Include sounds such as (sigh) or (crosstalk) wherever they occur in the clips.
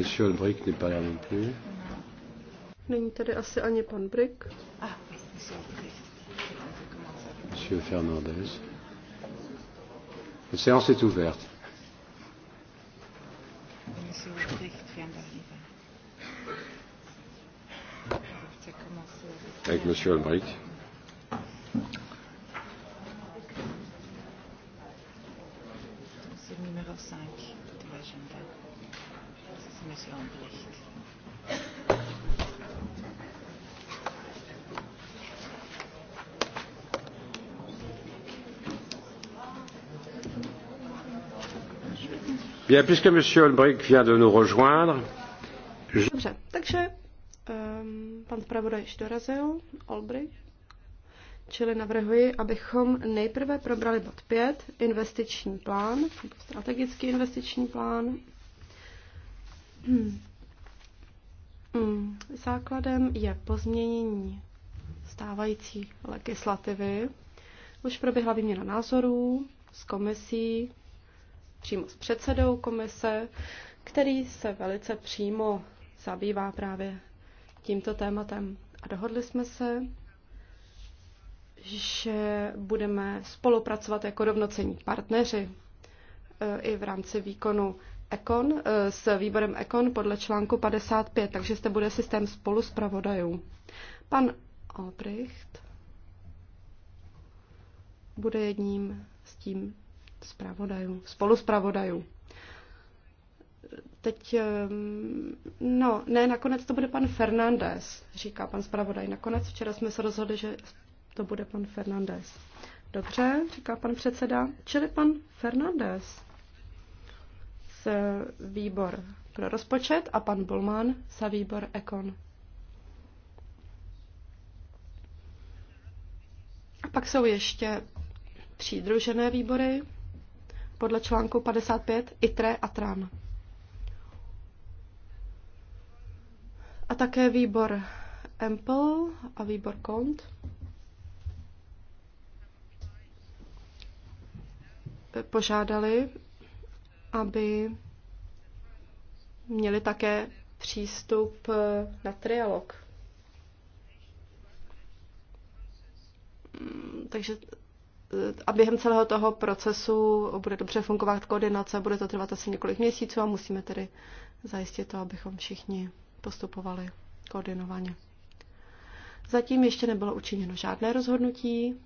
Monsieur Ulbrich n'est pas là non plus. Není tady asi ani pan Brick. Ah, Monsieur Fernandez. La séance est ouverte. Monsieur Ulbrich vient d'arriver. Avec Monsieur Ulbrich. puisque M. Olbrich vient de nous rejoindre. Dobře, takže um, pan zpravodaj již dorazil, Olbrich. Čili navrhuji, abychom nejprve probrali bod 5, investiční plán, strategický investiční plán. Hmm. Základem je pozměnění stávající legislativy. Už proběhla výměna názorů s komisí přímo s předsedou komise, který se velice přímo zabývá právě tímto tématem. A dohodli jsme se, že budeme spolupracovat jako rovnocení partneři eh, i v rámci výkonu Econ eh, s výborem Econ podle článku 55, takže zde bude systém spolu zpravodajů. Pan Albrecht bude jedním z tím zpravodajů, spoluzpravodajů. Teď, no, ne, nakonec to bude pan Fernandez, říká pan zpravodaj. Nakonec včera jsme se rozhodli, že to bude pan Fernandez. Dobře, říká pan předseda. Čili pan Fernandez z výbor pro rozpočet a pan Bulman za výbor Ekon. A pak jsou ještě přidružené výbory, podle článku 55 ITRE a Trán. A také výbor EMPL a výbor KONT. Požádali, aby měli také přístup na trialog. Mm, takže a během celého toho procesu bude dobře fungovat koordinace, bude to trvat asi několik měsíců a musíme tedy zajistit to, abychom všichni postupovali koordinovaně. Zatím ještě nebylo učiněno žádné rozhodnutí,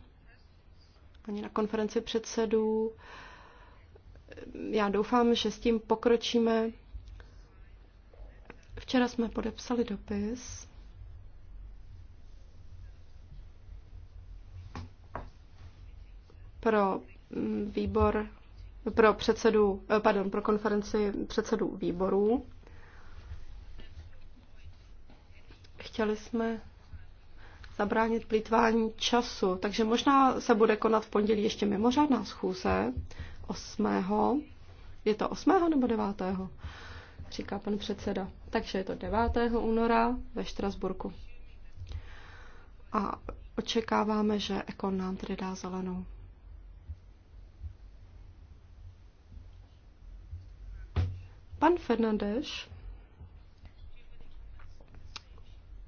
ani na konferenci předsedů. Já doufám, že s tím pokročíme. Včera jsme podepsali dopis pro mm, výbor, pro předsedu, eh, pardon, pro konferenci předsedů výborů. Chtěli jsme zabránit plýtvání času, takže možná se bude konat v pondělí ještě mimořádná schůze 8. Je to 8. nebo 9. říká pan předseda. Takže je to 9. února ve Štrasburku. A očekáváme, že Ekon nám tedy dá zelenou. Pan Fernandeš,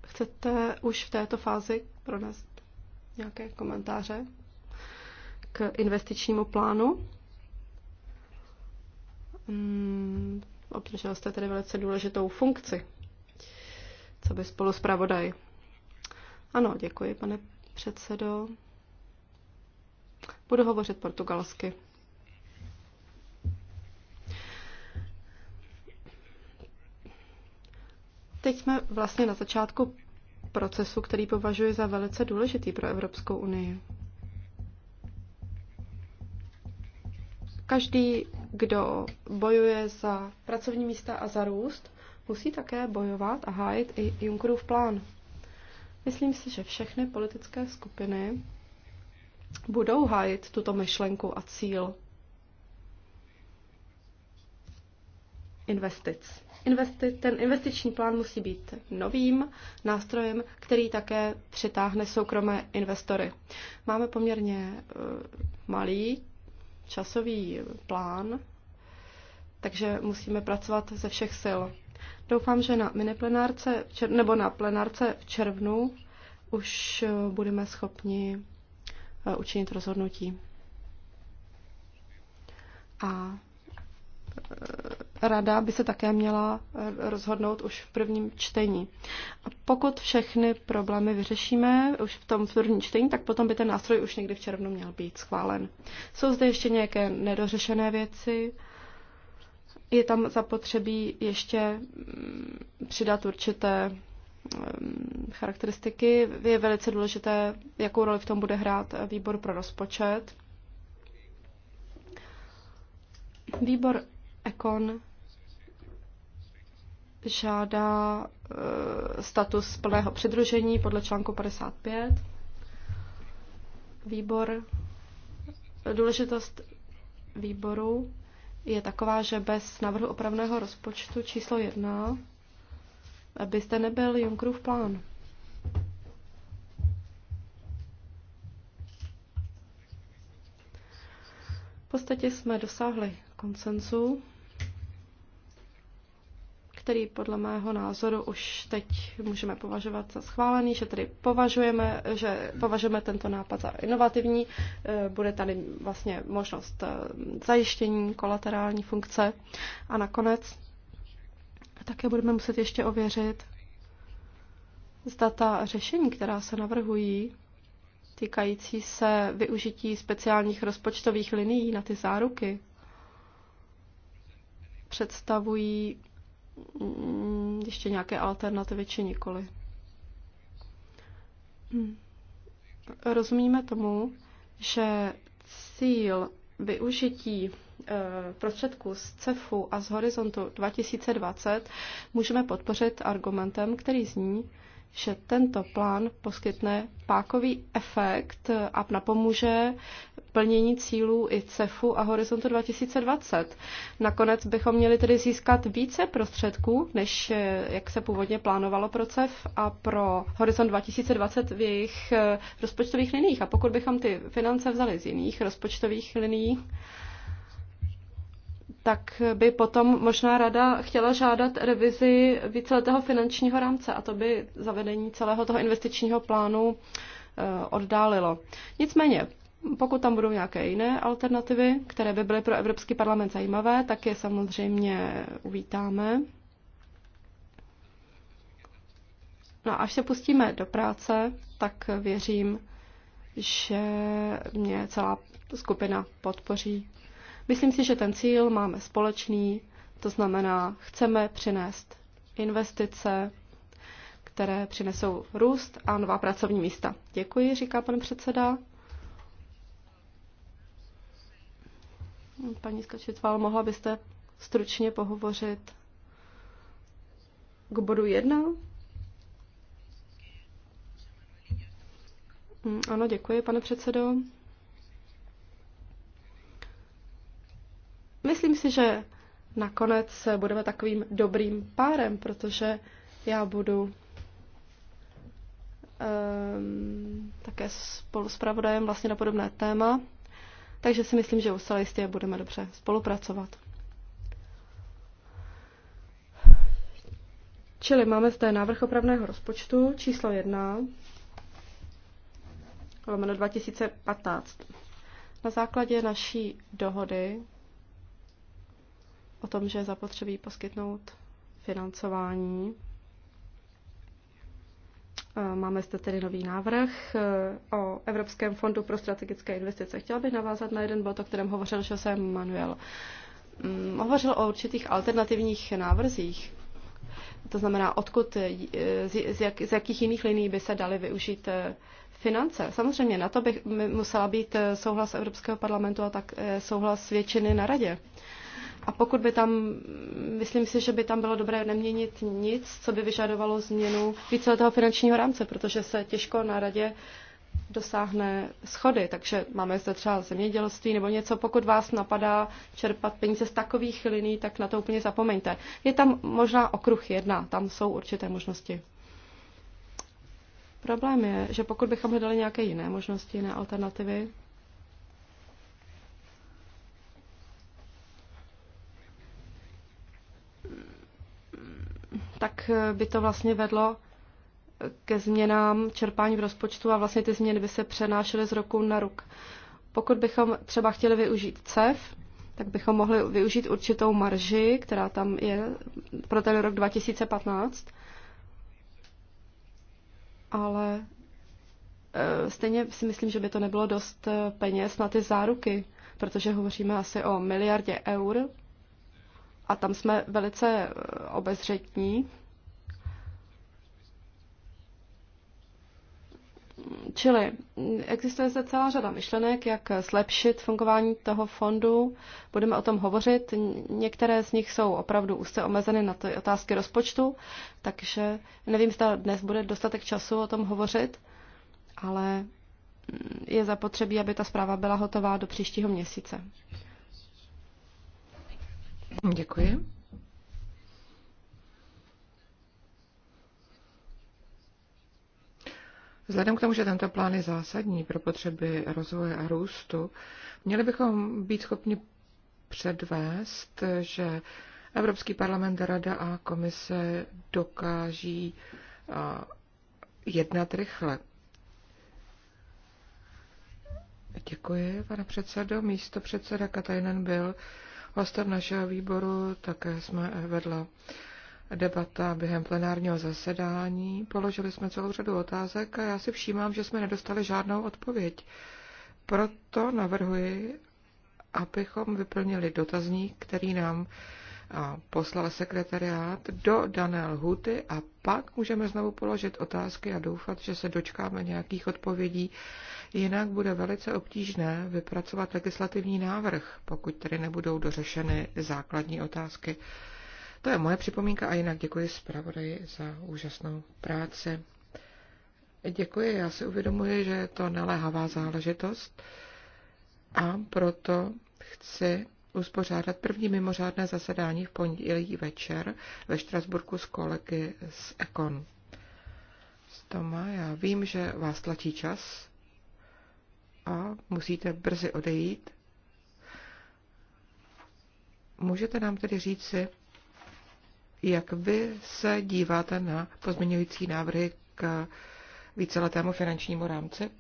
chcete už v této fázi pronést nějaké komentáře k investičnímu plánu? Hmm, obdržel jste tedy velice důležitou funkci, co by spolu zpravodaj. Ano, děkuji, pane předsedo. Budu hovořit portugalsky. Teď jsme vlastně na začátku procesu, který považuji za velice důležitý pro Evropskou unii. Každý, kdo bojuje za pracovní místa a za růst, musí také bojovat a hájit i Junckerův plán. Myslím si, že všechny politické skupiny budou hájit tuto myšlenku a cíl investic investi- ten investiční plán musí být novým nástrojem, který také přitáhne soukromé investory. Máme poměrně e, malý časový plán, takže musíme pracovat ze všech sil. Doufám, že na miniplenárce nebo na plenárce v červnu už e, budeme schopni e, učinit rozhodnutí. A rada by se také měla eh, rozhodnout už v prvním čtení. A pokud všechny problémy vyřešíme už v tom prvním čtení, tak potom by ten nástroj už někdy v červnu měl být schválen. Jsou zde ještě nějaké nedořešené věci. Je tam zapotřebí ještě mm, přidat určité mm, charakteristiky. Je velice důležité, jakou roli v tom bude hrát výbor pro rozpočet. Výbor Ekon žádá eh, status plného přidružení podle článku 55. Výbor, důležitost výboru je taková, že bez návrhu opravného rozpočtu číslo 1 byste nebyl Junckerův plán. V podstatě jsme dosáhli konsenzu který podle mého názoru už teď můžeme považovat za schválený, že tedy považujeme, že považujeme tento nápad za inovativní. Eh, bude tady vlastně možnost eh, zajištění kolaterální funkce a nakonec také budeme muset ještě ověřit, zda ta řešení, která se navrhují, týkající se využití speciálních rozpočtových linií na ty záruky, představují Mm, ještě nějaké alternativy či nikoli. Hmm. Rozumíme tomu, že cíl využití eh, prostředků z CEFu a z Horizontu 2020 můžeme podpořit argumentem, který zní, že tento plán poskytne pákový efekt a napomůže plnění cílů i CEFu a Horizontu 2020. Nakonec bychom měli tedy získat více prostředků, než jak se původně plánovalo pro CEF a pro Horizont 2020 v jejich eh, rozpočtových liních. A pokud bychom ty finance vzali z jiných rozpočtových liních, tak by potom možná rada chtěla žádat revizi víceletého finančního rámce a to by zavedení celého toho investičního plánu eh, oddálilo. Nicméně, pokud tam budou nějaké jiné alternativy, které by byly pro Evropský parlament zajímavé, tak je samozřejmě uvítáme. No až se pustíme do práce, tak věřím, že mě celá skupina podpoří. Myslím si, že ten cíl máme společný, to znamená, chceme přinést investice, které přinesou růst a nová pracovní místa. Děkuji, říká pan předseda. Paní Skočitval, mohla byste stručně pohovořit k bodu jedna? Ano, děkuji, pane předsedo. Myslím si, že nakonec budeme takovým dobrým párem, protože já budu um, také spolu s pravodajem vlastně na podobné téma, takže si myslím, že ustále jistě budeme dobře spolupracovat. Čili máme zde návrh opravného rozpočtu číslo 1 lomeno 2015. Na základě naší dohody o tom, že je zapotřebí poskytnout financování. Eh, máme zde tedy nový návrh eh, o Evropském fondu pro strategické investice. Chtěla bych navázat na jeden bod, o kterém hovořil Jose Manuel. Mm, hovořil o určitých alternativních návrzích. To znamená, odkud, eh, z, jak, z jakých jiných liní by se daly využít finance. Samozřejmě na to by musela být souhlas Evropského parlamentu a tak souhlas většiny na radě. Uh, a pokud by tam, myslím si, že by tam bylo dobré neměnit nic, co by vyžadovalo změnu víceletého finančního rámce, protože se těžko na radě dosáhne schody. Takže máme zde třeba zemědělství nebo něco. Pokud vás napadá čerpat peníze z takových liní, tak na to úplně zapomeňte. Je tam možná okruh jedna, tam jsou určité možnosti. Problém je, že pokud bychom hledali nějaké jiné možnosti, jiné alternativy, tak eh, by to vlastně vedlo eh, ke změnám čerpání v rozpočtu a vlastně ty změny by se přenášely z roku na rok. Pokud bychom třeba chtěli využít CEF, tak bychom mohli využít určitou marži, která tam je pro ten rok 2015. Ale eh, stejně si myslím, že by to nebylo dost peněz na ty záruky, protože hovoříme asi o miliardě eur a tam jsme velice eh, obezřetní. Čili existuje zde celá řada myšlenek, jak zlepšit fungování toho fondu. Budeme o tom hovořit. Některé z nich jsou opravdu úzce omezeny na ty otázky rozpočtu, takže nevím, zda dnes bude dostatek času o tom hovořit, ale mm, je zapotřebí, aby ta zpráva byla hotová do příštího měsíce. Děkuji. Vzhledem k tomu, že tento plán je zásadní pro potřeby rozvoje a růstu, měli bychom být schopni předvést, že Evropský parlament, Rada a Komise dokáží jednat rychle. Děkuji, pane předsedo. Místo předseda Katajnen byl pastor našeho výboru také jsme vedla debata během plenárního zasedání. Položili jsme celou řadu otázek a já si všímám, že jsme nedostali žádnou odpověď. Proto navrhuji, abychom vyplnili dotazník, který nám poslal sekretariát do dané lhuty a pak můžeme znovu položit otázky a doufat, že se dočkáme nějakých odpovědí. Jinak bude velice obtížné vypracovat legislativní návrh, pokud tedy nebudou dořešeny základní otázky. To je moje připomínka a jinak děkuji zpravodaji za úžasnou práci. Děkuji, já si uvědomuji, že je to naléhavá záležitost a proto chci uspořádat první mimořádné zasedání v pondělí večer ve Štrasburku s kolegy z Ekon. Toma, já vím, že vás tlačí čas a musíte brzy odejít. Můžete nám tedy říci, jak vy se díváte na pozměňující návrhy k víceletému finančnímu rámci?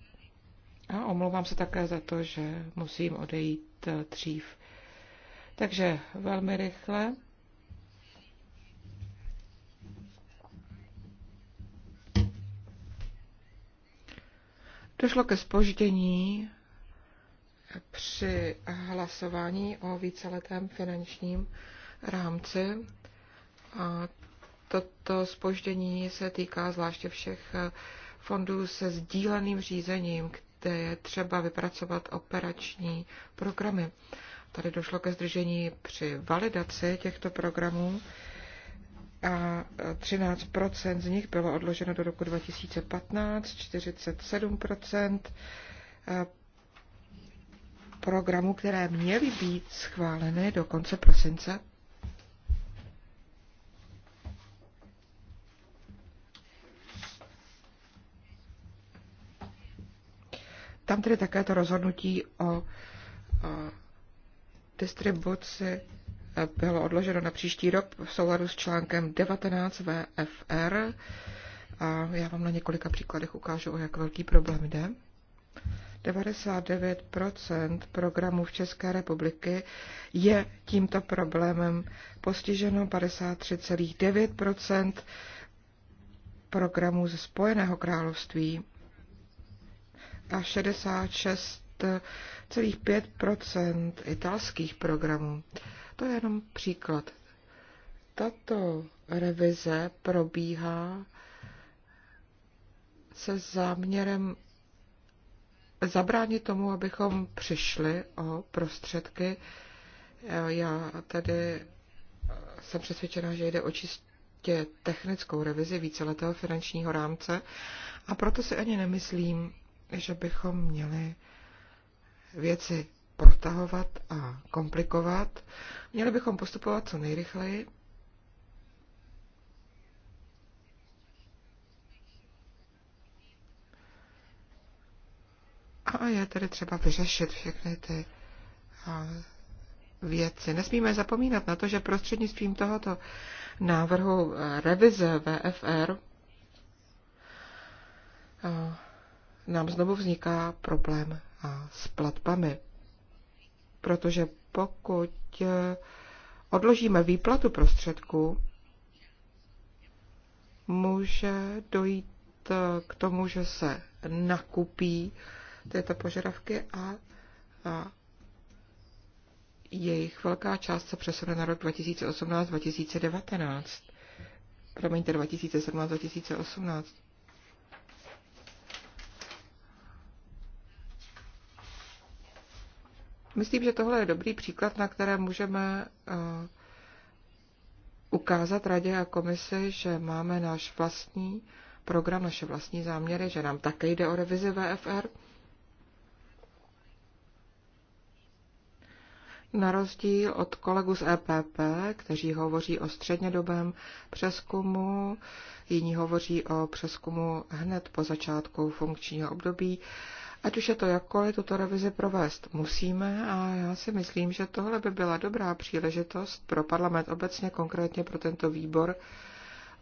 A omlouvám se také za to, že musím odejít eh, dřív. Takže velmi rychle. Došlo ke spoždění při hlasování o víceletém finančním rámci. A toto spoždění se týká zvláště všech fondů se sdíleným řízením, kde je třeba vypracovat operační programy. Tady došlo ke zdržení při validaci těchto programů a 13 z nich bylo odloženo do roku 2015, 47 eh, programů, které měly být schváleny do konce prosince. Tam tedy také to rozhodnutí o, o eh, distribuci eh, bylo odloženo na příští rok v souladu s článkem 19 VFR. A já vám na několika příkladech ukážu, o jak velký problém jde. 99 programů v České republiky je tímto problémem postiženo, 53,9 programů ze Spojeného království a 66 5,5 italských programů. To je jenom příklad. Tato revize probíhá se záměrem zabránit tomu, abychom přišli o prostředky. Já tedy jsem přesvědčena, že jde o čistě technickou revizi víceletého finančního rámce a proto si ani nemyslím, že bychom měli věci protahovat a komplikovat. Měli bychom postupovat co nejrychleji. A je tedy třeba vyřešit všechny ty věci. Nesmíme zapomínat na to, že prostřednictvím tohoto návrhu e, revize VFR e, nám znovu vzniká problém a s platbami. Protože pokud eh, odložíme výplatu prostředků, může dojít eh, k tomu, že se nakupí tyto požadavky a, a jejich velká část se přesune na rok 2018-2019. Promiňte, 2017-2018. Myslím, že tohle je dobrý příklad, na kterém můžeme eh, ukázat radě a komisi, že máme náš vlastní program, naše vlastní záměry, že nám také jde o revizi VFR. Na rozdíl od kolegu z EPP, kteří hovoří o střednědobém přeskumu, jiní hovoří o přeskumu hned po začátku funkčního období, Ať už je to jakkoliv, tuto revizi provést musíme a já si myslím, že tohle by byla dobrá příležitost pro parlament obecně, konkrétně pro tento výbor,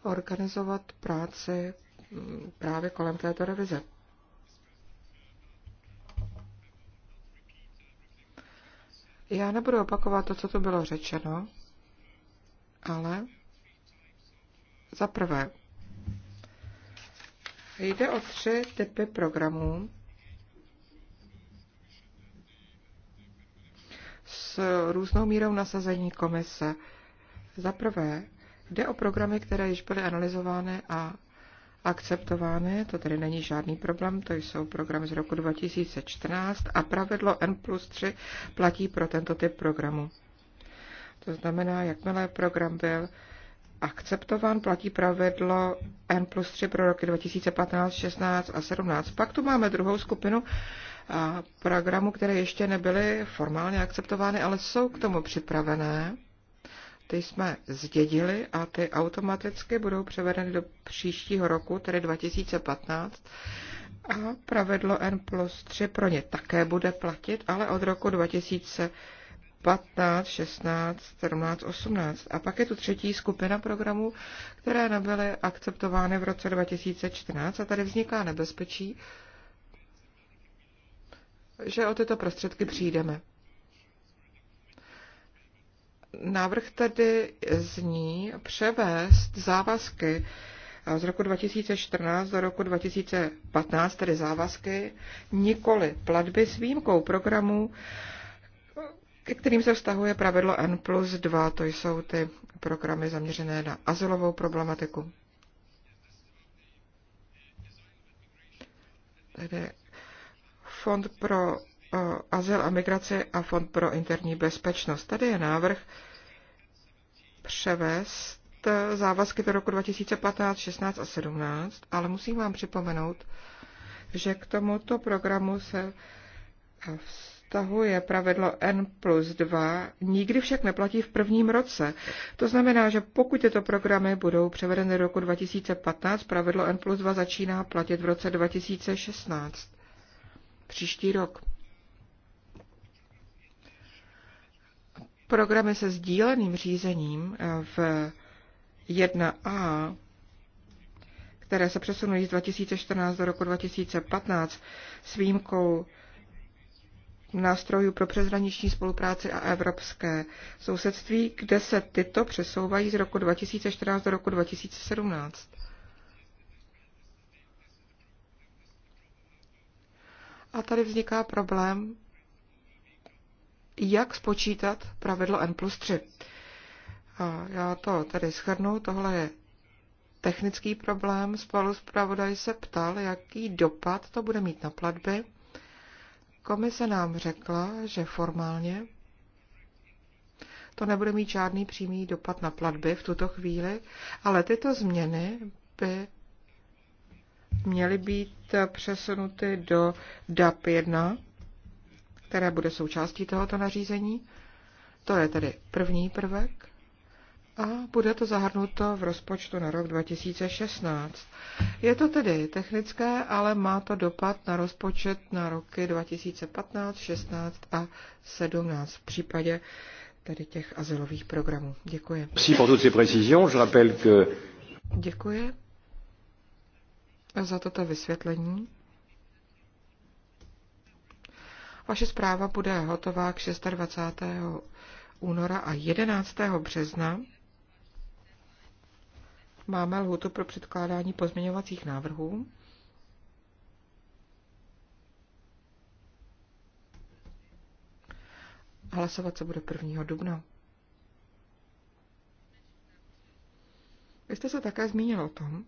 organizovat práci mm, právě kolem této revize. Já nebudu opakovat to, co tu bylo řečeno, ale za prvé jde o tři typy programů, s různou mírou nasazení komise. Za prvé, jde o programy, které již byly analyzovány a akceptovány, to tedy není žádný problém, to jsou programy z roku 2014 a pravidlo N plus 3 platí pro tento typ programu. To znamená, jakmile program byl akceptován, platí pravidlo N plus 3 pro roky 2015, 16 a 17. Pak tu máme druhou skupinu programů, které ještě nebyly formálně akceptovány, ale jsou k tomu připravené. Ty jsme zdědili a ty automaticky budou převedeny do příštího roku, tedy 2015. A pravidlo N plus 3 pro ně také bude platit, ale od roku 2015 16, 17, 18. A pak je tu třetí skupina programů, které nebyly akceptovány v roce 2014 a tady vzniká nebezpečí, že o tyto prostředky přijdeme. Návrh tedy zní převést závazky z roku 2014 do roku 2015, tedy závazky, nikoli platby s výjimkou programů, ke kterým se vztahuje pravidlo N plus 2, to jsou ty programy zaměřené na azylovou problematiku. Tedy Fond pro eh, azyl a migraci a Fond pro interní bezpečnost. Tady je návrh převést eh, závazky do roku 2015, 16 a 17, ale musím vám připomenout, že k tomuto programu se eh, vztahuje pravidlo N plus 2, nikdy však neplatí v prvním roce. To znamená, že pokud tyto programy budou převedeny do roku 2015, pravidlo N plus 2 začíná platit v roce 2016 příští rok. Programy se sdíleným řízením eh, v 1A, které se přesunují z 2014 do roku 2015 s výjimkou nástrojů pro přeshraniční spolupráci a evropské sousedství, kde se tyto přesouvají z roku 2014 do roku 2017. A tady vzniká problém, jak spočítat pravidlo n plus 3. A já to tady schrnu, tohle je technický problém. Spolu zpravodaj se ptal, jaký dopad to bude mít na platby. Komise nám řekla, že formálně to nebude mít žádný přímý dopad na platby v tuto chvíli, ale tyto změny by měly být přesunuty do DAP 1, které bude součástí tohoto nařízení. To je tedy první prvek a bude to zahrnuto v rozpočtu na rok 2016. Je to tedy technické, ale má to dopad na rozpočet na roky 2015, 16 a 17 v případě tedy těch azylových programů. Děkuji. Děkuji za toto vysvětlení. Vaše zpráva bude hotová k 26. února a 11. března. Máme lhutu pro předkládání pozměňovacích návrhů. Hlasovat se bude 1. dubna. Vy jste se také zmínil o tom,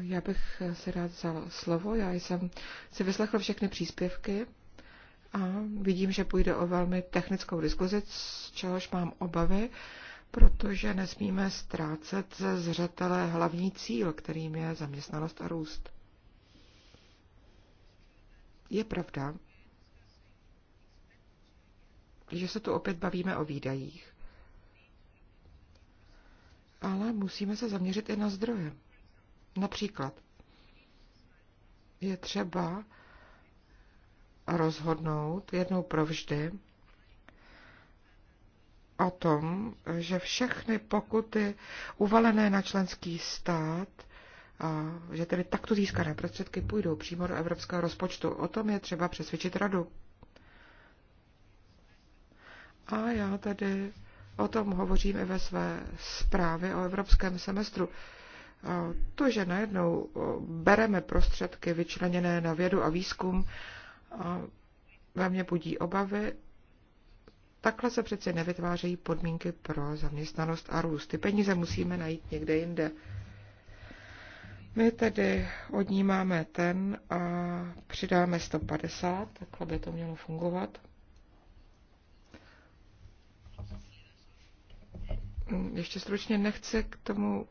Já bych si rád vzal slovo. Já jsem si vyslechl všechny příspěvky a vidím, že půjde o velmi technickou diskuzi, z čehož mám obavy, protože nesmíme ztrácet ze zřetele hlavní cíl, kterým je zaměstnanost a růst. Je pravda, že se tu opět bavíme o výdajích, ale musíme se zaměřit i na zdroje. Například je třeba rozhodnout jednou provždy o tom, že všechny pokuty uvalené na členský stát a že tedy takto získané prostředky půjdou přímo do evropského rozpočtu. O tom je třeba přesvědčit radu. A já tedy o tom hovořím i ve své zprávě o evropském semestru to, že najednou bereme prostředky vyčleněné na vědu a výzkum, ve mně budí obavy. Takhle se přece nevytvářejí podmínky pro zaměstnanost a růst. Ty peníze musíme najít někde jinde. My tedy odnímáme ten a přidáme 150, takhle by to mělo fungovat. Ještě stručně nechci k tomu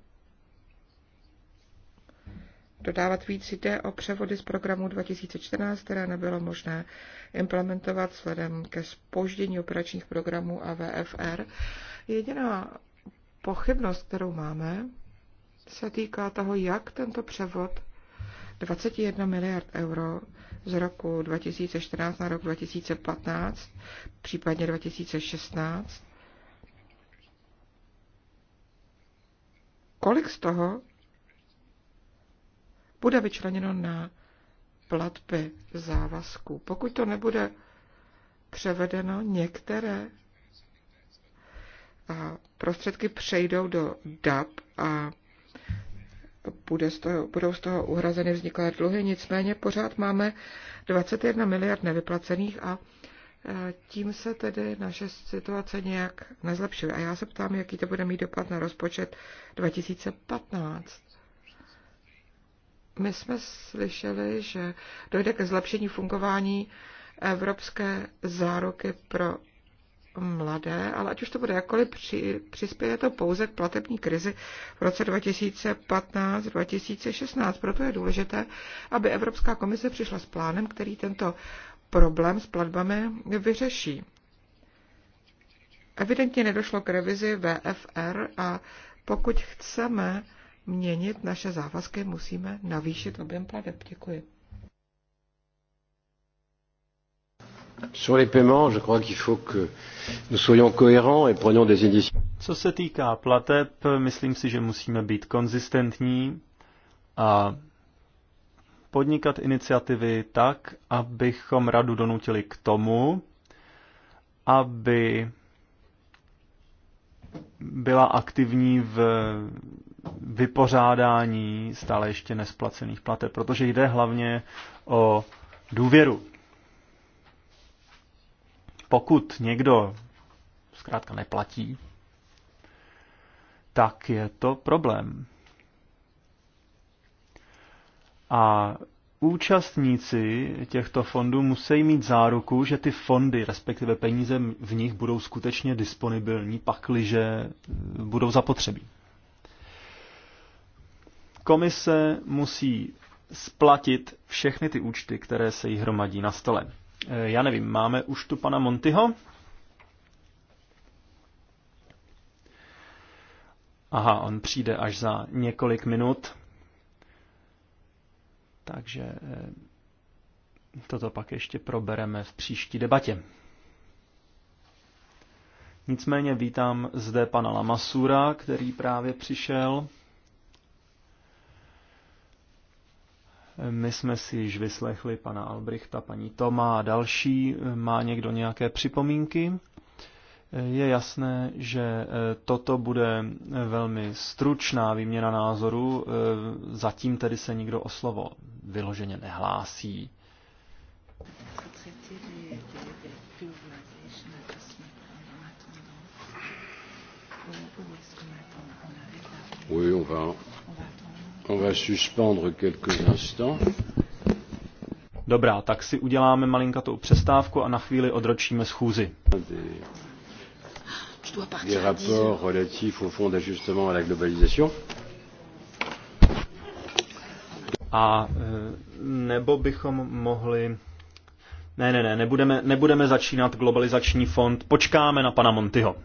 dodávat víc jde o převody z programu 2014, které nebylo možné implementovat vzhledem ke spoždění operačních programů a VFR. Jediná pochybnost, kterou máme, se týká toho, jak tento převod 21 miliard euro z roku 2014 na rok 2015, případně 2016. Kolik z toho bude vyčleněno na platby závazků. Pokud to nebude převedeno, některé prostředky přejdou do DAP a bude z toho, budou z toho uhrazeny vzniklé dluhy, nicméně pořád máme 21 miliard nevyplacených a e, tím se tedy naše situace nějak nezlepšuje. A já se ptám, jaký to bude mít dopad na rozpočet 2015. My jsme slyšeli, že dojde ke zlepšení fungování evropské záruky pro mladé, ale ať už to bude jakkoliv, při, přispěje to pouze k platební krizi v roce 2015-2016. Proto je důležité, aby Evropská komise přišla s plánem, který tento problém s platbami vyřeší. Evidentně nedošlo k revizi VFR a pokud chceme měnit naše závazky, musíme navýšit objem plateb. Děkuji. Co se týká plateb, myslím si, že musíme být konzistentní a podnikat iniciativy tak, abychom radu donutili k tomu, aby byla aktivní v vypořádání stále ještě nesplacených plateb, protože jde hlavně o důvěru. Pokud někdo zkrátka neplatí, tak je to problém. A účastníci těchto fondů musí mít záruku, že ty fondy, respektive peníze v nich budou skutečně disponibilní, pakliže budou zapotřebí. Komise musí splatit všechny ty účty, které se jí hromadí na stole. Eh, já nevím, máme už tu pana Montyho? Aha, on přijde až za několik minut. Takže eh, toto pak ještě probereme v příští debatě. Nicméně vítám zde pana Lamasura, který právě přišel. My jsme si již vyslechli pana Albrichta, paní Toma a další. Má někdo nějaké připomínky? Je jasné, že e, toto bude e, velmi stručná výměna názoru, e, zatím tedy se nikdo o slovo vyloženě nehlásí. Oui, on va, Dobrá, tak si uděláme malinkatou přestávku a na chvíli odročíme schůzi. Des rapports relatifs au fonds d'ajustement à la globalisation. A e, nebo bychom mohli... Ne, ne, ne, nebudeme, nebudeme začínat globalizační fond, počkáme na pana Montyho.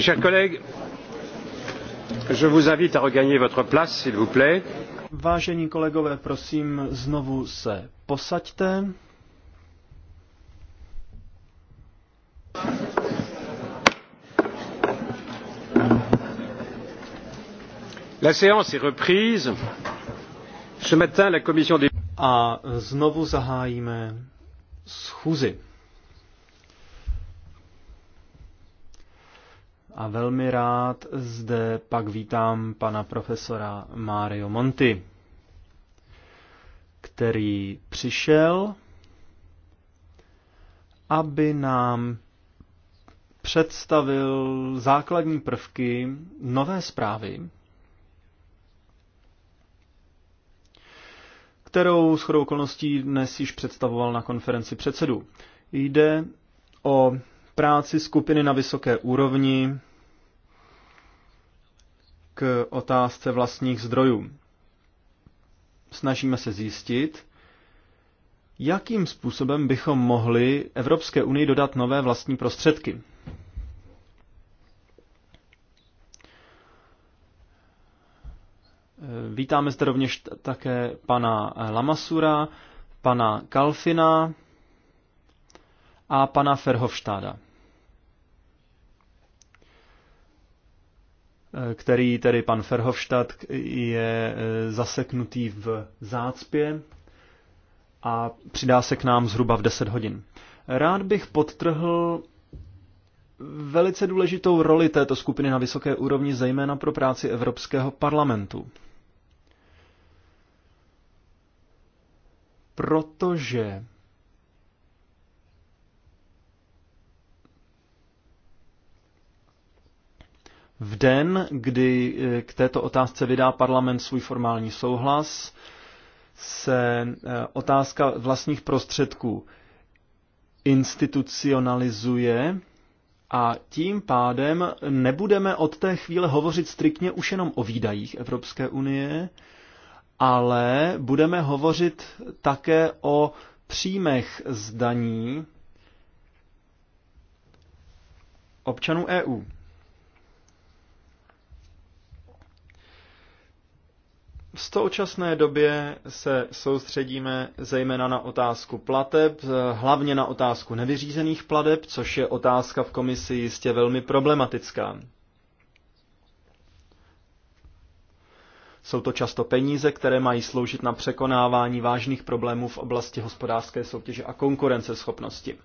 chers collègues, je vous invite à regagner votre place, s'il vous plaît. Vážení kolegové, prosím, znovu se posaďte. La séance est reprise. Ce matin, la commission des... A znovu zahájíme schůzi. A velmi rád zde pak vítám pana profesora Mario Monti, který přišel, aby nám představil základní prvky nové zprávy, kterou chodou okolností dnes již představoval na konferenci předsedů. Jde o práci skupiny na vysoké úrovni k otázce vlastních zdrojů. Snažíme se zjistit, jakým způsobem bychom mohli Evropské unii dodat nové vlastní prostředky. Vítáme zde rovněž také pana Lamasura, pana Kalfina a pana Ferhovštáda. který tedy pan Ferhofstadt je eh, zaseknutý v zácpě a přidá se k nám zhruba v 10 hodin. Rád bych podtrhl velice důležitou roli této skupiny na vysoké úrovni, zejména pro práci Evropského parlamentu. Protože V den, kdy eh, k této otázce vydá parlament svůj formální souhlas, se eh, otázka vlastních prostředků institucionalizuje a tím pádem nebudeme od té chvíle hovořit striktně už jenom o výdajích Evropské unie, ale budeme hovořit také o příjmech zdaní občanů EU. V současné době se soustředíme zejména na otázku plateb, hlavně na otázku nevyřízených plateb, což je otázka v komisi jistě velmi problematická. Jsou to často peníze, které mají sloužit na překonávání vážných problémů v oblasti hospodářské soutěže a konkurenceschopnosti.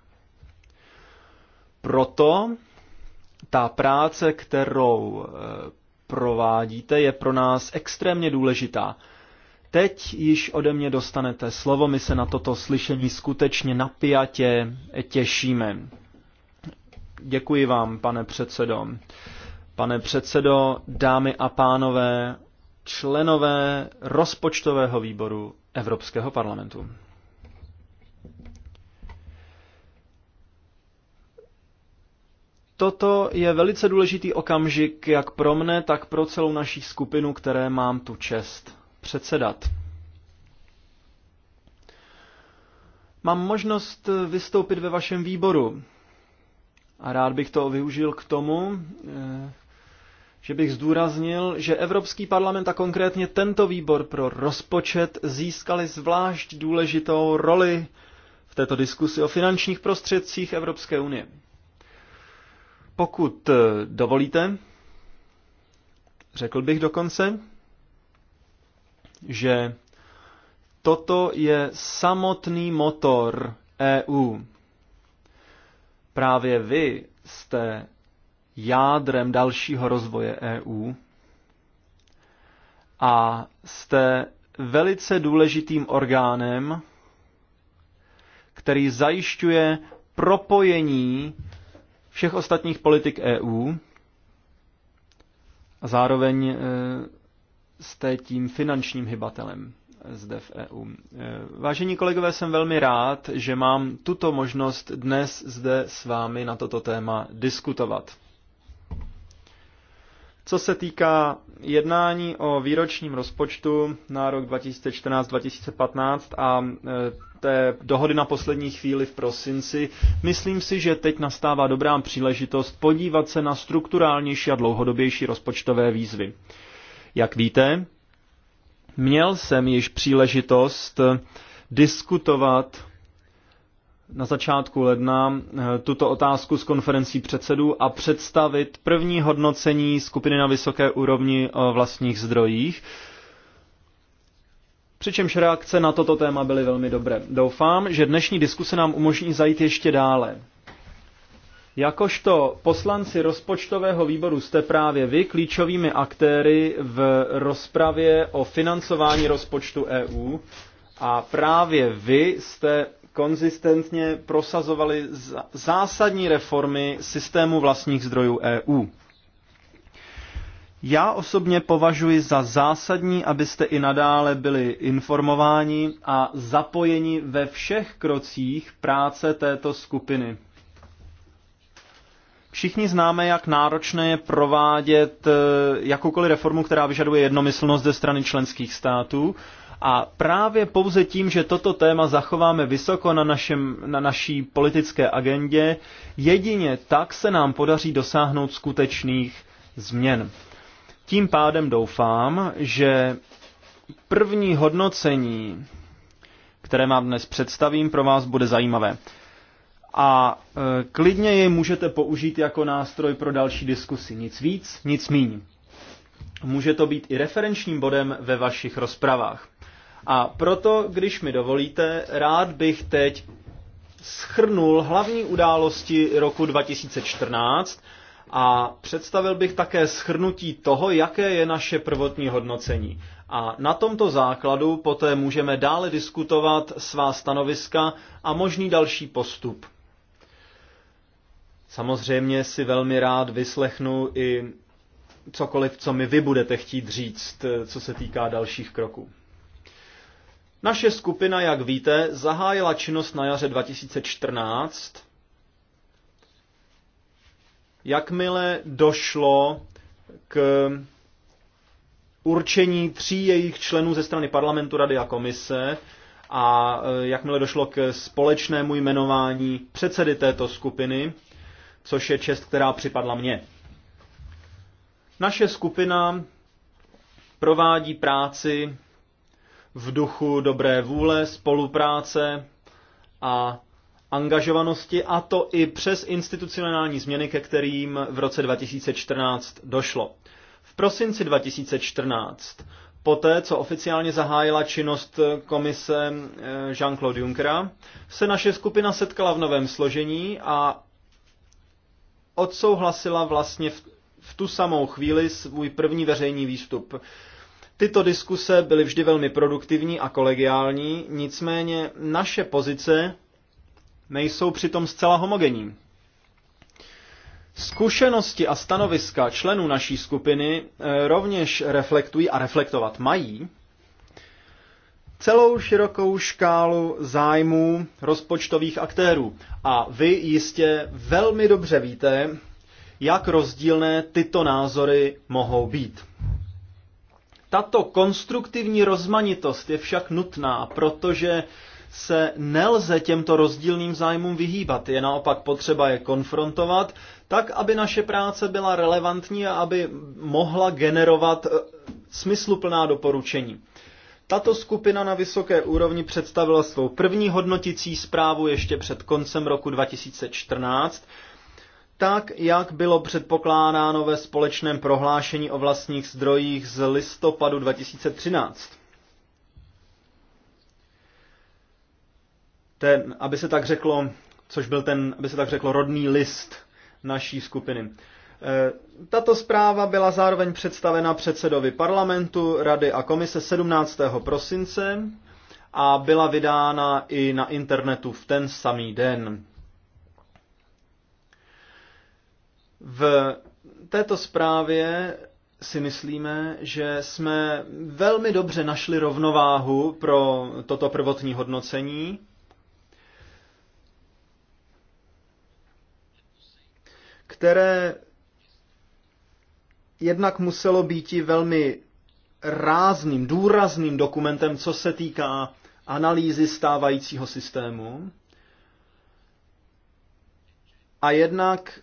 Proto ta práce, kterou eh, provádíte, je pro nás extrémně důležitá. Teď již ode mě dostanete slovo, my se na toto slyšení skutečně napjatě těšíme. Děkuji vám, pane předsedo. Pane předsedo, dámy a pánové, členové rozpočtového výboru Evropského parlamentu. Toto je velice důležitý okamžik jak pro mne, tak pro celou naší skupinu, které mám tu čest předsedat. Mám možnost vystoupit ve vašem výboru a rád bych to využil k tomu, eh, že bych zdůraznil, že Evropský parlament a konkrétně tento výbor pro rozpočet získali zvlášť důležitou roli v této diskusi o finančních prostředcích Evropské unie. Pokud eh, dovolíte, řekl bych dokonce, že toto je samotný motor EU. Právě vy jste jádrem dalšího rozvoje EU a jste velice důležitým orgánem, který zajišťuje propojení všech ostatních politik EU a zároveň jste tím finančním hybatelem zde v EU. E, vážení kolegové, jsem velmi rád, že mám tuto možnost dnes zde s vámi na toto téma diskutovat. Co se týká jednání o výročním rozpočtu na rok 2014-2015 a e, té dohody na poslední chvíli v prosinci, myslím si, že teď nastává dobrá příležitost podívat se na strukturálnější a dlouhodobější rozpočtové výzvy. Jak víte, měl jsem již příležitost diskutovat na začátku ledna eh, tuto otázku s konferencí předsedů a představit první hodnocení skupiny na vysoké úrovni o eh, vlastních zdrojích. Přičemž reakce na toto téma byly velmi dobré. Doufám, že dnešní diskuse nám umožní zajít ještě dále. Jakožto poslanci rozpočtového výboru jste právě vy klíčovými aktéry v rozpravě o financování rozpočtu EU a právě vy jste konzistentně prosazovali zásadní reformy systému vlastních zdrojů EU. Já osobně považuji za zásadní, abyste i nadále byli informováni a zapojeni ve všech krocích práce této skupiny. Všichni známe, jak náročné je provádět eh, jakoukoliv reformu, která vyžaduje jednomyslnost ze strany členských států, a právě pouze tím, že toto téma zachováme vysoko na, našem, na naší politické agendě, jedině tak se nám podaří dosáhnout skutečných změn. Tím pádem doufám, že první hodnocení, které vám dnes představím, pro vás bude zajímavé. A e, klidně jej můžete použít jako nástroj pro další diskusy. Nic víc, nic míň. Může to být i referenčním bodem ve vašich rozpravách. A proto, když mi dovolíte, rád bych teď schrnul hlavní události roku 2014 a představil bych také schrnutí toho, jaké je naše prvotní hodnocení. A na tomto základu poté můžeme dále diskutovat svá stanoviska a možný další postup. Samozřejmě si velmi rád vyslechnu i cokoliv, co mi vy budete chtít říct, co se týká dalších kroků. Naše skupina, jak víte, zahájila činnost na jaře 2014, jakmile došlo k určení tří jejich členů ze strany parlamentu, rady a komise a e, jakmile došlo k společnému jmenování předsedy této skupiny, což je čest, která připadla mně. Naše skupina provádí práci v duchu dobré vůle, spolupráce a angažovanosti, a to i přes institucionální změny, ke kterým v roce 2014 došlo. V prosinci 2014, poté co oficiálně zahájila činnost komise eh, Jean-Claude Junckera, se naše skupina setkala v novém složení a odsouhlasila vlastně v, v tu samou chvíli svůj první veřejný výstup. Tyto diskuse byly vždy velmi produktivní a kolegiální, nicméně naše pozice nejsou přitom zcela homogenní. Zkušenosti a stanoviska členů naší skupiny eh, rovněž reflektují a reflektovat mají celou širokou škálu zájmů rozpočtových aktérů. A vy jistě velmi dobře víte, jak rozdílné tyto názory mohou být. Tato konstruktivní rozmanitost je však nutná, protože se nelze těmto rozdílným zájmům vyhýbat. Je naopak potřeba je konfrontovat, tak aby naše práce byla relevantní a aby mohla generovat eh, smysluplná doporučení. Tato skupina na vysoké úrovni představila svou první hodnotící zprávu ještě před koncem roku 2014 tak, jak bylo předpokládáno ve společném prohlášení o vlastních zdrojích z listopadu 2013. Ten, aby se tak řeklo, což byl ten, aby se tak řeklo, rodný list naší skupiny. Eh, tato zpráva byla zároveň představena předsedovi parlamentu, rady a komise 17. prosince a byla vydána i na internetu v ten samý den. V této zprávě si myslíme, že jsme velmi dobře našli rovnováhu pro toto prvotní hodnocení. které jednak muselo být i velmi rázným, důrazným dokumentem, co se týká analýzy stávajícího systému. A jednak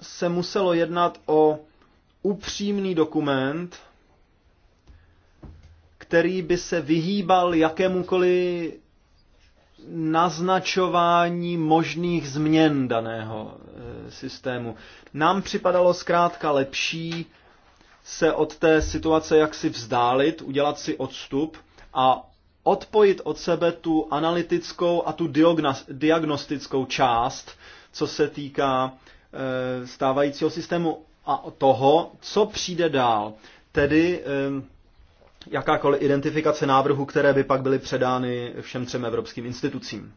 se muselo jednat o upřímný dokument, který by se vyhýbal jakémukoliv naznačování možných změn daného eh, systému. Nám připadalo zkrátka lepší se od té situace jaksi vzdálit, udělat si odstup a odpojit od sebe tu analytickou a tu diagnostickou část, co se týká Eh, stávajícího systému a toho, co přijde dál. Tedy eh, jakákoliv identifikace návrhů, které by pak byly předány všem třem evropským institucím.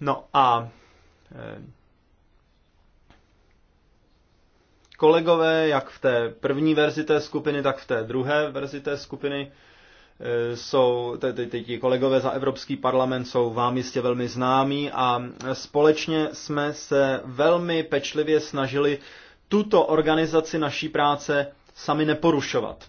No a eh, kolegové, jak v té první verzi té skupiny, tak v té druhé verzi té skupiny, Eh, jsou, ti kolegové za Evropský parlament jsou vám jistě velmi známí a společně jsme se velmi pečlivě snažili tuto organizaci naší práce sami neporušovat.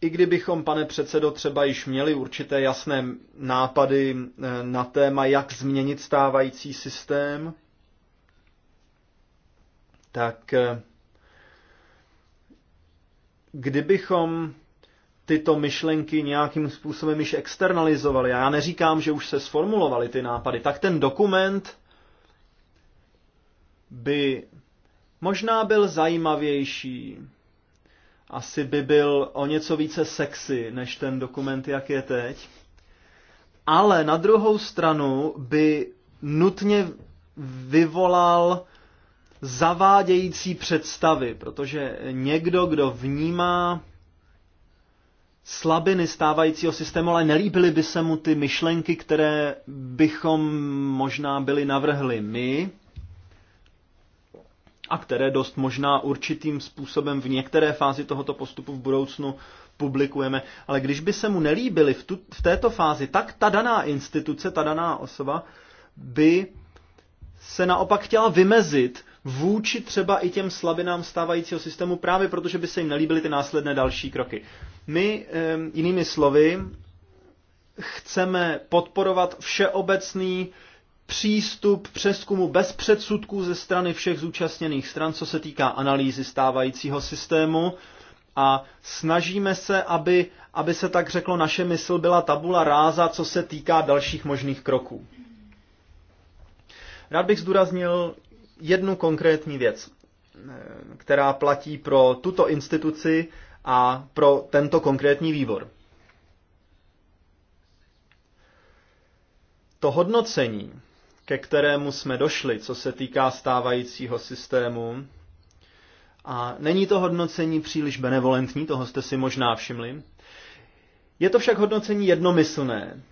I kdybychom, pane předsedo, třeba již měli určité jasné nápady eh, na téma, jak změnit stávající systém, tak eh, kdybychom tyto myšlenky nějakým způsobem již externalizovali, já neříkám, že už se sformulovaly ty nápady, tak ten dokument by možná byl zajímavější, asi by byl o něco více sexy než ten dokument, jak je teď. Ale na druhou stranu by nutně vyvolal zavádějící představy, protože někdo, kdo vnímá slabiny stávajícího systému, ale nelíbily by se mu ty myšlenky, které bychom možná byli navrhli my a které dost možná určitým způsobem v některé fázi tohoto postupu v budoucnu publikujeme. Ale když by se mu nelíbily v, tu, v této fázi, tak ta daná instituce, ta daná osoba by se naopak chtěla vymezit vůči třeba i těm slabinám stávajícího systému, právě protože by se jim nelíbily ty následné další kroky. My, jinými slovy, chceme podporovat všeobecný přístup přeskumu bez předsudků ze strany všech zúčastněných stran, co se týká analýzy stávajícího systému. A snažíme se, aby, aby se tak řeklo, naše mysl byla tabula ráza, co se týká dalších možných kroků. Rád bych zdůraznil jednu konkrétní věc, eh, která platí pro tuto instituci a pro tento konkrétní výbor. To hodnocení, ke kterému jsme došli, co se týká stávajícího systému, a není to hodnocení příliš benevolentní, toho jste si možná všimli, je to však hodnocení jednomyslné,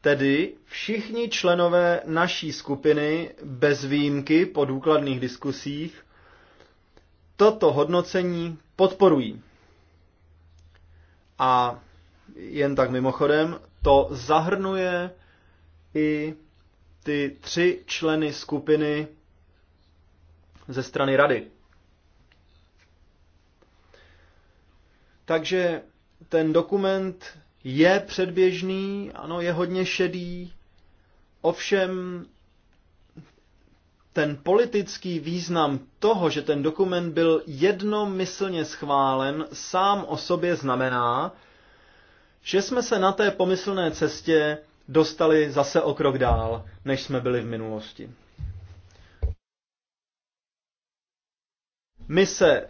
Tedy všichni členové naší skupiny bez výjimky po důkladných diskusích toto hodnocení podporují. A jen tak mimochodem, to zahrnuje i ty tři členy skupiny ze strany rady. Takže ten dokument je předběžný, ano, je hodně šedý, ovšem ten politický význam toho, že ten dokument byl jednomyslně schválen, sám o sobě znamená, že jsme se na té pomyslné cestě dostali zase o krok dál, než jsme byli v minulosti. My se eh,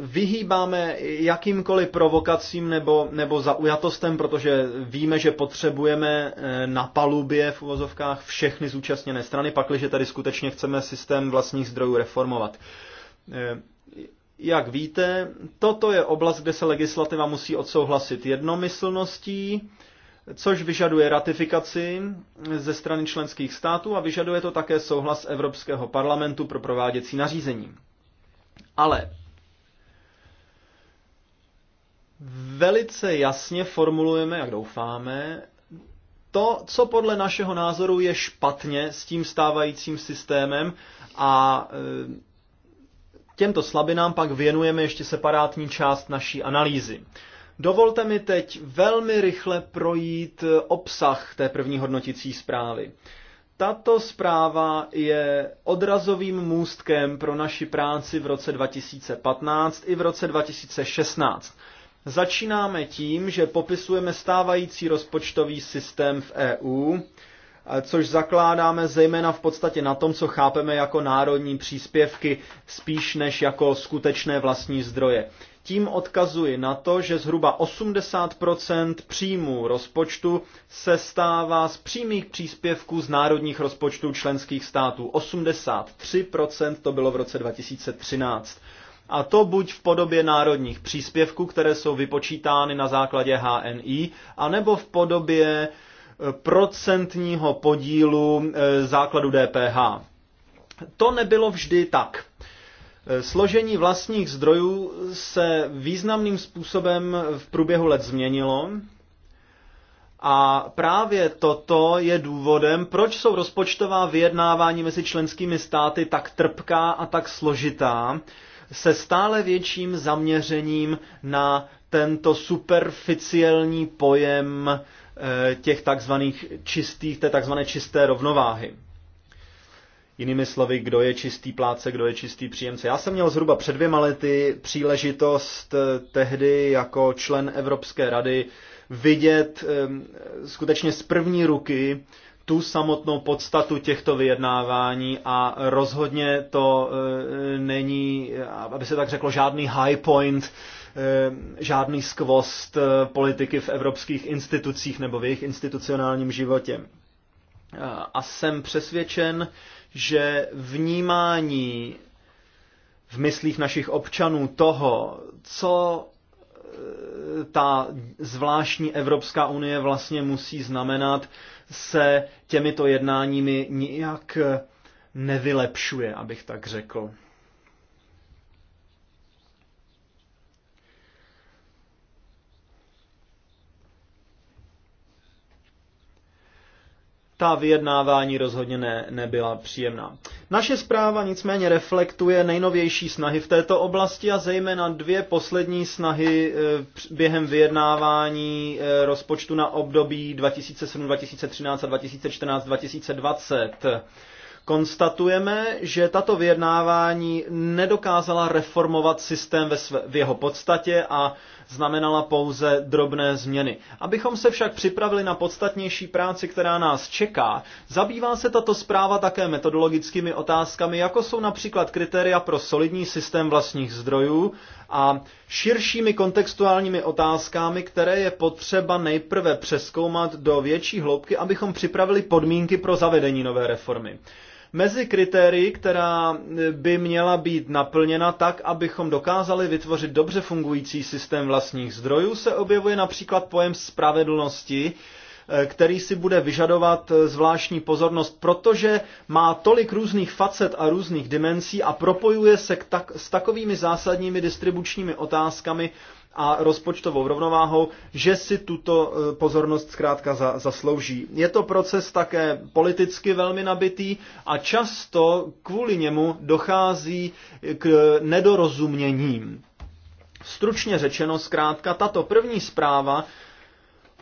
vyhýbáme jakýmkoliv provokacím nebo, nebo zaujatostem, protože víme, že potřebujeme eh, na palubě v uvozovkách všechny zúčastněné strany, pakliže tady skutečně chceme systém vlastních zdrojů reformovat. Eh, jak víte, toto je oblast, kde se legislativa musí odsouhlasit jednomyslností, což vyžaduje ratifikaci ze strany členských států a vyžaduje to také souhlas Evropského parlamentu pro prováděcí nařízení. Ale velice jasně formulujeme, jak doufáme, to, co podle našeho názoru je špatně s tím stávajícím systémem a e, těmto slabinám pak věnujeme ještě separátní část naší analýzy. Dovolte mi teď velmi rychle projít e, obsah té první hodnotící zprávy. Tato zpráva je odrazovým můstkem pro naši práci v roce 2015 i v roce 2016. Začínáme tím, že popisujeme stávající rozpočtový systém v EU, což zakládáme zejména v podstatě na tom, co chápeme jako národní příspěvky, spíš než jako skutečné vlastní zdroje. Tím odkazuji na to, že zhruba 80 příjmů rozpočtu se stává z přímých příspěvků z národních rozpočtů členských států. 83 to bylo v roce 2013. A to buď v podobě národních příspěvků, které jsou vypočítány na základě HNI, anebo v podobě e, procentního podílu e, základu DPH. To nebylo vždy tak. Eh, složení vlastních zdrojů se významným způsobem v průběhu let změnilo a právě toto je důvodem, proč jsou rozpočtová vyjednávání mezi členskými státy tak trpká a tak složitá, se stále větším zaměřením na tento superficiální pojem eh, těch takzvaných čistých, té takzvané čisté rovnováhy. Jinými slovy, kdo je čistý pláce, kdo je čistý příjemce. Já jsem měl zhruba před dvěma lety příležitost eh, tehdy jako člen Evropské rady vidět ehm, skutečně z první ruky tu samotnou podstatu těchto vyjednávání a rozhodně to eh, není, aby se tak řeklo, žádný high point, eh, žádný skvost politiky v evropských institucích nebo v jejich institucionálním životě. A jsem přesvědčen, že vnímání v myslích našich občanů toho, co eh, ta zvláštní Evropská unie vlastně musí znamenat, se těmito jednáními nijak nevylepšuje, abych tak řekl. ta vyjednávání rozhodně ne, nebyla příjemná. Naše zpráva nicméně reflektuje nejnovější snahy v této oblasti a zejména dvě poslední snahy e, během vyjednávání e, rozpočtu na období 2007, 2013 a 2014, 2020. Konstatujeme, že tato vyjednávání nedokázala reformovat systém ve, své, v jeho podstatě a znamenala pouze drobné změny. Abychom se však připravili na podstatnější práci, která nás čeká, zabývá se tato zpráva také metodologickými otázkami, jako jsou například kritéria pro solidní systém vlastních zdrojů a širšími kontextuálními otázkami, které je potřeba nejprve přeskoumat do větší hloubky, abychom připravili podmínky pro zavedení nové reformy mezi kritérii, která eh, by měla být naplněna tak, abychom dokázali vytvořit dobře fungující systém vlastních zdrojů, se objevuje například pojem spravedlnosti, eh, který si bude vyžadovat eh, zvláštní pozornost, protože má tolik různých facet a různých dimenzí a propojuje se k tak, s takovými zásadními distribučními otázkami, a rozpočtovou rovnováhou, že si tuto e, pozornost zkrátka za, zaslouží. Je to proces také politicky velmi nabitý a často kvůli němu dochází k nedorozuměním. Stručně řečeno, zkrátka, tato první zpráva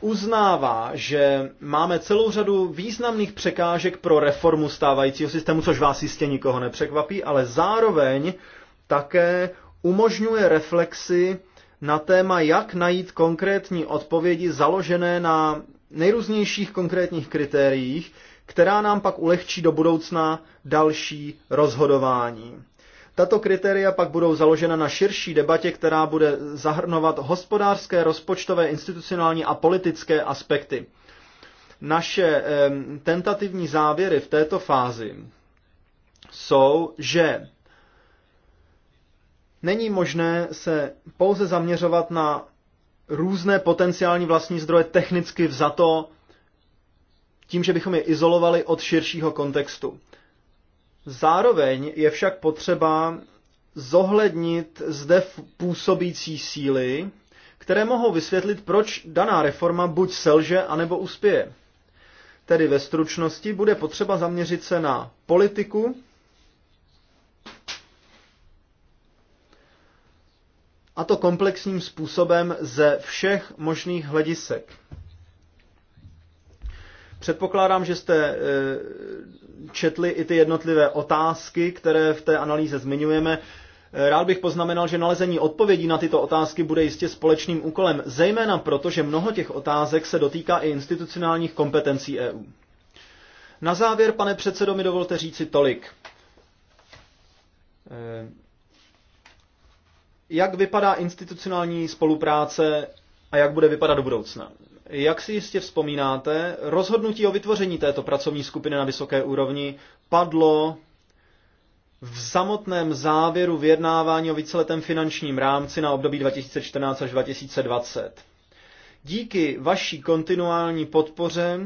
uznává, že máme celou řadu významných překážek pro reformu stávajícího systému, což vás jistě nikoho nepřekvapí, ale zároveň také umožňuje reflexy na téma, jak najít konkrétní odpovědi založené na nejrůznějších konkrétních kritériích, která nám pak ulehčí do budoucna další rozhodování. Tato kritéria pak budou založena na širší debatě, která bude zahrnovat hospodářské, rozpočtové, institucionální a politické aspekty. Naše tentativní závěry v této fázi jsou, že Není možné se pouze zaměřovat na různé potenciální vlastní zdroje technicky vzato tím, že bychom je izolovali od širšího kontextu. Zároveň je však potřeba zohlednit zde působící síly, které mohou vysvětlit, proč daná reforma buď selže, anebo uspěje. Tedy ve stručnosti bude potřeba zaměřit se na politiku, a to komplexním způsobem ze všech možných hledisek. Předpokládám, že jste e, četli i ty jednotlivé otázky, které v té analýze zmiňujeme. E, rád bych poznamenal, že nalezení odpovědí na tyto otázky bude jistě společným úkolem, zejména proto, že mnoho těch otázek se dotýká i institucionálních kompetencí EU. Na závěr, pane předsedo, mi dovolte říci tolik. E, jak vypadá institucionální spolupráce a jak bude vypadat do budoucna? Jak si jistě vzpomínáte, rozhodnutí o vytvoření této pracovní skupiny na vysoké úrovni padlo v samotném závěru vyjednávání o víceletém finančním rámci na období 2014 až 2020. Díky vaší kontinuální podpoře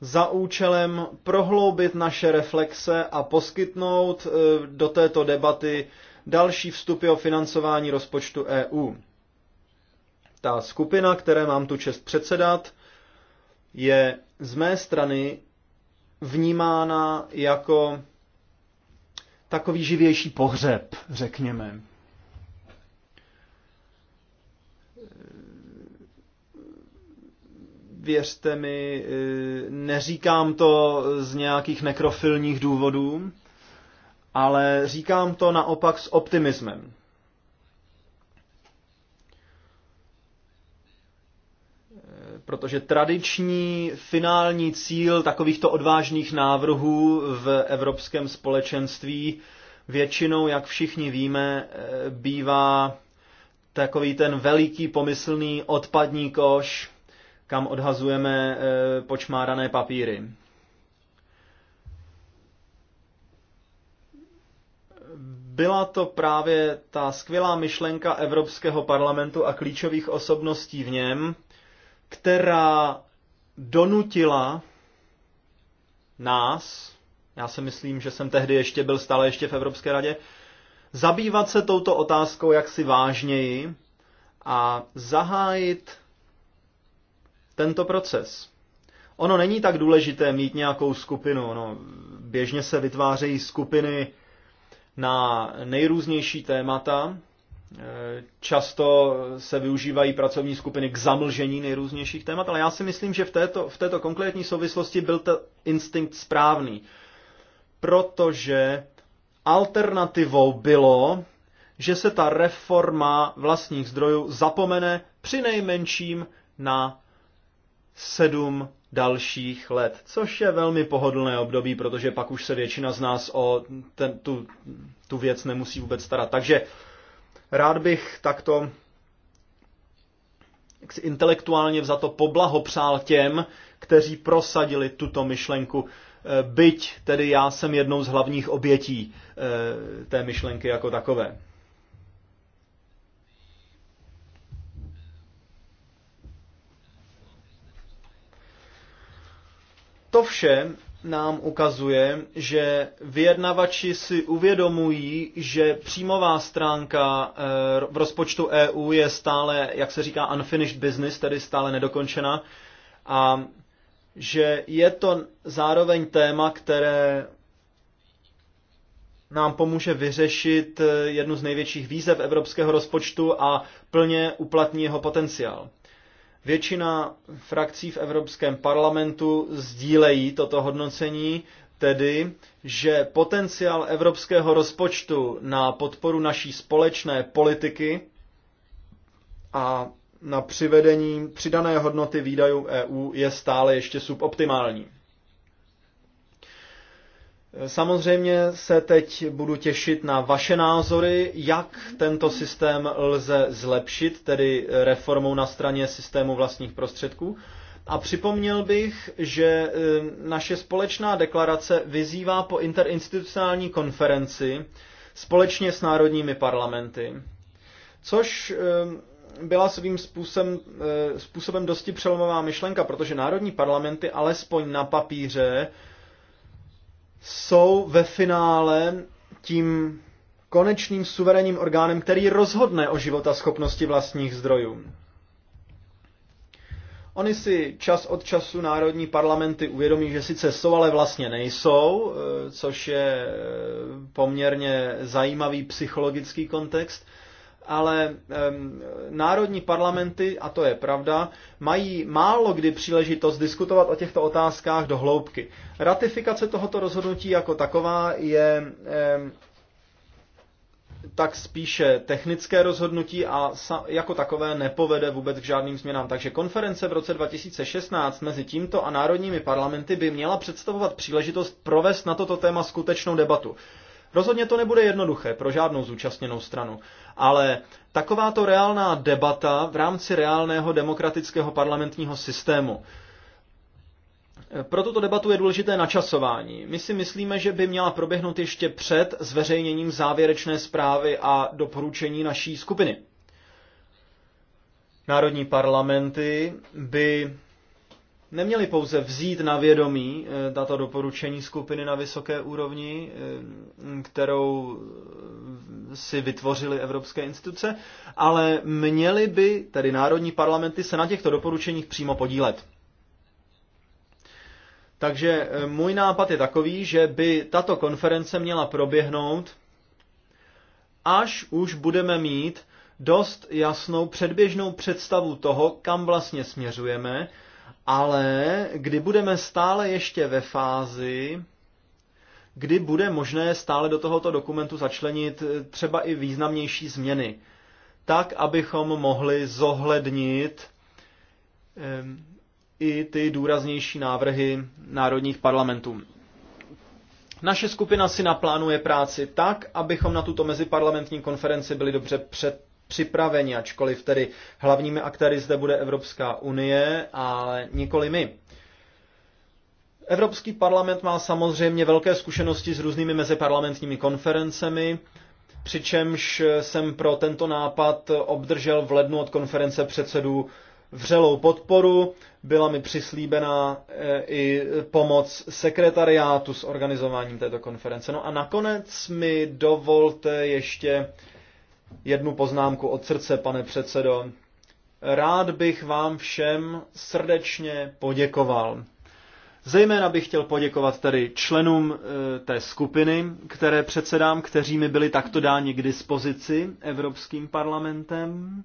za účelem prohloubit naše reflexe a poskytnout eh, do této debaty další vstupy o financování rozpočtu EU. Ta skupina, které mám tu čest předsedat, je z mé strany vnímána jako takový živější pohřeb, řekněme. Věřte mi, e, neříkám to z nějakých nekrofilních důvodů, ale říkám to naopak s optimismem. Protože tradiční finální cíl takovýchto odvážných návrhů v evropském společenství většinou, jak všichni víme, bývá takový ten veliký pomyslný odpadní koš, kam odhazujeme eh, počmárané papíry. byla to právě ta skvělá myšlenka Evropského parlamentu a klíčových osobností v něm, která donutila nás, já si myslím, že jsem tehdy ještě byl stále ještě v Evropské radě, zabývat se touto otázkou jaksi vážněji a zahájit tento proces. Ono není tak důležité mít nějakou skupinu, ono běžně se vytvářejí skupiny na nejrůznější témata. Eh, často se využívají pracovní skupiny k zamlžení nejrůznějších témat, ale já si myslím, že v této, v této konkrétní souvislosti byl ten instinkt správný, protože alternativou bylo, že se ta reforma vlastních zdrojů zapomene při nejmenším na sedm dalších let, což je velmi pohodlné období, protože pak už se většina z nás o ten, tu, tu věc nemusí vůbec starat. Takže rád bych takto jak si intelektuálně to poblahopřál těm, kteří prosadili tuto myšlenku. E, byť tedy já jsem jednou z hlavních obětí e, té myšlenky jako takové. To vše nám ukazuje, že vyjednavači si uvědomují, že příjmová stránka eh, v rozpočtu EU je stále, jak se říká, unfinished business, tedy stále nedokončena, a že je to zároveň téma, které nám pomůže vyřešit eh, jednu z největších výzev evropského rozpočtu a plně uplatní jeho potenciál. Většina frakcí v Evropském parlamentu sdílejí toto hodnocení, tedy, že potenciál evropského rozpočtu na podporu naší společné politiky a na přivedení přidané hodnoty výdajů EU je stále ještě suboptimální. Samozřejmě se teď budu těšit na vaše názory, jak tento systém lze zlepšit, tedy reformou na straně systému vlastních prostředků. A připomněl bych, že eh, naše společná deklarace vyzývá po interinstitucionální konferenci společně s národními parlamenty, což eh, byla svým způsobem, eh, způsobem dosti přelomová myšlenka, protože národní parlamenty alespoň na papíře jsou ve finále tím konečným suverénním orgánem, který rozhodne o života schopnosti vlastních zdrojů. Oni si čas od času národní parlamenty uvědomí, že sice jsou, ale vlastně nejsou, e, což je e, poměrně zajímavý psychologický kontext – ale um, národní parlamenty, a to je pravda, mají málo kdy příležitost diskutovat o těchto otázkách do hloubky. Ratifikace tohoto rozhodnutí jako taková je um, tak spíše technické rozhodnutí a jako takové nepovede vůbec k žádným změnám. Takže konference v roce 2016 mezi tímto a národními parlamenty by měla představovat příležitost provést na toto téma skutečnou debatu. Rozhodně to nebude jednoduché pro žádnou zúčastněnou stranu, ale takováto reálná debata v rámci reálného demokratického parlamentního systému. Pro tuto debatu je důležité načasování. My si myslíme, že by měla proběhnout ještě před zveřejněním závěrečné zprávy a doporučení naší skupiny. Národní parlamenty by neměli pouze vzít na vědomí eh, tato doporučení skupiny na vysoké úrovni, eh, kterou eh, si vytvořily evropské instituce, ale měli by tedy národní parlamenty se na těchto doporučeních přímo podílet. Takže můj nápad je takový, že by tato konference měla proběhnout, až už budeme mít dost jasnou předběžnou představu toho, kam vlastně směřujeme, ale kdy budeme stále ještě ve fázi, kdy bude možné stále do tohoto dokumentu začlenit eh, třeba i významnější změny, tak abychom mohli zohlednit ehm, i ty důraznější návrhy národních parlamentů. Naše skupina si naplánuje práci tak, abychom na tuto meziparlamentní konferenci byli dobře před, připraveni, ačkoliv tedy hlavními aktéry zde bude Evropská unie, ale nikoli my. Evropský parlament má samozřejmě velké zkušenosti s různými meziparlamentními konferencemi, přičemž jsem pro tento nápad obdržel v lednu od konference předsedů vřelou podporu, byla mi přislíbená eh, i pomoc sekretariátu s organizováním této konference. No a nakonec mi dovolte ještě jednu poznámku od srdce, pane předsedo. Rád bych vám všem srdečně poděkoval. Zejména bych chtěl poděkovat tedy členům eh, té skupiny, které předsedám, kteří mi byli takto dáni k dispozici Evropským parlamentem.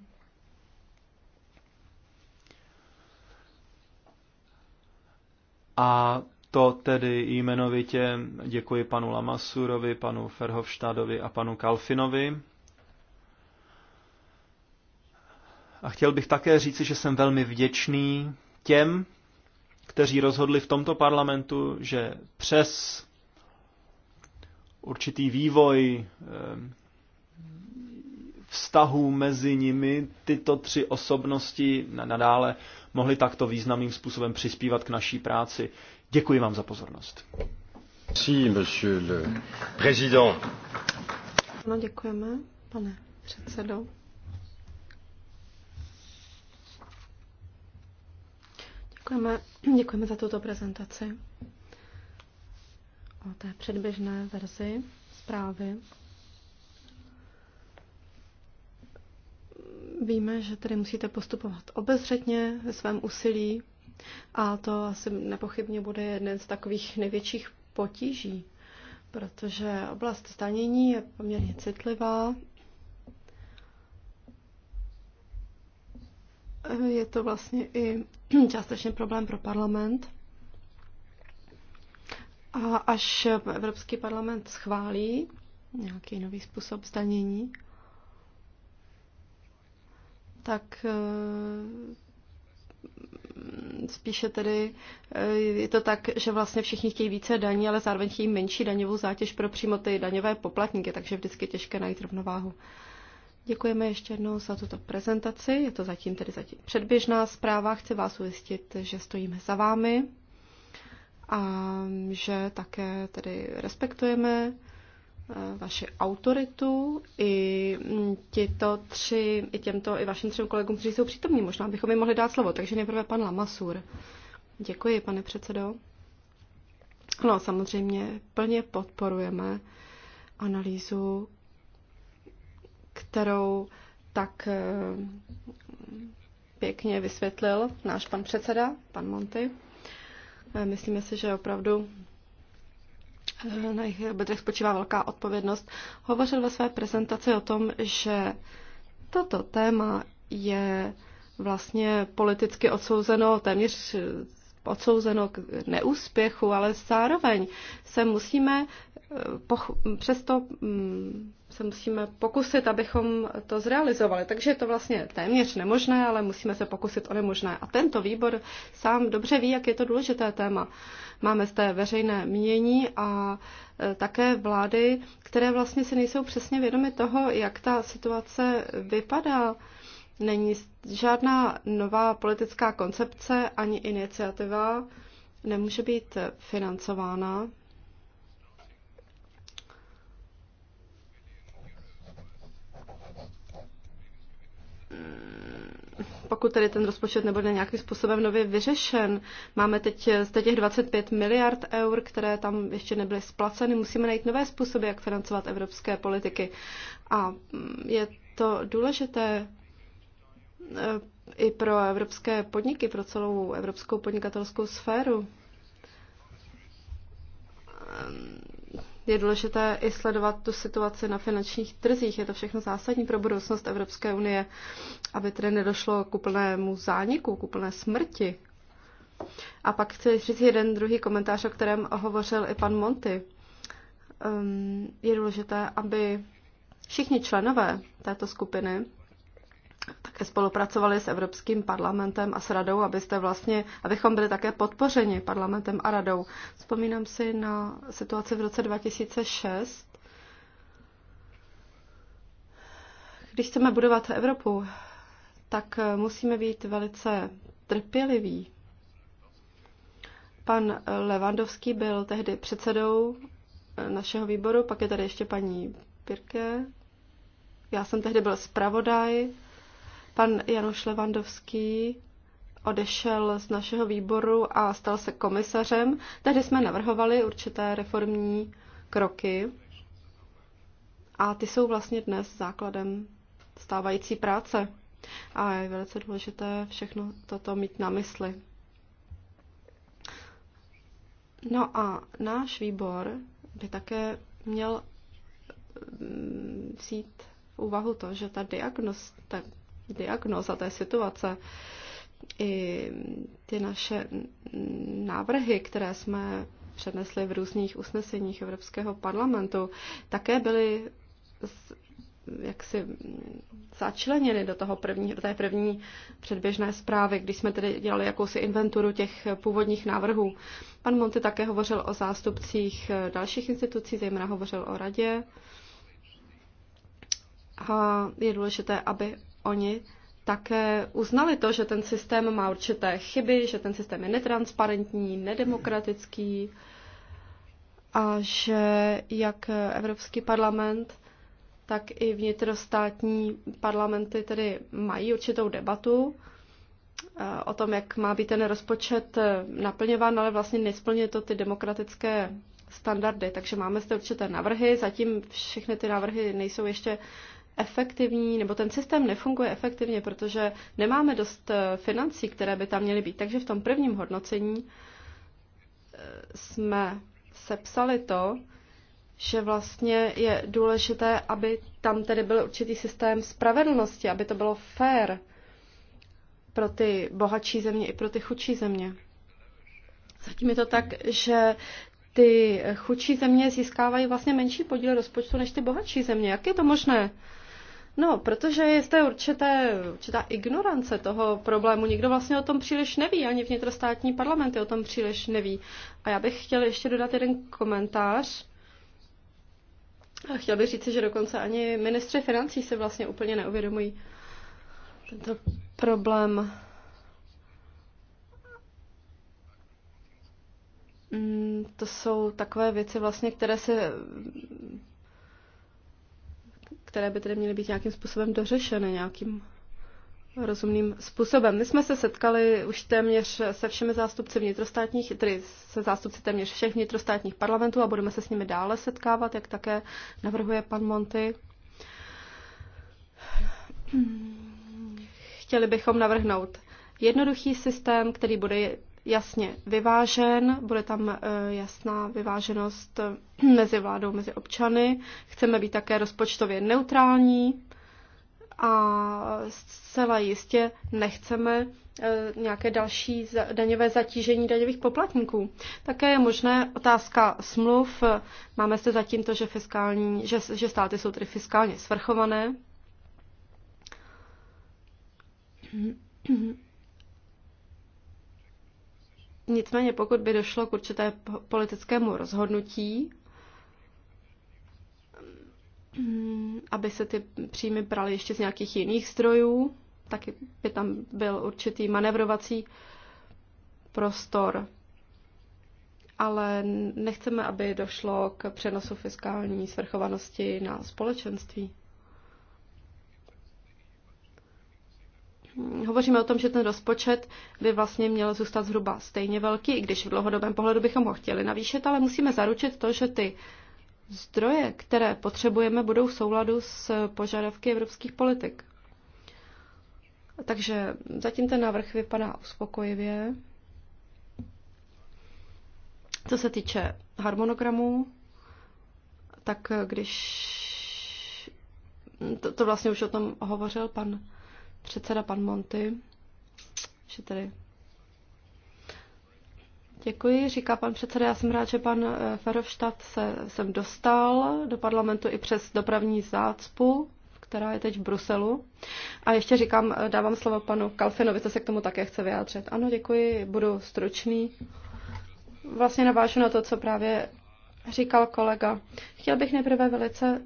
A to tedy jmenovitě děkuji panu Lamasurovi, panu Ferhovštádovi a panu Kalfinovi. A chtěl bych také říci, že jsem velmi vděčný těm, kteří rozhodli v tomto parlamentu, že přes určitý vývoj eh, vztahů mezi nimi tyto tři osobnosti nadále mohly takto významným způsobem přispívat k naší práci. Děkuji vám za pozornost. Merci, monsieur le président. No, děkujeme, pane předsedo. Děkujeme, děkujeme za tuto prezentaci o té předběžné verzi zprávy. Víme, že tedy musíte postupovat obezřetně ve svém úsilí a to asi nepochybně bude jeden z takových největších potíží, protože oblast stanění je poměrně citlivá. Je to vlastně i Hmm, částečně problém pro parlament. A až Evropský parlament schválí nějaký nový způsob zdanění, tak eh, spíše tedy eh, je to tak, že vlastně všichni chtějí více daní, ale zároveň chtějí menší daňovou zátěž pro přímo ty daňové poplatníky, takže vždycky těžké najít rovnováhu. Děkujeme ještě jednou za tuto prezentaci. Je to zatím tedy zatím předběžná zpráva. Chci vás ujistit, že stojíme za vámi a že také tedy respektujeme eh, vaši autoritu i tito tři, i těmto, i vašim třem kolegům, kteří jsou přítomní. Možná bychom jim mohli dát slovo, takže nejprve pan Lamasur. Děkuji, pane předsedo. No, samozřejmě plně podporujeme analýzu kterou tak eh, pěkně vysvětlil náš pan předseda, pan Monty. Eh, myslíme si, že opravdu eh, na jejich bedrech spočívá velká odpovědnost. Hovořil ve své prezentaci o tom, že toto téma je vlastně politicky odsouzeno téměř odsouzeno k neúspěchu, ale zároveň se musíme eh, přesto mm, se musíme pokusit, abychom to zrealizovali. Takže je to vlastně téměř nemožné, ale musíme se pokusit o nemožné. A tento výbor sám dobře ví, jak je to důležité téma. Máme zde veřejné mínění a eh, také vlády, které vlastně si nejsou přesně vědomy toho, jak ta situace vypadá Není žádná nová politická koncepce ani iniciativa nemůže být financována. Pokud tedy ten rozpočet nebude nějakým způsobem nově vyřešen, máme teď z těch 25 miliard eur, které tam ještě nebyly splaceny, musíme najít nové způsoby, jak financovat evropské politiky. A mm, je to důležité E, i pro evropské podniky, pro celou evropskou podnikatelskou sféru. E, je důležité i sledovat tu situaci na finančních trzích. Je to všechno zásadní pro budoucnost Evropské unie, aby tedy nedošlo k úplnému zániku, k úplné smrti. A pak chci říct jeden druhý komentář, o kterém hovořil i pan Monty. Ehm, je důležité, aby všichni členové této skupiny také spolupracovali s Evropským parlamentem a s radou, abyste vlastně, abychom byli také podpořeni parlamentem a radou. Vzpomínám si na situaci v roce 2006, když chceme budovat Evropu, tak musíme být velice trpěliví. Pan Levandovský byl tehdy předsedou našeho výboru, pak je tady ještě paní Pirke. Já jsem tehdy byl zpravodaj Pan Janoš Levandovský odešel z našeho výboru a stal se komisařem. Tehdy jsme navrhovali určité reformní kroky a ty jsou vlastně dnes základem stávající práce. A je velice důležité všechno toto mít na mysli. No a náš výbor by také měl mm, vzít v úvahu to, že ta ta diagnoza té situace, i ty naše návrhy, které jsme přednesli v různých usneseních Evropského parlamentu, také byly jaksi začleněny do, toho první, do té první předběžné zprávy, když jsme tedy dělali jakousi inventuru těch původních návrhů. Pan Monty také hovořil o zástupcích dalších institucí, zejména hovořil o radě. A je důležité, aby oni také uznali to, že ten systém má určité chyby, že ten systém je netransparentní, nedemokratický a že jak Evropský parlament, tak i vnitrostátní parlamenty tedy mají určitou debatu eh, o tom, jak má být ten rozpočet eh, naplňován, ale vlastně nesplně to ty demokratické standardy. Takže máme zde určité návrhy, zatím všechny ty návrhy nejsou ještě efektivní, nebo ten systém nefunguje efektivně, protože nemáme dost eh, financí, které by tam měly být. Takže v tom prvním hodnocení eh, jsme sepsali to, že vlastně je důležité, aby tam tedy byl určitý systém spravedlnosti, aby to bylo fair pro ty bohatší země i pro ty chudší země. Zatím je to tak, že ty chudší země získávají vlastně menší podíl rozpočtu než ty bohatší země. Jak je to možné? No, protože je zde určité, určitá ignorance toho problému. Nikdo vlastně o tom příliš neví, ani vnitrostátní parlamenty o tom příliš neví. A já bych chtěl ještě dodat jeden komentář. A chtěl bych říct, že dokonce ani ministři financí se vlastně úplně neuvědomují tento problém. Mm, to jsou takové věci, vlastně, které se které by tedy měly být nějakým způsobem dořešeny, nějakým rozumným způsobem. My jsme se setkali už téměř se všemi zástupci vnitrostátních, tedy se zástupci téměř všech vnitrostátních parlamentů a budeme se s nimi dále setkávat, jak také navrhuje pan Monty. Chtěli bychom navrhnout jednoduchý systém, který bude jasně vyvážen, bude tam eh, jasná vyváženost eh, (clears throat) mezi vládou, mezi občany. Chceme být také rozpočtově neutrální a zcela jistě nechceme eh, nějaké další daňové zatížení daňových poplatníků. Také je možné otázka smluv. Máme se zatím to, že, fiskální, že, že státy jsou tedy fiskálně svrchované. (clears throat) Nicméně pokud by došlo k určité politickému rozhodnutí, mm, aby se ty příjmy braly ještě z nějakých jiných zdrojů, tak by tam byl určitý manevrovací prostor. Ale nechceme, aby došlo k přenosu fiskální svrchovanosti na společenství. hovoříme o tom, že ten rozpočet by vlastně měl zůstat zhruba stejně velký, i když v dlouhodobém pohledu bychom ho chtěli navýšit, ale musíme zaručit to, že ty zdroje, které potřebujeme, budou v souladu s požadavky evropských politik. Takže zatím ten návrh vypadá uspokojivě. Co se týče harmonogramu, tak když to, to vlastně už o tom hovořil pan Předseda pan Monty, že tady Děkuji, říká pan předseda. Já jsem rád, že pan Ferovštát eh, se sem dostal do parlamentu i přes dopravní zácpu, která je teď v Bruselu. A ještě říkám, eh, dávám slovo panu Kalfinovi, to se k tomu také chce vyjádřit. Ano, děkuji, budu stručný. Vlastně navážu na to, co právě říkal kolega. Chtěl bych nejprve velice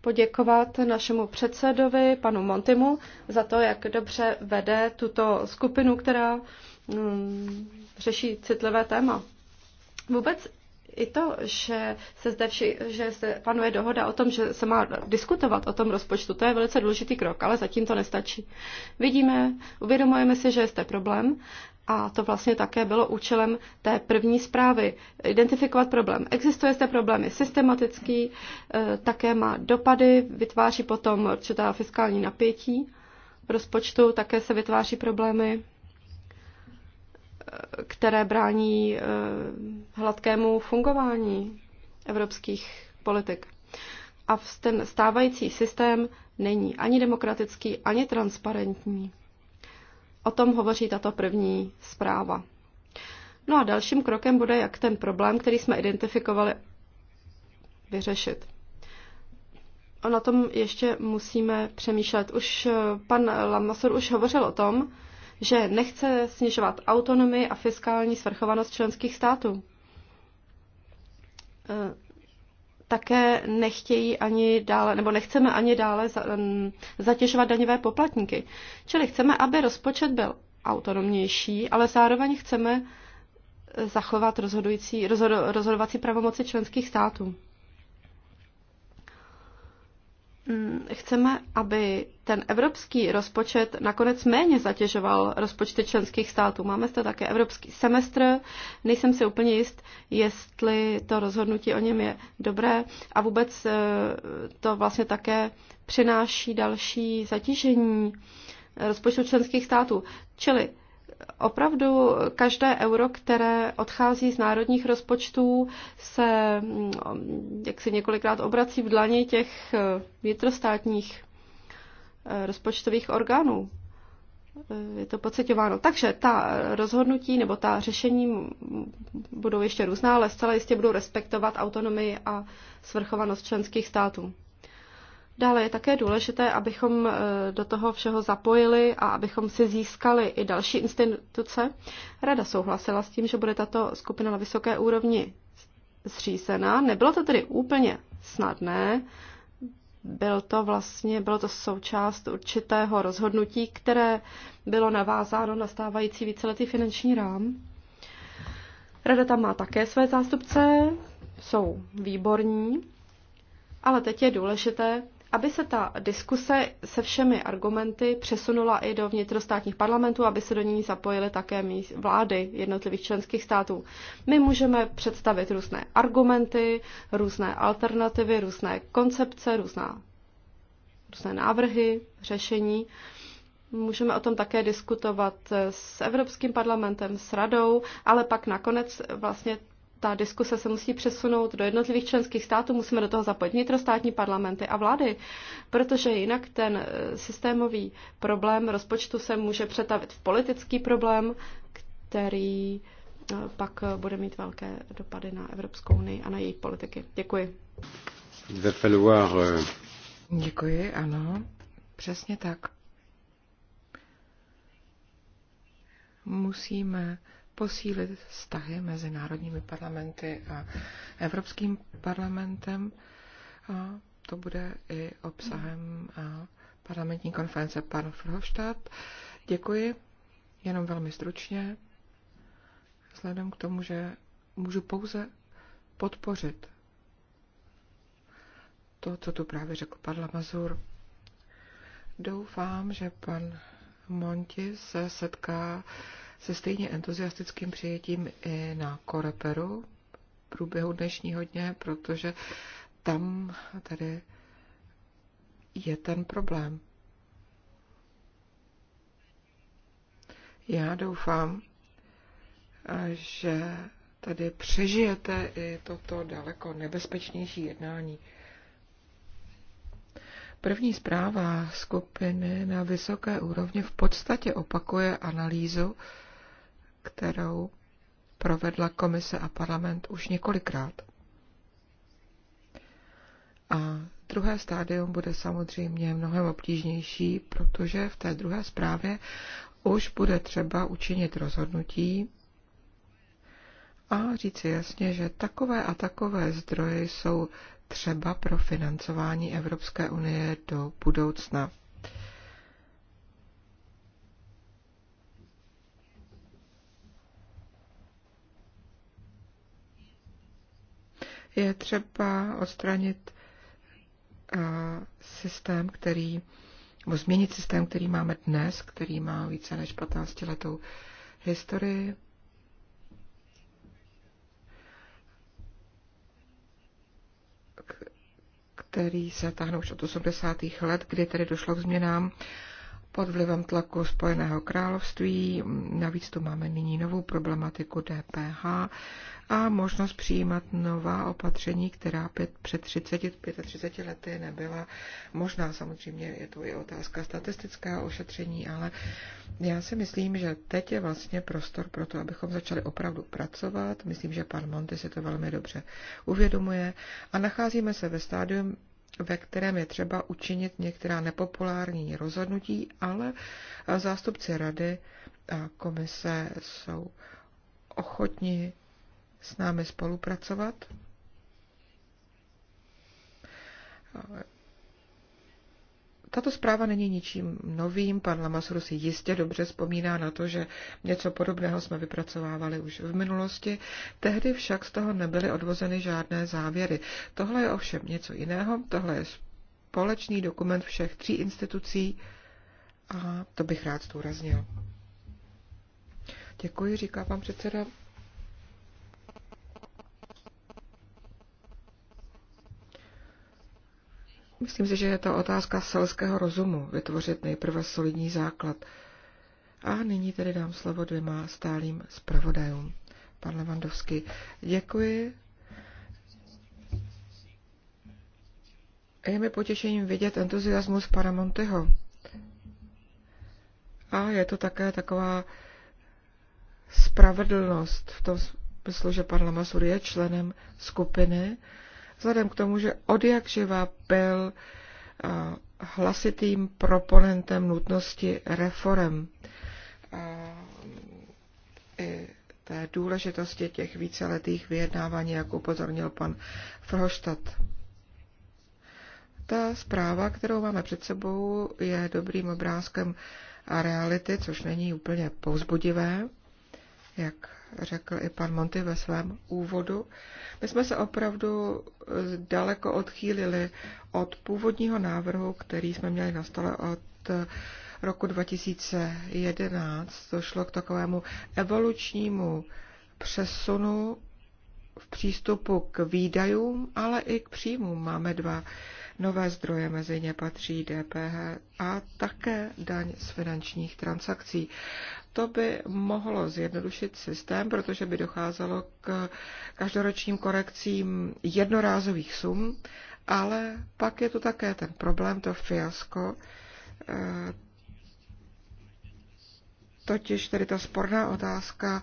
poděkovat našemu předsedovi, panu Montimu, za to, jak dobře vede tuto skupinu, která mm, řeší citlivé téma. Vůbec i to, že se zde vši, že se panuje dohoda o tom, že se má diskutovat o tom rozpočtu, to je velice důležitý krok, ale zatím to nestačí. Vidíme, uvědomujeme si, že jste problém a to vlastně také bylo účelem té první zprávy, identifikovat problém. Existuje zde problém, je systematický, e, také má dopady, vytváří potom určitá fiskální napětí v rozpočtu, také se vytváří problémy, e, které brání e, hladkému fungování evropských politik. A ten stávající systém není ani demokratický, ani transparentní. O tom hovoří tato první zpráva. No a dalším krokem bude, jak ten problém, který jsme identifikovali, vyřešit. A na tom ještě musíme přemýšlet. Už eh, pan Lamasur už hovořil o tom, že nechce snižovat autonomii a fiskální svrchovanost členských států. E také nechtějí ani dále, nebo nechceme ani dále zatěžovat daňové poplatníky. Čili chceme, aby rozpočet byl autonomnější, ale zároveň chceme zachovat rozhodující, rozhodovací pravomoci členských států. Mm, chceme, aby ten evropský rozpočet nakonec méně zatěžoval rozpočty členských států. Máme zde také evropský semestr. Nejsem si úplně jist, jestli to rozhodnutí o něm je dobré a vůbec eh, to vlastně také přináší další zatížení eh, rozpočtu členských států. Čili opravdu každé euro, které odchází z národních rozpočtů, se mm, jak si několikrát obrací v dlaně těch eh, vnitrostátních eh, rozpočtových orgánů. Eh, je to pocitováno. Takže ta rozhodnutí nebo ta řešení budou ještě různá, ale zcela jistě budou respektovat autonomii a svrchovanost členských států. Dále je také důležité, abychom eh, do toho všeho zapojili a abychom si získali i další instituce. Rada souhlasila s tím, že bude tato skupina na vysoké úrovni zřízená. Nebylo to tedy úplně snadné, byl to vlastně, bylo to součást určitého rozhodnutí, které bylo navázáno na stávající víceletý finanční rám. Rada tam má také své zástupce, jsou výborní, ale teď je důležité, aby se ta diskuse se všemi argumenty přesunula i do vnitrostátních parlamentů, aby se do ní zapojily také vlády jednotlivých členských států. My můžeme představit různé argumenty, různé alternativy, různé koncepce, různá, různé návrhy, řešení. Můžeme o tom také diskutovat s Evropským parlamentem, s radou, ale pak nakonec vlastně ta diskuse se musí přesunout do jednotlivých členských států, musíme do toho zapojit vnitrostátní parlamenty a vlády, protože jinak ten e, systémový problém rozpočtu se může přetavit v politický problém, který e, pak e, bude mít velké dopady na Evropskou unii a na její politiky. Děkuji. Euh, Děkuji, ano. Přesně tak. Musíme posílit vztahy mezi národními parlamenty a Evropským parlamentem. A to bude i obsahem parlamentní konference pan Frohstadt. Děkuji, jenom velmi stručně, vzhledem k tomu, že můžu pouze podpořit to, co tu právě řekl pan Lamazur. Doufám, že pan Monti se setká se stejně entuziastickým přijetím i na Koreperu v průběhu dnešního dne, protože tam tady je ten problém. Já doufám, že tady přežijete i toto daleko nebezpečnější jednání. První zpráva skupiny na vysoké úrovni v podstatě opakuje analýzu, kterou provedla komise a parlament už několikrát. A druhé stádium bude samozřejmě mnohem obtížnější, protože v té druhé zprávě už bude třeba učinit rozhodnutí a říci jasně, že takové a takové zdroje jsou třeba pro financování Evropské unie do budoucna. je třeba odstranit eh, systém, který, nebo změnit systém, který máme dnes, který má více než 15 letou historii. který se táhnou už od 80. let, kdy tedy došlo k změnám pod vlivem tlaku Spojeného království. Navíc tu máme nyní novou problematiku DPH a možnost přijímat nová opatření, která pět, před 30, 35 lety nebyla možná. Samozřejmě je to i otázka statistického ošetření, ale já si myslím, že teď je vlastně prostor pro to, abychom začali opravdu pracovat. Myslím, že pan Monty si to velmi dobře uvědomuje a nacházíme se ve stádiu, ve kterém je třeba učinit některá nepopulární rozhodnutí, ale zástupci rady a komise jsou ochotni s námi spolupracovat tato zpráva není ničím novým, pan Lamasur si jistě dobře vzpomíná na to, že něco podobného jsme vypracovávali už v minulosti, tehdy však z toho nebyly odvozeny žádné závěry. Tohle je ovšem něco jiného, tohle je společný dokument všech tří institucí a to bych rád zdůraznil. Děkuji, říká pan předseda. Myslím si, že je to otázka selského rozumu, vytvořit nejprve solidní základ. A nyní tedy dám slovo dvěma stálým zpravodajům. Pan Levandovský, děkuji. Je mi potěšením vidět entuziasmus pana Monteho. A je to také taková spravedlnost v tom smyslu, že pan Lamasur je členem skupiny, vzhledem k tomu, že odjak živa byl eh, hlasitým proponentem nutnosti reform eh, i té důležitosti těch víceletých vyjednávání, jak upozornil pan Frohstadt. Ta zpráva, kterou máme před sebou, je dobrým obrázkem a reality, což není úplně pouzbudivé jak řekl i pan Monty ve svém úvodu. My jsme se opravdu daleko odchýlili od původního návrhu, který jsme měli na stole od roku 2011. To šlo k takovému evolučnímu přesunu v přístupu k výdajům, ale i k příjmům. Máme dva Nové zdroje mezi ně patří DPH a také daň z finančních transakcí. To by mohlo zjednodušit systém, protože by docházelo k každoročním korekcím jednorázových sum, ale pak je tu také ten problém, to fiasko, eh, totiž tedy ta sporná otázka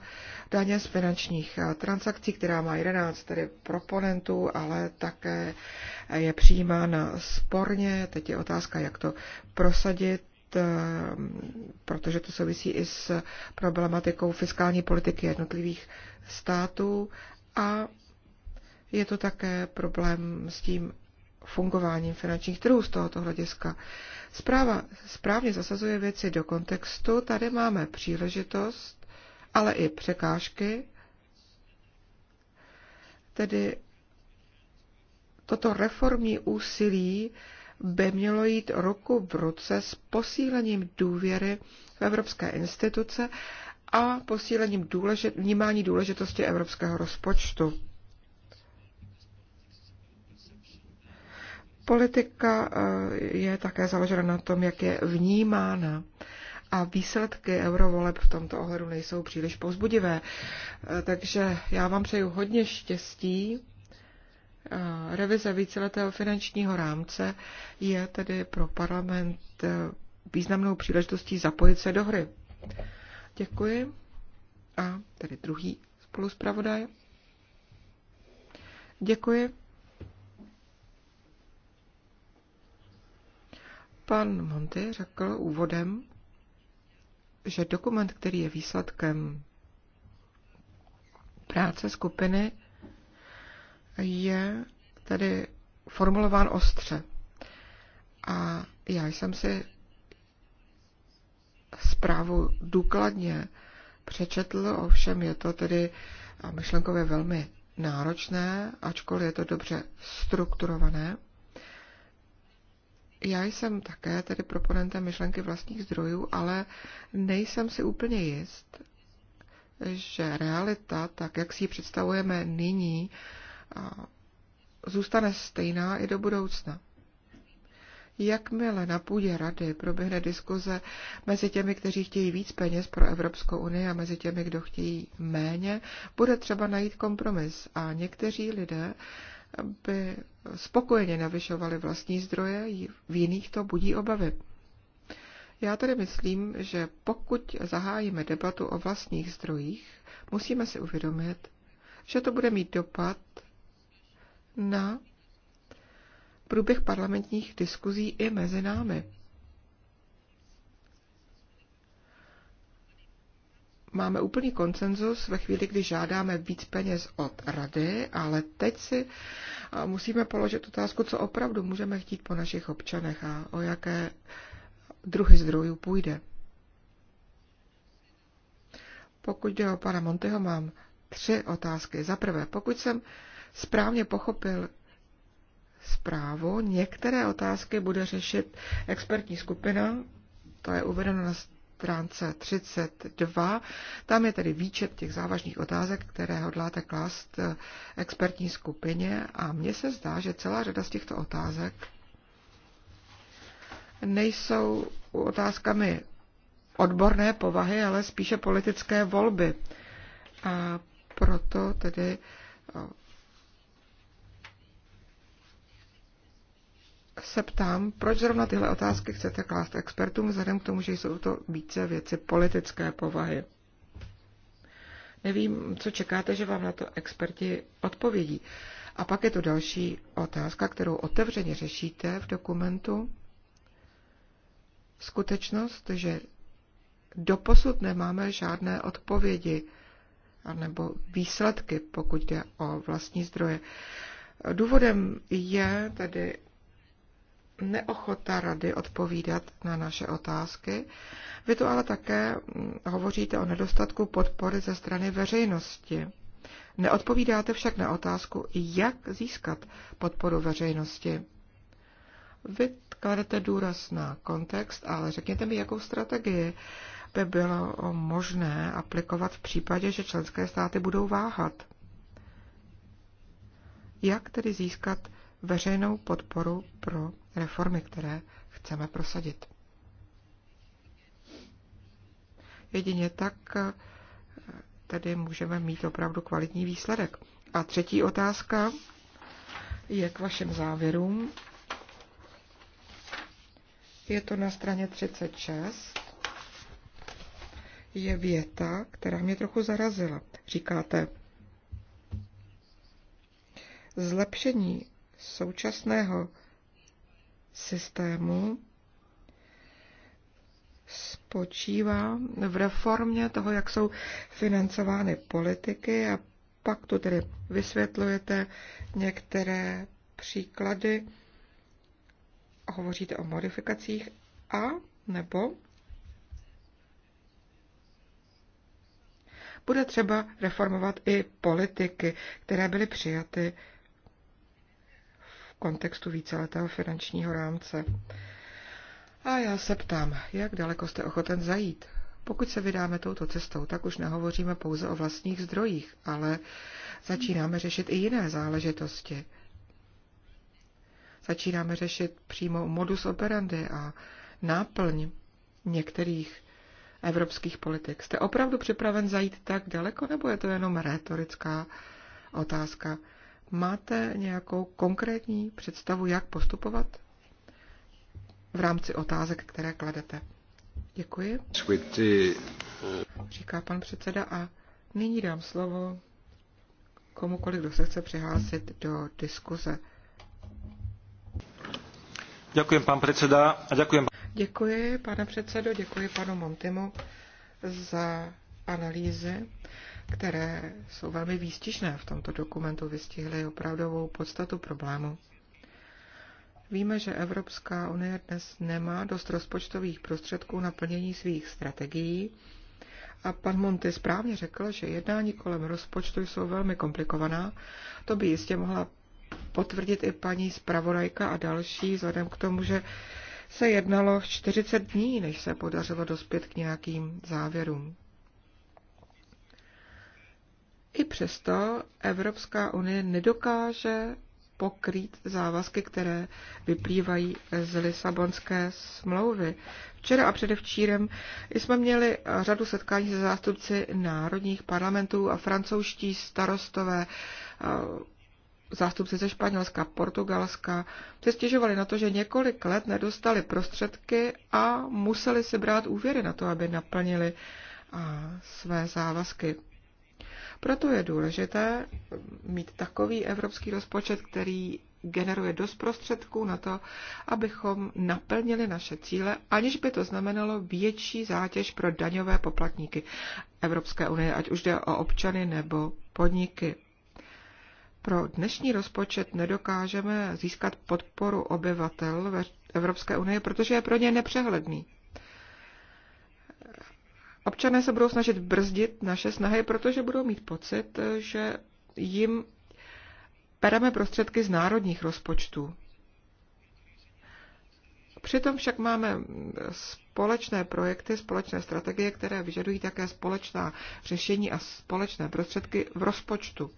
daně z finančních eh, transakcí, která má 11 tedy proponentů, ale také je přijímána sporně. Teď je otázka, jak to prosadit eh, protože to souvisí i s problematikou fiskální politiky jednotlivých států a je to také problém s tím, fungováním finančních trhů z tohoto hlediska. Zpráva správně zasazuje věci do kontextu. Tady máme příležitost, ale i překážky. Tedy toto reformní úsilí by mělo jít ruku v ruce s posílením důvěry v evropské instituce a posílením důležit, vnímání důležitosti evropského rozpočtu. Politika eh, je také založena na tom, jak je vnímána. A výsledky eurovoleb v tomto ohledu nejsou příliš povzbudivé. Eh, takže já vám přeju hodně štěstí. Eh, revize víceletého finančního rámce je tedy pro parlament významnou příležitostí zapojit se do hry. Děkuji. A tedy druhý spoluspravodaj. Děkuji. Pan Monty řekl úvodem, že dokument, který je výsledkem práce skupiny, je tedy formulován ostře. A já jsem si zprávu důkladně přečetl, ovšem je to tedy myšlenkově velmi náročné, ačkoliv je to dobře strukturované já jsem také tedy proponentem myšlenky vlastních zdrojů, ale nejsem si úplně jist, že realita, tak jak si ji představujeme nyní, zůstane stejná i do budoucna. Jakmile na půdě rady proběhne diskuze mezi těmi, kteří chtějí víc peněz pro Evropskou unii a mezi těmi, kdo chtějí méně, bude třeba najít kompromis. A někteří lidé aby spokojeně navyšovali vlastní zdroje, v jiných to budí obavy. Já tedy myslím, že pokud zahájíme debatu o vlastních zdrojích, musíme si uvědomit, že to bude mít dopad na průběh parlamentních diskuzí i mezi námi. máme úplný konsenzus ve chvíli, kdy žádáme víc peněz od rady, ale teď si eh, musíme položit otázku, co opravdu můžeme chtít po našich občanech a o jaké druhy zdrojů půjde. Pokud jde o pana Monteho, mám tři otázky. Za prvé, pokud jsem správně pochopil zprávu, některé otázky bude řešit expertní skupina, to je uvedeno na stránce 32. Tam je tedy výčet těch závažných otázek, které hodláte klást eh, expertní skupině a mně se zdá, že celá řada z těchto otázek nejsou otázkami odborné povahy, ale spíše politické volby. A proto tedy eh, se ptám, proč zrovna tyhle otázky chcete klást expertům, vzhledem k tomu, že jsou to více věci politické povahy. Nevím, co čekáte, že vám na to experti odpovědí. A pak je to další otázka, kterou otevřeně řešíte v dokumentu. Skutečnost, že doposud nemáme žádné odpovědi nebo výsledky, pokud jde o vlastní zdroje. Důvodem je tedy neochota rady odpovídat na naše otázky. Vy tu ale také mm, hovoříte o nedostatku podpory ze strany veřejnosti. Neodpovídáte však na otázku, jak získat podporu veřejnosti. Vy kladete důraz na kontext, ale řekněte mi, jakou strategii by bylo možné aplikovat v případě, že členské státy budou váhat. Jak tedy získat veřejnou podporu pro reformy, které chceme prosadit. Jedině tak eh, tedy můžeme mít opravdu kvalitní výsledek. A třetí otázka je k vašim závěrům. Je to na straně 36. Je věta, která mě trochu zarazila. Říkáte, zlepšení současného systému spočívá v reformě toho, jak jsou financovány politiky a pak tu tedy vysvětlujete některé příklady, hovoříte o modifikacích a nebo bude třeba reformovat i politiky, které byly přijaty kontextu víceletého finančního rámce. A já se ptám, jak daleko jste ochoten zajít? Pokud se vydáme touto cestou, tak už nehovoříme pouze o vlastních zdrojích, ale začínáme řešit i jiné záležitosti. Začínáme řešit přímo modus operandi a náplň některých evropských politik. Jste opravdu připraven zajít tak daleko, nebo je to jenom retorická otázka? Máte nějakou konkrétní představu, jak postupovat v rámci otázek, které kladete? Děkuji. Říká pan předseda a nyní dám slovo komukoliv, kdo se chce přihlásit do diskuze. Děkuji, pan předseda. A děkuji. Děkuji, pane předsedo, děkuji panu Montimu za analýzy které jsou velmi výstižné v tomto dokumentu, vystihly opravdovou podstatu problému. Víme, že Evropská unie dnes nemá dost rozpočtových prostředků na plnění svých strategií a pan Monty správně řekl, že jednání kolem rozpočtu jsou velmi komplikovaná. To by jistě mohla potvrdit i paní zpravodajka a další, vzhledem k tomu, že se jednalo 40 dní, než se podařilo dospět k nějakým závěrům. I přesto Evropská unie nedokáže pokrýt závazky, které vyplývají z Lisabonské smlouvy. Včera a předevčírem jsme měli řadu setkání se zástupci národních parlamentů a francouzští starostové, eh, zástupci ze Španělska, Portugalska, se stěžovali na to, že několik let nedostali prostředky a museli si brát úvěry na to, aby naplnili eh, své závazky. Proto je důležité mít takový evropský rozpočet, který generuje dost prostředků na to, abychom naplnili naše cíle, aniž by to znamenalo větší zátěž pro daňové poplatníky Evropské unie, ať už jde o občany nebo podniky. Pro dnešní rozpočet nedokážeme získat podporu obyvatel Evropské unie, protože je pro ně nepřehledný. Občané se budou snažit brzdit naše snahy, protože budou mít pocit, že jim pereme prostředky z národních rozpočtů. Přitom však máme společné projekty, společné strategie, které vyžadují také společná řešení a společné prostředky v rozpočtu.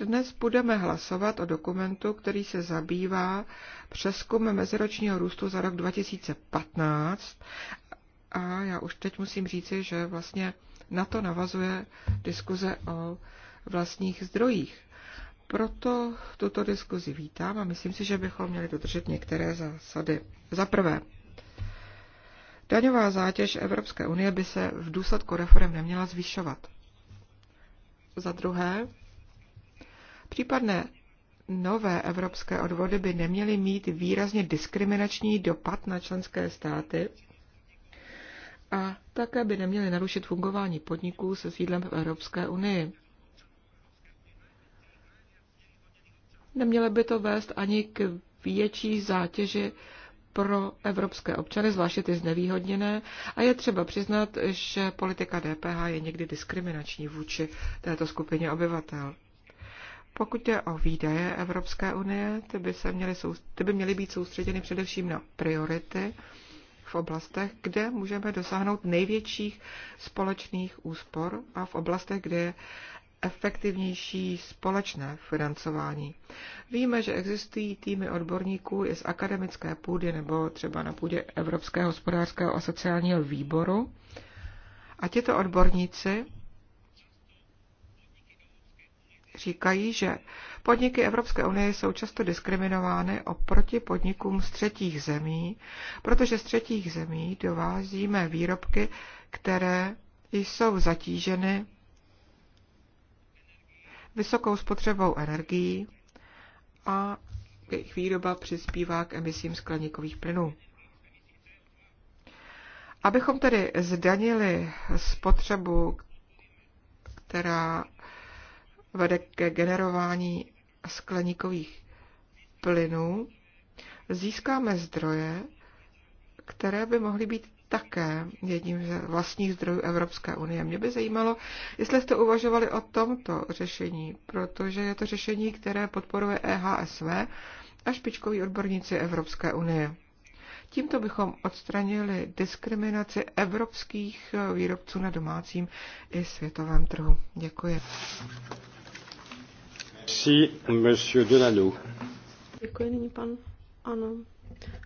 Dnes budeme hlasovat o dokumentu, který se zabývá přeskumem meziročního růstu za rok 2015. A já už teď musím říci, že vlastně na to navazuje diskuze o vlastních zdrojích. Proto tuto diskuzi vítám a myslím si, že bychom měli dodržet některé zásady. Za prvé, daňová zátěž Evropské unie by se v důsledku reform neměla zvyšovat. Za druhé, Případné nové evropské odvody by neměly mít výrazně diskriminační dopad na členské státy a také by neměly narušit fungování podniků se sídlem v Evropské unii. Nemělo by to vést ani k větší zátěži pro evropské občany, zvláště ty znevýhodněné, a je třeba přiznat, že politika DPH je někdy diskriminační vůči této skupině obyvatel. Pokud jde o výdaje Evropské unie, ty by, se měly, ty by měly být soustředěny především na priority v oblastech, kde můžeme dosáhnout největších společných úspor a v oblastech, kde je efektivnější společné financování. Víme, že existují týmy odborníků i z akademické půdy nebo třeba na půdě Evropského hospodářského a sociálního výboru. A tito odborníci říkají, že podniky Evropské unie jsou často diskriminovány oproti podnikům z třetích zemí, protože z třetích zemí dovázíme výrobky, které jsou zatíženy vysokou spotřebou energií a jejich výroba přispívá k emisím skleníkových plynů. Abychom tedy zdanili spotřebu, která vede ke generování skleníkových plynů, získáme zdroje, které by mohly být také jedním z vlastních zdrojů Evropské unie. Mě by zajímalo, jestli jste uvažovali o tomto řešení, protože je to řešení, které podporuje EHSV a špičkoví odborníci Evropské unie. Tímto bychom odstranili diskriminaci evropských výrobců na domácím i světovém trhu. Děkuji monsieur Delano. Děkuji, nyní pan. Ano.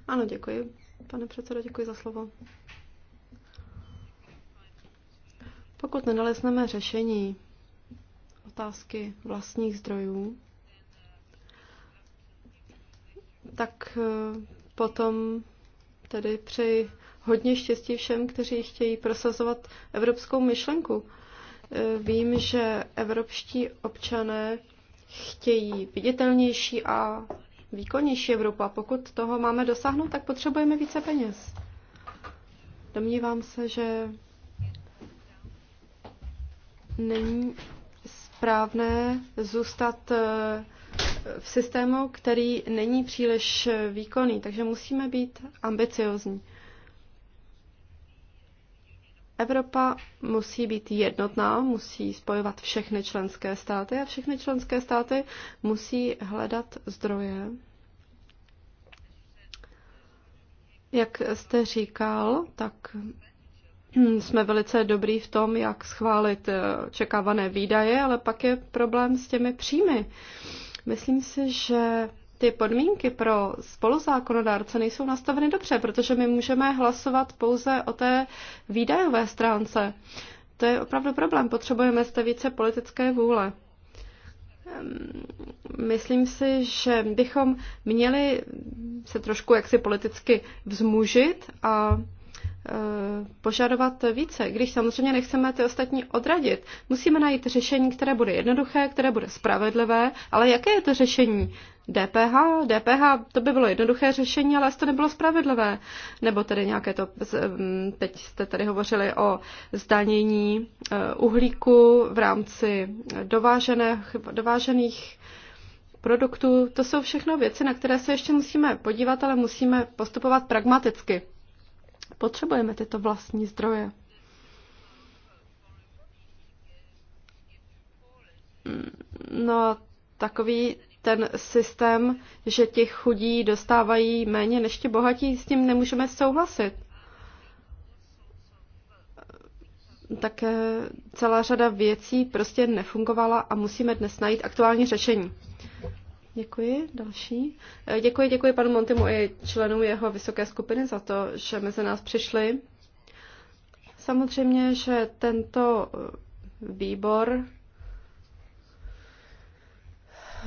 Ano, děkuji, pane předsedo, děkuji za slovo. Pokud nenalezneme řešení otázky vlastních zdrojů, tak eh, potom tedy přeji hodně štěstí všem, kteří chtějí prosazovat evropskou myšlenku. Eh, vím, že evropští občané chtějí viditelnější a výkonnější Evropu. A pokud toho máme dosáhnout, tak potřebujeme více peněz. Domnívám se, že není správné zůstat eh, v systému, který není příliš výkonný, takže musíme být ambiciozní. Evropa musí být jednotná, musí spojovat všechny členské státy a všechny členské státy musí hledat zdroje. Jak jste říkal, tak jsme velice dobrý v tom, jak schválit eh, čekávané výdaje, ale pak je problém s těmi příjmy. Myslím si, že ty podmínky pro spoluzákonodárce nejsou nastaveny dobře, protože my můžeme hlasovat pouze o té výdajové stránce. To je opravdu problém. Potřebujeme zde více politické vůle. Myslím si, že bychom měli se trošku jaksi politicky vzmužit a Eh, požadovat více, když samozřejmě nechceme ty ostatní odradit. Musíme najít řešení, které bude jednoduché, které bude spravedlivé, ale jaké je to řešení? DPH, DPH, to by bylo jednoduché řešení, ale to nebylo spravedlivé. Nebo tedy nějaké to, teď jste tady hovořili o zdanění eh, uhlíku v rámci dovážených, dovážených produktů. To jsou všechno věci, na které se ještě musíme podívat, ale musíme postupovat pragmaticky. Potřebujeme tyto vlastní zdroje. No, takový ten systém, že ti chudí dostávají méně než ti bohatí, s tím nemůžeme souhlasit. Také celá řada věcí prostě nefungovala a musíme dnes najít aktuální řešení. Děkuji. Další. Eh, děkuji, děkuji panu Montimu i členům jeho vysoké skupiny za to, že mezi nás přišli. Samozřejmě, že tento eh, výbor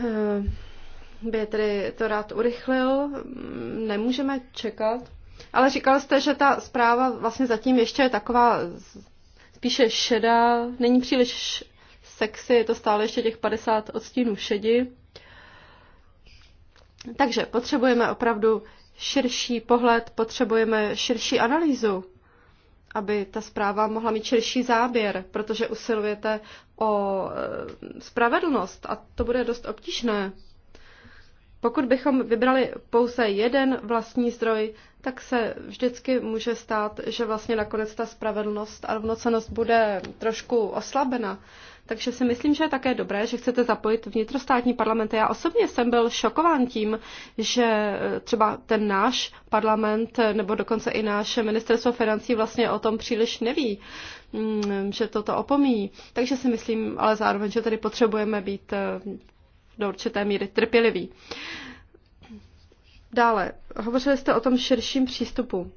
eh, by tedy to rád urychlil. Mm, nemůžeme čekat. Ale říkal jste, že ta zpráva vlastně zatím ještě je taková spíše šedá, není příliš sexy, je to stále ještě těch 50 odstínů šedi. Takže potřebujeme opravdu širší pohled, potřebujeme širší analýzu, aby ta zpráva mohla mít širší záběr, protože usilujete o e, spravedlnost a to bude dost obtížné. Pokud bychom vybrali pouze jeden vlastní zdroj, tak se vždycky může stát, že vlastně nakonec ta spravedlnost a rovnocenost bude trošku oslabena. Takže si myslím, že je také dobré, že chcete zapojit vnitrostátní parlamenty. Já osobně jsem byl šokován tím, že eh, třeba ten náš parlament eh, nebo dokonce i náš ministerstvo financí vlastně o tom příliš neví, mm, že toto opomíjí. Takže si myslím ale zároveň, že tady potřebujeme být eh, do určité míry trpěliví. Dále, hovořili jste o tom širším přístupu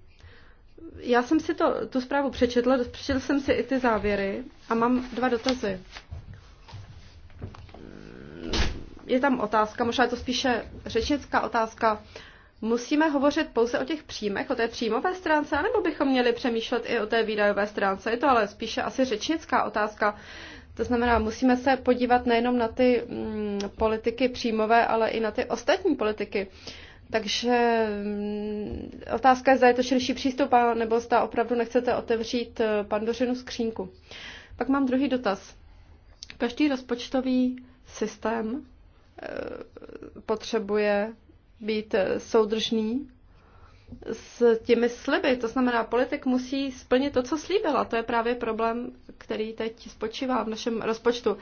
já jsem si to, tu zprávu přečetla, přečetl jsem si i ty závěry a mám dva dotazy. Je tam otázka, možná je to spíše řečnická otázka. Musíme hovořit pouze o těch příjmech, o té příjmové stránce, anebo bychom měli přemýšlet i o té výdajové stránce? Je to ale spíše asi řečnická otázka. To znamená, musíme se podívat nejenom na ty mm, politiky příjmové, ale i na ty ostatní politiky. Uh, takže mm, otázka je, zda je to širší přístup, nebo zda opravdu nechcete otevřít eh, pandořinu skřínku. Pak mám druhý dotaz. Každý rozpočtový systém eh, potřebuje být eh, soudržný s těmi sliby. To znamená, politik musí splnit to, co slíbila. To je právě problém, který teď spočívá v našem rozpočtu.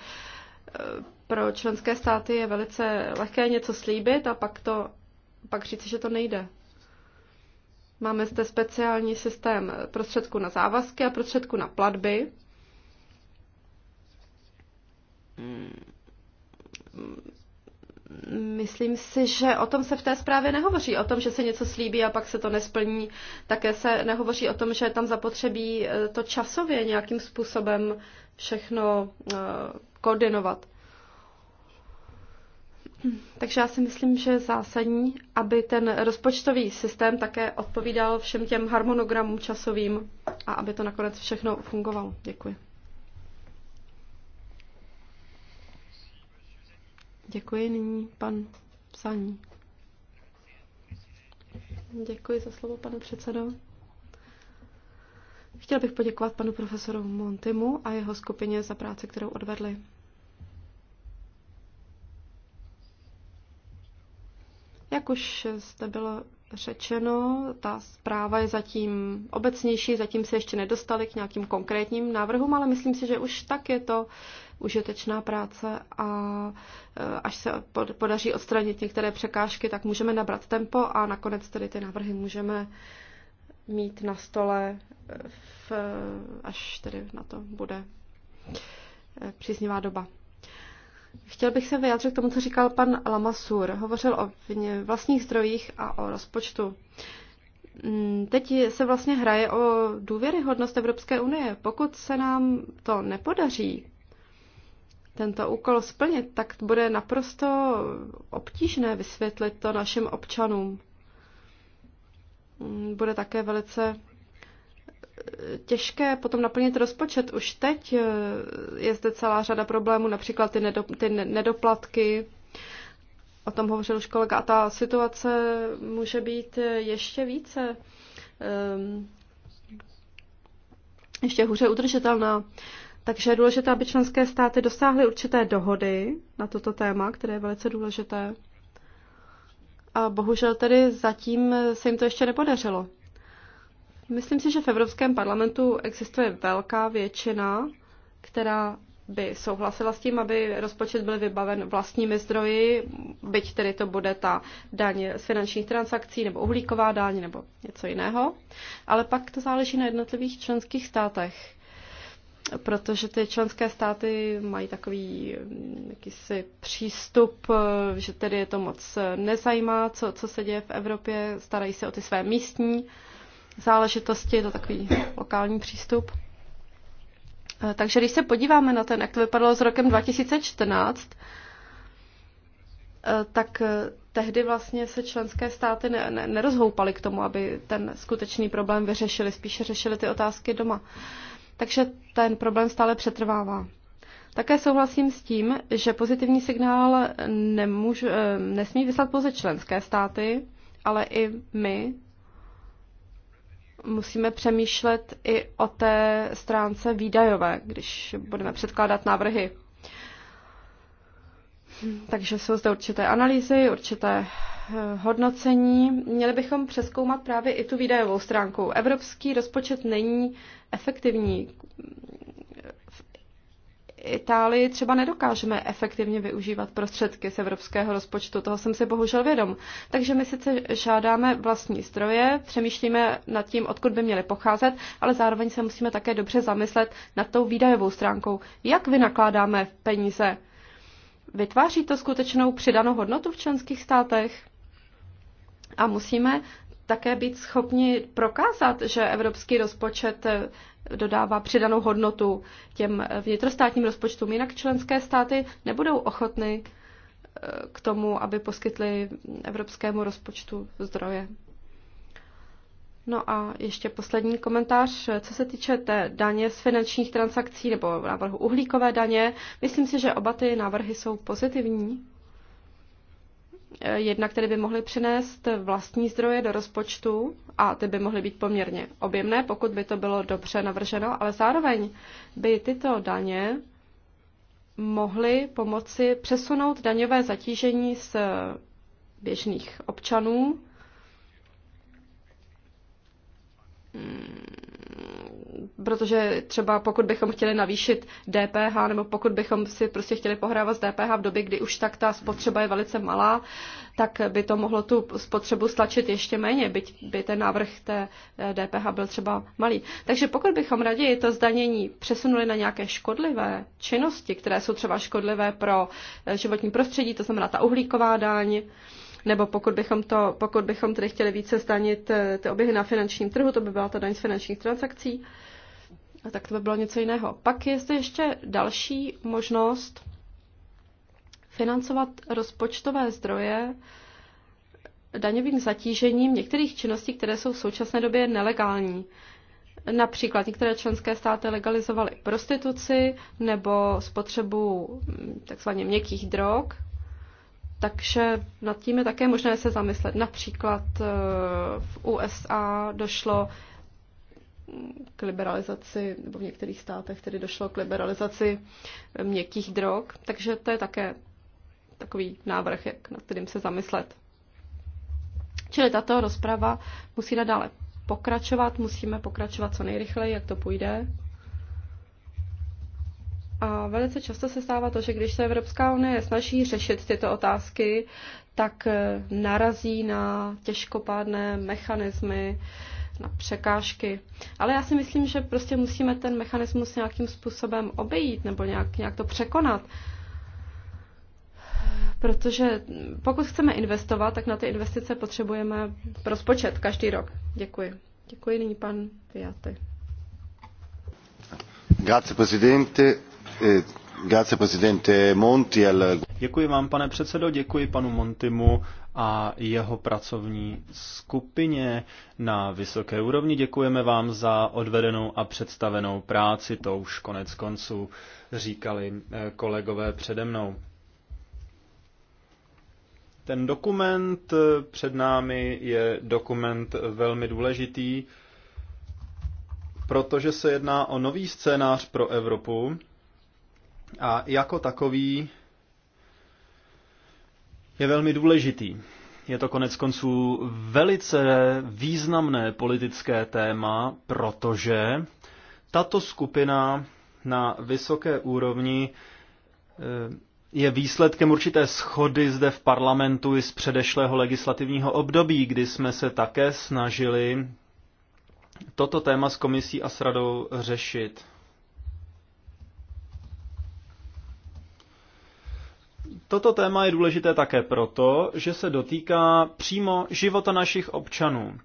Pro členské státy je velice lehké něco slíbit a pak to pak říci, že to nejde. Máme zde speciální systém prostředků na závazky a prostředků na platby. Myslím si, že o tom se v té zprávě nehovoří, o tom, že se něco slíbí a pak se to nesplní. Také se nehovoří o tom, že tam zapotřebí eh, to časově nějakým způsobem všechno eh, koordinovat. Takže já si myslím, že je zásadní, aby ten rozpočtový systém také odpovídal všem těm harmonogramům časovým a aby to nakonec všechno fungovalo. Děkuji. Děkuji nyní pan Psaní. Děkuji za slovo, pane předsedo. Chtěl bych poděkovat panu profesoru Montimu a jeho skupině za práci, kterou odvedli. Jak už zde bylo řečeno, ta zpráva je zatím obecnější, zatím se ještě nedostali k nějakým konkrétním návrhům, ale myslím si, že už tak je to užitečná práce a e, až se podaří odstranit některé překážky, tak můžeme nabrat tempo a nakonec tedy ty návrhy můžeme mít na stole, e, v, až tedy na to bude e, příznivá doba. Chtěl bych se vyjádřit k tomu, co říkal pan Lamasur. Hovořil o vlastních zdrojích a o rozpočtu. Mm, teď se vlastně hraje o důvěryhodnost Evropské unie. Pokud se nám to nepodaří, tento úkol splnit, tak bude naprosto obtížné vysvětlit to našim občanům. Mm, bude také velice těžké potom naplnit rozpočet. Už teď eh, je zde celá řada problémů, například ty, nedo, ty nedoplatky, o tom hovořil už kolega, a ta situace může být ještě více, ehm, ještě hůře udržitelná. Takže je důležité, aby členské státy dosáhly určité dohody na toto téma, které je velice důležité. A bohužel tedy zatím se jim to ještě nepodařilo. Myslím si, že v Evropském parlamentu existuje velká většina, která by souhlasila s tím, aby rozpočet byl vybaven vlastními zdroji, byť tedy to bude ta daň z finančních transakcí nebo uhlíková daň nebo něco jiného. Ale pak to záleží na jednotlivých členských státech, protože ty členské státy mají takový mm, jakýsi přístup, že tedy je to moc nezajímá, co, co se děje v Evropě, starají se o ty své místní záležitosti, je to takový lokální přístup. Eh, takže když se podíváme na ten, jak to vypadalo s rokem 2014, eh, tak eh, tehdy vlastně se členské státy ne, ne, nerozhoupaly k tomu, aby ten skutečný problém vyřešili, spíše řešili ty otázky doma. Takže ten problém stále přetrvává. Také souhlasím s tím, že pozitivní signál nemůžu, nesmí vyslat pouze členské státy, ale i my, musíme přemýšlet i o té stránce výdajové, když budeme předkládat návrhy. Takže jsou zde určité analýzy, určité eh, hodnocení. Měli bychom přeskoumat právě i tu výdajovou stránku. Evropský rozpočet není efektivní Itálii třeba nedokážeme efektivně využívat prostředky z evropského rozpočtu, toho jsem si bohužel vědom. Takže my sice žádáme vlastní zdroje, přemýšlíme nad tím, odkud by měly pocházet, ale zároveň se musíme také dobře zamyslet nad tou výdajovou stránkou. Jak vynakládáme peníze? Vytváří to skutečnou přidanou hodnotu v členských státech? A musíme také být schopni prokázat, že evropský rozpočet dodává přidanou hodnotu těm vnitrostátním rozpočtům. Jinak členské státy nebudou ochotny eh, k tomu, aby poskytly evropskému rozpočtu zdroje. No a ještě poslední komentář, co se týče té daně z finančních transakcí nebo návrhu uhlíkové daně. Myslím si, že oba ty návrhy jsou pozitivní. Eh, jedna, které by mohly přinést vlastní zdroje do rozpočtu a ty by mohly být poměrně objemné, pokud by to bylo dobře navrženo, ale zároveň by tyto daně mohly pomoci přesunout daňové zatížení z běžných občanů hmm protože třeba pokud bychom chtěli navýšit DPH, nebo pokud bychom si prostě chtěli pohrávat s DPH v době, kdy už tak ta spotřeba je velice malá, tak by to mohlo tu spotřebu stlačit ještě méně, byť by ten návrh té DPH eh, byl třeba malý. Takže pokud bychom raději to zdanění přesunuli na nějaké škodlivé činnosti, které jsou třeba škodlivé pro eh, životní prostředí, to znamená ta uhlíková daň, nebo pokud bychom, to, pokud bychom tedy chtěli více zdanit eh, ty oběhy na finančním trhu, to by byla ta daň z finančních transakcí, tak to by bylo něco jiného. Pak je zde ještě další možnost financovat rozpočtové zdroje daňovým zatížením některých činností, které jsou v současné době nelegální. Například některé členské státy legalizovaly prostituci nebo spotřebu hm, takzvaně měkkých drog, takže nad tím je také možné se zamyslet. Například eh, v USA došlo k liberalizaci, nebo v některých státech tedy došlo k liberalizaci měkkých drog, takže to je také takový návrh, jak nad kterým se zamyslet. Čili tato rozprava musí nadále pokračovat, musíme pokračovat co nejrychleji, jak to půjde. A velice často se stává to, že když se Evropská unie snaží řešit tyto otázky, tak narazí na těžkopádné mechanismy, na překážky. Ale já si myslím, že prostě musíme ten mechanismus nějakým způsobem obejít nebo nějak, nějak to překonat. Protože pokud chceme investovat, tak na ty investice potřebujeme rozpočet každý rok. Děkuji. Děkuji nyní pan Piaty. Grazie Presidente. Eh, Děkuji vám, pane předsedo, děkuji panu Montimu a jeho pracovní skupině na vysoké úrovni. Děkujeme vám za odvedenou a představenou práci, to už konec konců říkali eh, kolegové přede mnou. Ten dokument eh, před námi je dokument velmi důležitý, protože se jedná o nový scénář pro Evropu, a jako takový je velmi důležitý. Je to konec konců velice významné politické téma, protože tato skupina na vysoké úrovni eh, je výsledkem určité schody zde v parlamentu i z předešlého legislativního období, kdy jsme se také snažili toto téma s komisí a s radou řešit. Toto téma je důležité také proto, že se dotýká přímo života našich občanů.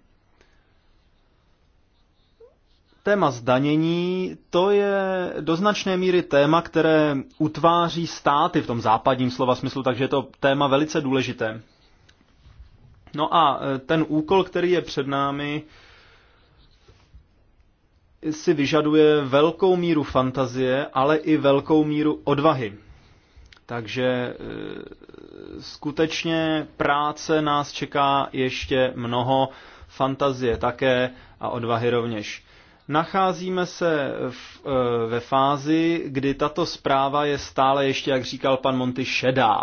Téma zdanění, to je do značné míry téma, které utváří státy v tom západním slova smyslu, takže je to téma velice důležité. No a e, ten úkol, který je před námi, si vyžaduje velkou míru fantazie, ale i velkou míru odvahy. Takže e, skutečně práce nás čeká ještě mnoho, fantazie také a odvahy rovněž. Nacházíme se v, e, ve fázi, kdy tato zpráva je stále ještě, jak říkal pan Monty, šedá.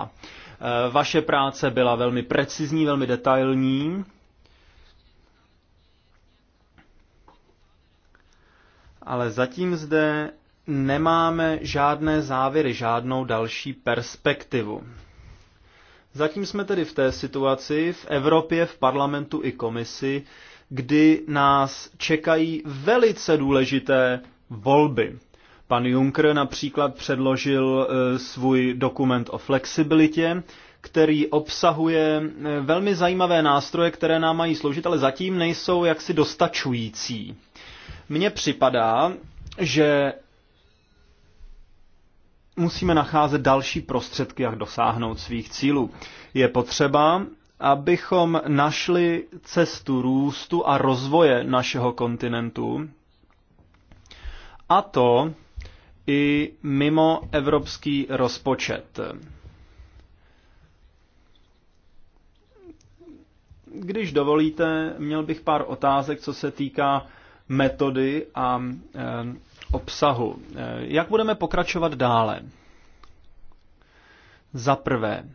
E, vaše práce byla velmi precizní, velmi detailní. Ale zatím zde nemáme žádné závěry, žádnou další perspektivu. Zatím jsme tedy v té situaci v Evropě, v parlamentu i komisi, kdy nás čekají velice důležité volby. Pan Juncker například předložil e, svůj dokument o flexibilitě, který obsahuje e, velmi zajímavé nástroje, které nám mají sloužit, ale zatím nejsou jaksi dostačující. Mně připadá, že musíme nacházet další prostředky, jak dosáhnout svých cílů. Je potřeba, abychom našli cestu růstu a rozvoje našeho kontinentu, a to i mimo evropský rozpočet. Když dovolíte, měl bych pár otázek, co se týká metody a eh, obsahu. Eh, jak budeme pokračovat dále? Za prvé, eh,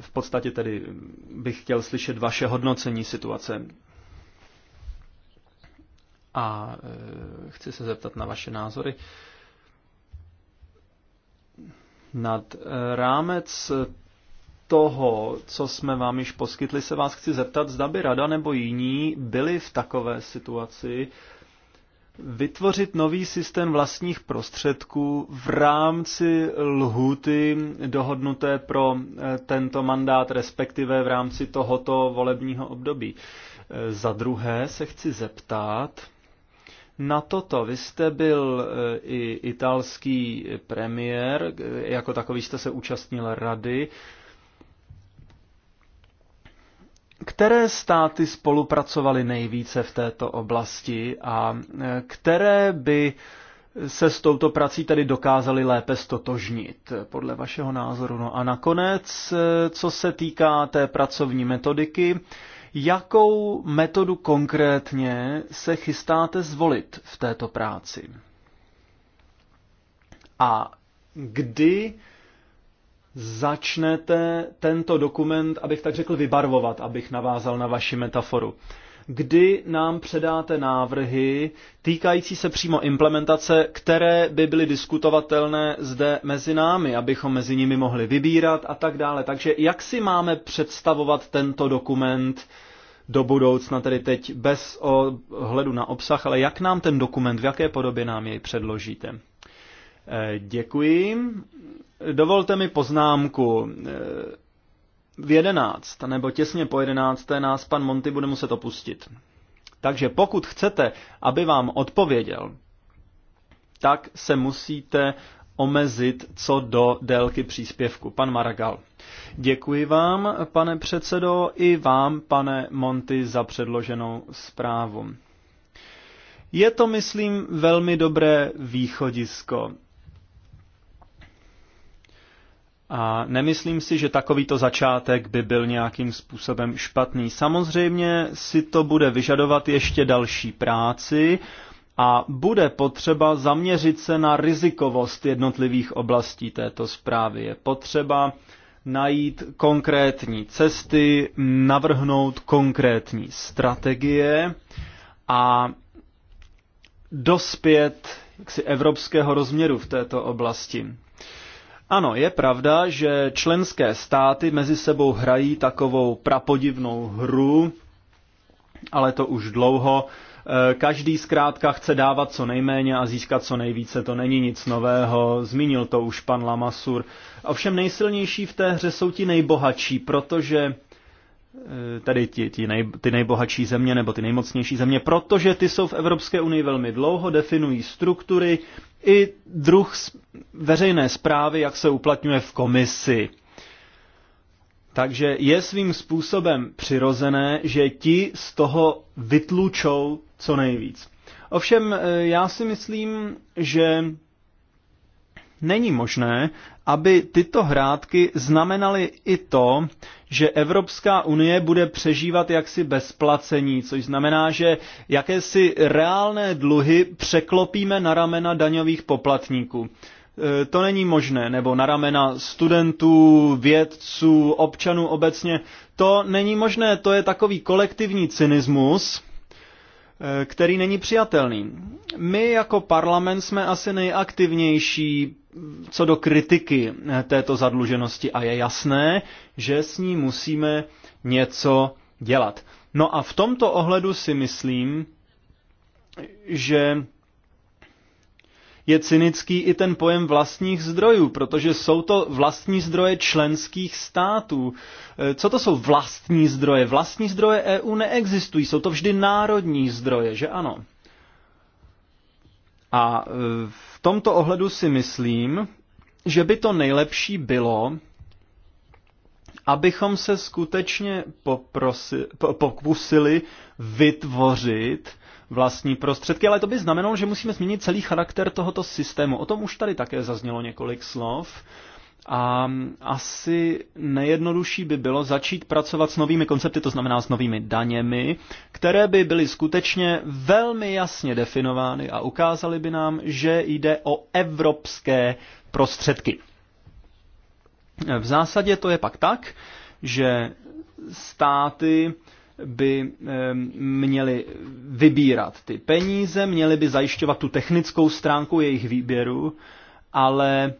v podstatě tedy bych chtěl slyšet vaše hodnocení situace. A eh, chci se zeptat na vaše názory. Nad rámec toho, co jsme vám již poskytli, se vás chci zeptat, zda by rada nebo jiní byli v takové situaci vytvořit nový systém vlastních prostředků v rámci lhuty dohodnuté pro eh, tento mandát, respektive v rámci tohoto volebního období. Eh, za druhé se chci zeptat, na toto. Vy jste byl eh, i italský premiér, jako takový jste se účastnil rady které státy spolupracovaly nejvíce v této oblasti a e, které by se s touto prací tedy dokázali lépe stotožnit, podle vašeho názoru. No a nakonec, e, co se týká té pracovní metodiky, jakou metodu konkrétně se chystáte zvolit v této práci? A kdy začnete tento dokument, abych tak řekl, vybarvovat, abych navázal na vaši metaforu. Kdy nám předáte návrhy týkající se přímo implementace, které by byly diskutovatelné zde mezi námi, abychom mezi nimi mohli vybírat a tak dále. Takže jak si máme představovat tento dokument do budoucna, tedy teď bez ohledu na obsah, ale jak nám ten dokument, v jaké podobě nám jej předložíte? Eh, děkuji. Dovolte mi poznámku. V jedenáct, nebo těsně po jedenácté, nás pan Monty bude muset opustit. Takže pokud chcete, aby vám odpověděl, tak se musíte omezit co do délky příspěvku. Pan Maragal. Děkuji vám, pane předsedo, i vám, pane Monty, za předloženou zprávu. Je to, myslím, velmi dobré východisko. A nemyslím si, že takovýto začátek by byl nějakým způsobem špatný. Samozřejmě si to bude vyžadovat ještě další práci a bude potřeba zaměřit se na rizikovost jednotlivých oblastí této zprávy. Je potřeba najít konkrétní cesty, navrhnout konkrétní strategie a dospět k si evropského rozměru v této oblasti. Ano, je pravda, že členské státy mezi sebou hrají takovou prapodivnou hru, ale to už dlouho. Eh, každý zkrátka chce dávat co nejméně a získat co nejvíce, to není nic nového, zmínil to už pan Lamasur. Ovšem nejsilnější v té hře jsou ti nejbohatší, protože Eh, tady ti, ti nej, ty nejbohatší země nebo ty nejmocnější země, protože ty jsou v Evropské unii velmi dlouho, definují struktury i druh veřejné zprávy, jak se uplatňuje v komisi. Takže je svým způsobem přirozené, že ti z toho vytlučou co nejvíc. Ovšem, eh, já si myslím, že není možné, aby tyto hrádky znamenaly i to, že Evropská unie bude přežívat jaksi bez placení, což znamená, že jakési reálné dluhy překlopíme na ramena daňových poplatníků. E, to není možné, nebo na ramena studentů, vědců, občanů obecně. To není možné, to je takový kolektivní cynismus, Eh, který není přijatelný. My jako parlament jsme asi nejaktivnější mm, co do kritiky eh, této zadluženosti a je jasné, že s ní musíme něco dělat. No a v tomto ohledu si myslím, že je cynický i ten pojem vlastních zdrojů, protože jsou to vlastní zdroje členských států. E, co to jsou vlastní zdroje? Vlastní zdroje EU neexistují, jsou to vždy národní zdroje, že ano? A e, v tomto ohledu si myslím, že by to nejlepší bylo, abychom se skutečně poprosi, po, pokusili vytvořit vlastní prostředky, ale to by znamenalo, že musíme změnit celý charakter tohoto systému. O tom už tady také zaznělo několik slov. A asi nejjednodušší by bylo začít pracovat s novými koncepty, to znamená s novými daněmi, které by byly skutečně velmi jasně definovány a ukázaly by nám, že jde o evropské prostředky. V zásadě to je pak tak, že státy by měli vybírat ty peníze, měli by zajišťovat tu technickou stránku jejich výběru, ale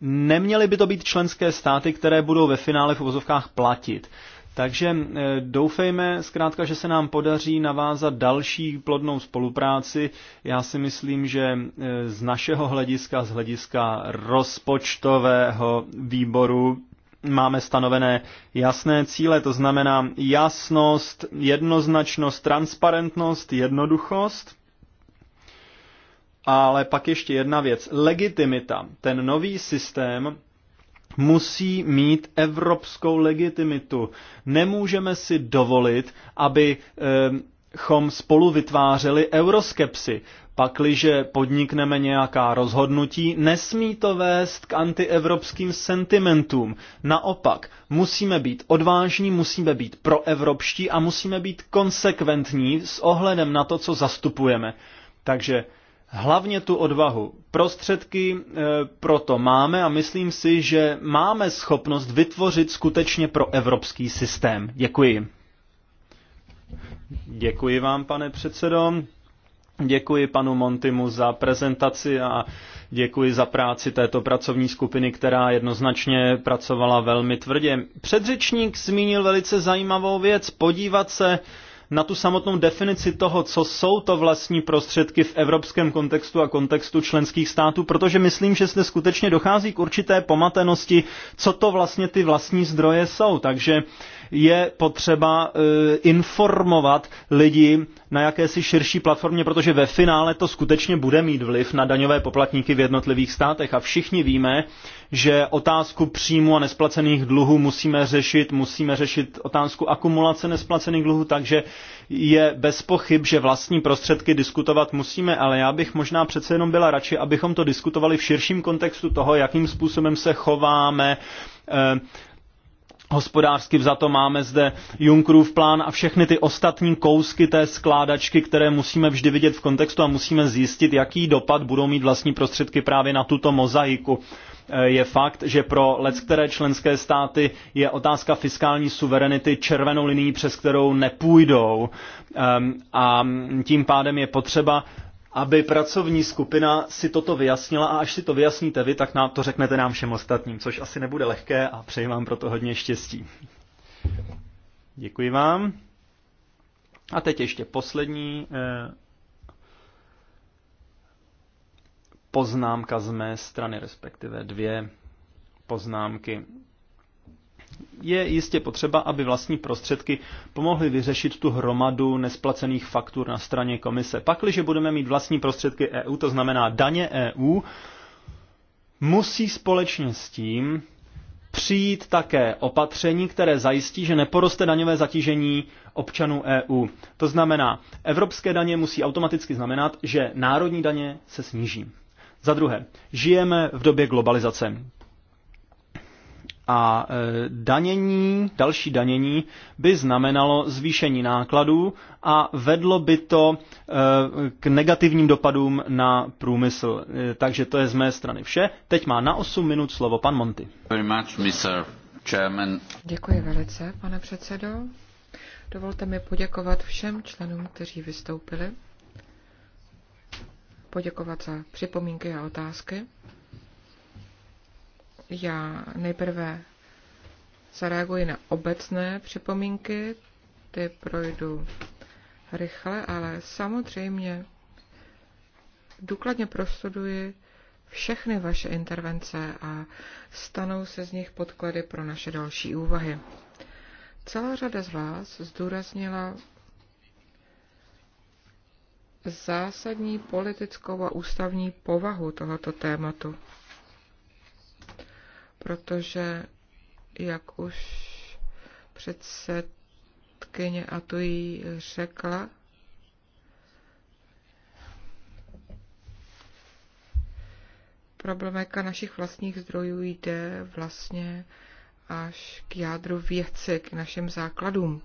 neměly by to být členské státy, které budou ve finále v uvozovkách platit. Takže doufejme zkrátka, že se nám podaří navázat další plodnou spolupráci. Já si myslím, že z našeho hlediska, z hlediska rozpočtového výboru, máme stanovené jasné cíle, to znamená jasnost, jednoznačnost, transparentnost, jednoduchost. Ale pak ještě jedna věc. Legitimita. Ten nový systém musí mít evropskou legitimitu. Nemůžeme si dovolit, aby eh, chom spolu vytvářeli euroskepsy. Pakliže podnikneme nějaká rozhodnutí, nesmí to vést k antievropským sentimentům. Naopak, musíme být odvážní, musíme být proevropští a musíme být konsekventní s ohledem na to, co zastupujeme. Takže hlavně tu odvahu. Prostředky e, proto máme a myslím si, že máme schopnost vytvořit skutečně pro systém. Děkuji. Děkuji vám, pane předsedo. Děkuji panu Montimu za prezentaci a děkuji za práci této pracovní skupiny, která jednoznačně pracovala velmi tvrdě. Předřečník zmínil velice zajímavou věc, podívat se na tu samotnou definici toho, co jsou to vlastní prostředky v evropském kontextu a kontextu členských států, protože myslím, že zde skutečně dochází k určité pomatenosti, co to vlastně ty vlastní zdroje jsou. Takže je potřeba eh, informovat lidi na jakési širší platformě, protože ve finále to skutečně bude mít vliv na daňové poplatníky v jednotlivých státech. A všichni víme, že otázku příjmu a nesplacených dluhů musíme řešit, musíme řešit otázku akumulace nesplacených dluhů, takže je bez pochyb, že vlastní prostředky diskutovat musíme, ale já bych možná přece jenom byla radši, abychom to diskutovali v širším kontextu toho, jakým způsobem se chováme, eh, hospodářsky vzato máme zde Junckerův plán a všechny ty ostatní kousky té skládačky, které musíme vždy vidět v kontextu a musíme zjistit, jaký dopad budou mít vlastní prostředky právě na tuto mozaiku. Eh, je fakt, že pro let, které členské státy je otázka fiskální suverenity červenou linií, přes kterou nepůjdou. Ehm, a tím pádem je potřeba aby pracovní skupina si toto vyjasnila a až si to vyjasníte vy, tak nám to řeknete nám všem ostatním, což asi nebude lehké a přeji vám proto hodně štěstí. Děkuji vám. A teď ještě poslední eh, poznámka z mé strany, respektive dvě poznámky je jistě potřeba, aby vlastní prostředky pomohly vyřešit tu hromadu nesplacených faktur na straně komise. Pakliže budeme mít vlastní prostředky EU, to znamená daně EU, musí společně s tím přijít také opatření, které zajistí, že neporoste daňové zatížení občanů EU. To znamená, evropské daně musí automaticky znamenat, že národní daně se sníží. Za druhé, žijeme v době globalizace. A e, danění, další danění by znamenalo zvýšení nákladů a vedlo by to e, k negativním dopadům na průmysl. E, takže to je z mé strany vše. Teď má na 8 minut slovo pan Monty. Děkuji velice, pane předsedo. Dovolte mi poděkovat všem členům, kteří vystoupili, poděkovat za připomínky a otázky. Já nejprve zareaguji na obecné připomínky, ty projdu rychle, ale samozřejmě důkladně prostuduji všechny vaše intervence a stanou se z nich podklady pro naše další úvahy. Celá řada z vás zdůraznila zásadní politickou a ústavní povahu tohoto tématu protože, jak už předsedkyně jí řekla, problémka našich vlastních zdrojů jde vlastně až k jádru věci, k našim základům.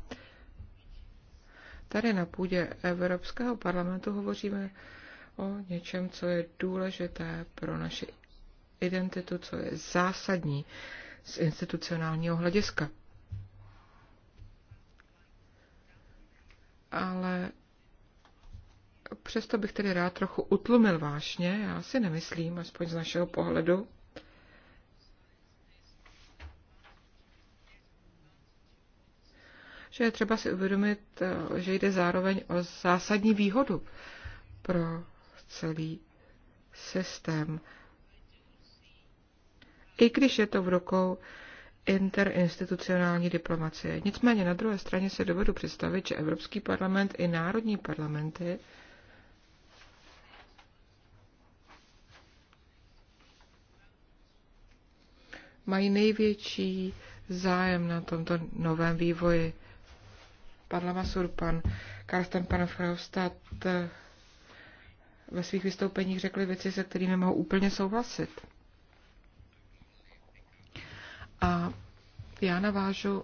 Tady na půdě Evropského parlamentu hovoříme o něčem, co je důležité pro naši identitu, co je zásadní z institucionálního hlediska. Ale přesto bych tedy rád trochu utlumil vášně, já si nemyslím, aspoň z našeho pohledu, že je třeba si uvědomit, že jde zároveň o zásadní výhodu pro celý systém i když je to v rukou interinstitucionální diplomacie. Nicméně na druhé straně se dovedu představit, že Evropský parlament i národní parlamenty mají největší zájem na tomto novém vývoji. Pan Lamasur, pan Karsten, pan Frostat eh, ve svých vystoupeních řekli věci, se kterými mohou úplně souhlasit. A já navážu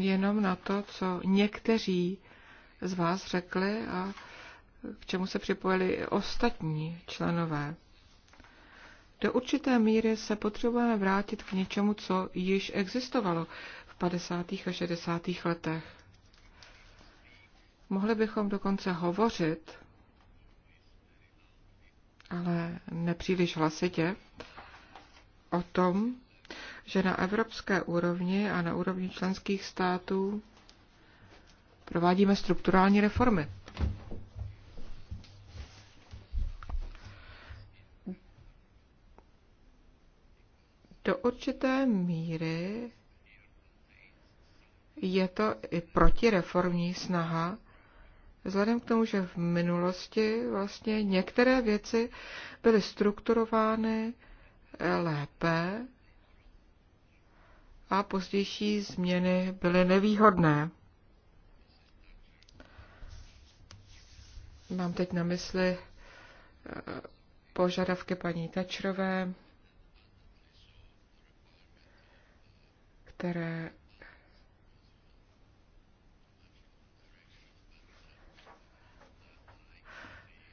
jenom na to, co někteří z vás řekli a k čemu se připojili ostatní členové. Do určité míry se potřebujeme vrátit k něčemu, co již existovalo v 50. a 60. letech. Mohli bychom dokonce hovořit ale nepříliš hlasitě, o tom, že na evropské úrovni a na úrovni členských států provádíme strukturální reformy. Do určité míry je to i protireformní snaha Vzhledem k tomu, že v minulosti vlastně některé věci byly strukturovány lépe a pozdější změny byly nevýhodné. Mám teď na mysli eh, požadavky paní Tačrové, které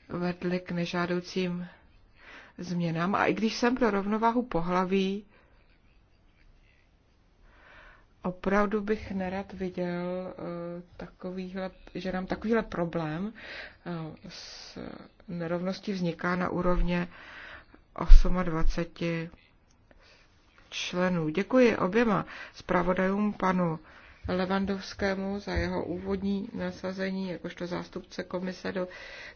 vedly k nežádoucím změnám. A i když jsem pro rovnováhu pohlaví, opravdu bych nerad viděl eh, takovýhle, že nám takovýhle problém eh, s nerovností vzniká na úrovně 28 členů. Děkuji oběma zpravodajům, panu Levandovskému za jeho úvodní nasazení jakožto zástupce komise do,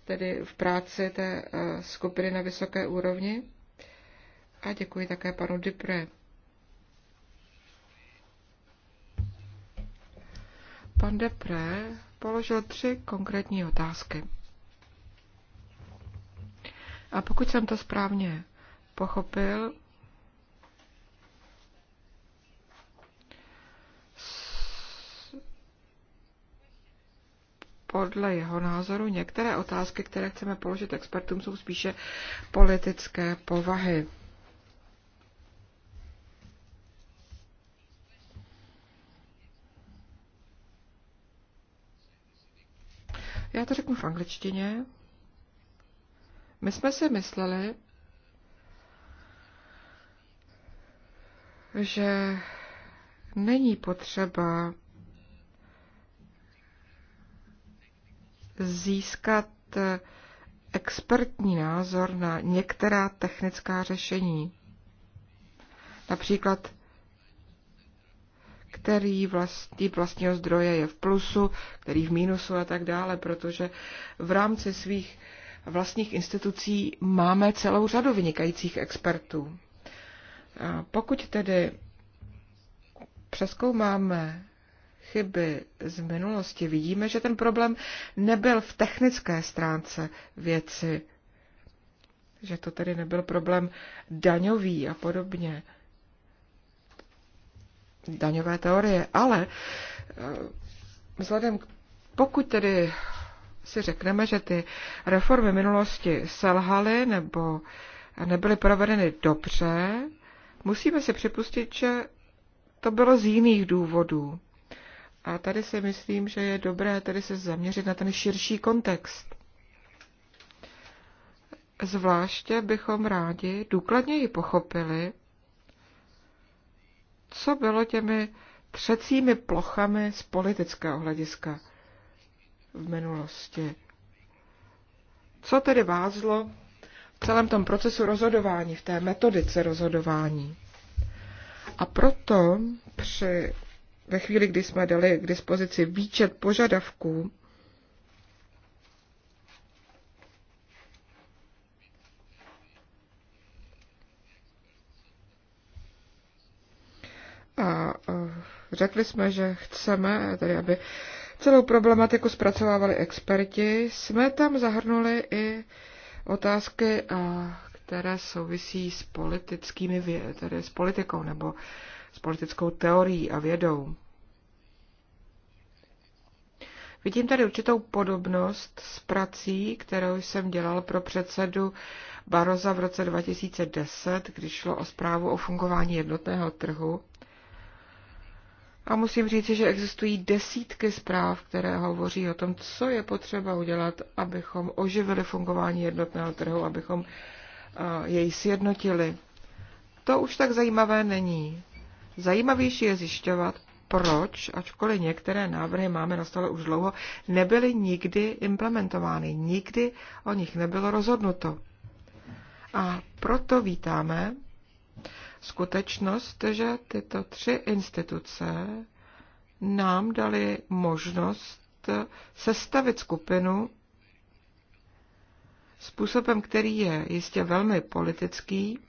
tedy v práci té eh, skupiny na vysoké úrovni. A děkuji také panu Dipré. Pan Depré položil tři konkrétní otázky. A pokud jsem to správně pochopil, podle jeho názoru některé otázky, které chceme položit expertům, jsou spíše politické povahy. Já to řeknu v angličtině. My jsme si mysleli, že není potřeba získat eh, expertní názor na některá technická řešení. Například, který vlastní vlastního zdroje je v plusu, který v mínusu a tak dále, protože v rámci svých vlastních institucí máme celou řadu vynikajících expertů. Pokud tedy přeskoumáme chyby z minulosti vidíme, že ten problém nebyl v technické stránce věci, že to tedy nebyl problém daňový a podobně, daňové teorie, ale eh, vzhledem pokud tedy si řekneme, že ty reformy minulosti selhaly nebo nebyly provedeny dobře, musíme si připustit, že to bylo z jiných důvodů. A tady si myslím, že je dobré tady se zaměřit na ten širší kontext. Zvláště bychom rádi důkladněji pochopili, co bylo těmi třecími plochami z politického hlediska v minulosti. Co tedy vázlo v celém tom procesu rozhodování, v té metodice rozhodování? A proto při ve chvíli, kdy jsme dali k dispozici výčet požadavků, a řekli jsme, že chceme, tedy aby celou problematiku zpracovávali experti, jsme tam zahrnuli i otázky, které souvisí s politickými, tedy s politikou nebo s politickou teorií a vědou. Vidím tady určitou podobnost s prací, kterou jsem dělal pro předsedu Baroza v roce 2010, když šlo o zprávu o fungování jednotného trhu. A musím říci, že existují desítky zpráv, které hovoří o tom, co je potřeba udělat, abychom oživili fungování jednotného trhu, abychom eh, jej sjednotili. To už tak zajímavé není. Zajímavější je zjišťovat, proč, ačkoliv některé návrhy máme na stole už dlouho, nebyly nikdy implementovány, nikdy o nich nebylo rozhodnuto. A proto vítáme skutečnost, že tyto tři instituce nám dali možnost sestavit skupinu způsobem, který je jistě velmi politický,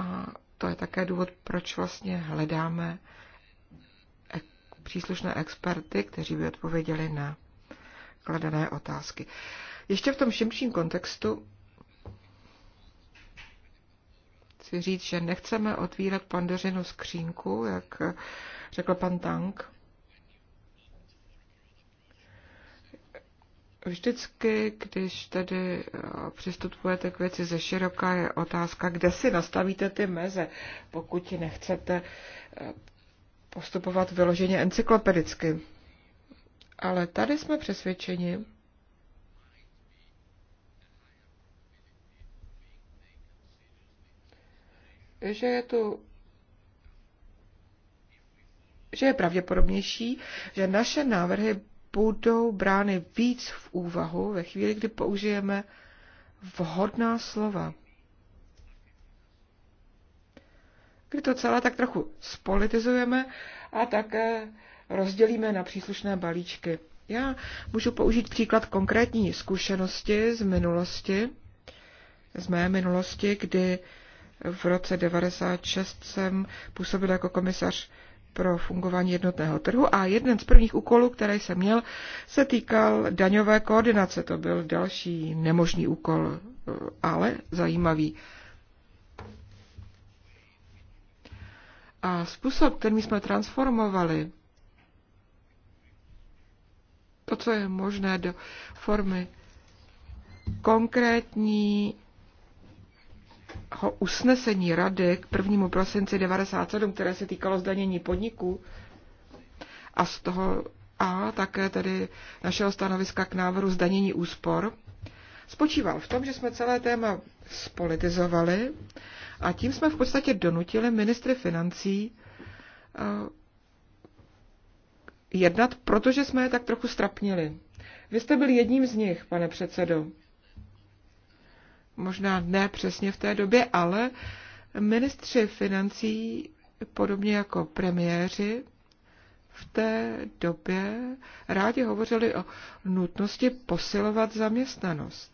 A to je také důvod, proč vlastně hledáme příslušné experty, kteří by odpověděli na kladené otázky. Ještě v tom širším kontextu chci říct, že nechceme otvírat pandořinu skřínku, jak řekl pan Tank. vždycky, když tedy eh, přistupujete k věci ze široka, je otázka, kde si nastavíte ty meze, pokud nechcete eh, postupovat vyloženě encyklopedicky. Ale tady jsme přesvědčeni, že je tu že je pravděpodobnější, že naše návrhy budou brány víc v úvahu ve chvíli, kdy použijeme vhodná slova. Kdy to celé tak trochu spolitizujeme a také eh, rozdělíme na příslušné balíčky. Já můžu použít příklad konkrétní zkušenosti z minulosti, z mé minulosti, kdy v roce 96 jsem působil jako komisař pro fungování jednotného trhu a jeden z prvních úkolů, který jsem měl, se týkal daňové koordinace. To byl další nemožný úkol, eh, ale zajímavý. A způsob, kterým jsme transformovali to, co je možné do formy konkrétní usnesení Rady k 1. prosinci 1997, které se týkalo zdanění podniků a z toho a také tedy našeho stanoviska k návrhu zdanění úspor, spočíval v tom, že jsme celé téma spolitizovali a tím jsme v podstatě donutili ministry financí eh, jednat, protože jsme je tak trochu strapnili. Vy jste byl jedním z nich, pane předsedo možná ne přesně v té době, ale ministři financí, podobně jako premiéři, v té době rádi hovořili o nutnosti posilovat zaměstnanost.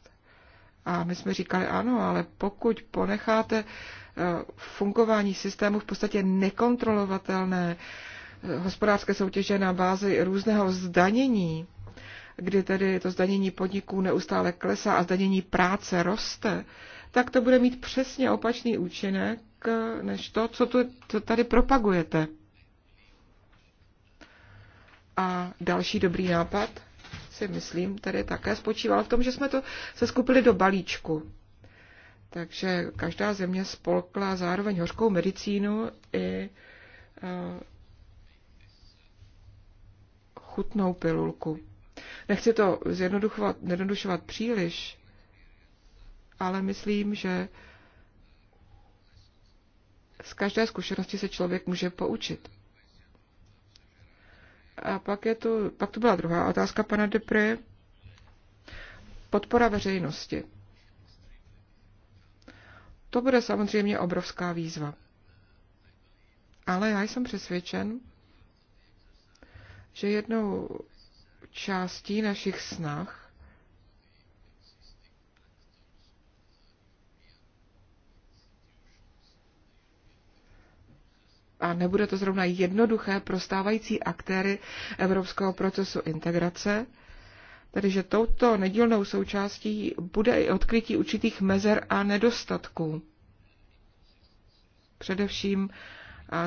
A my jsme říkali ano, ale pokud ponecháte eh, fungování systému v podstatě nekontrolovatelné, eh, hospodářské soutěže na bázi různého zdanění, kdy tedy to zdanění podniků neustále klesá a zdanění práce roste, tak to bude mít přesně opačný účinek než to, co, tu, co tady propagujete. A další dobrý nápad si myslím, tedy také spočíval v tom, že jsme to se skupili do balíčku. Takže každá země spolkla zároveň hořkou medicínu i eh, chutnou pilulku. Nechci to zjednodušovat příliš, ale myslím, že z každé zkušenosti se člověk může poučit. A pak, je tu, pak to byla druhá otázka pana Depre. Podpora veřejnosti. To bude samozřejmě obrovská výzva. Ale já jsem přesvědčen, že jednou částí našich snah a nebude to zrovna jednoduché pro stávající aktéry evropského procesu integrace, tedy že touto nedílnou součástí bude i odkrytí určitých mezer a nedostatků. Především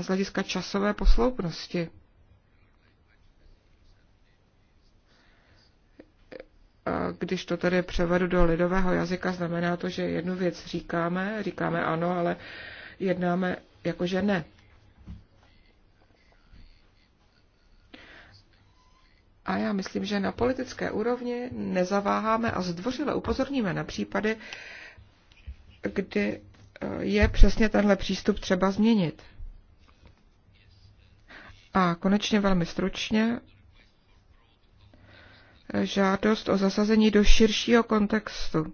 z hlediska časové posloupnosti. když to tady převedu do lidového jazyka, znamená to, že jednu věc říkáme, říkáme ano, ale jednáme jakože ne. A já myslím, že na politické úrovni nezaváháme a zdvořile upozorníme na případy, kdy e, je přesně tenhle přístup třeba změnit. A konečně velmi stručně žádost o zasazení do širšího kontextu.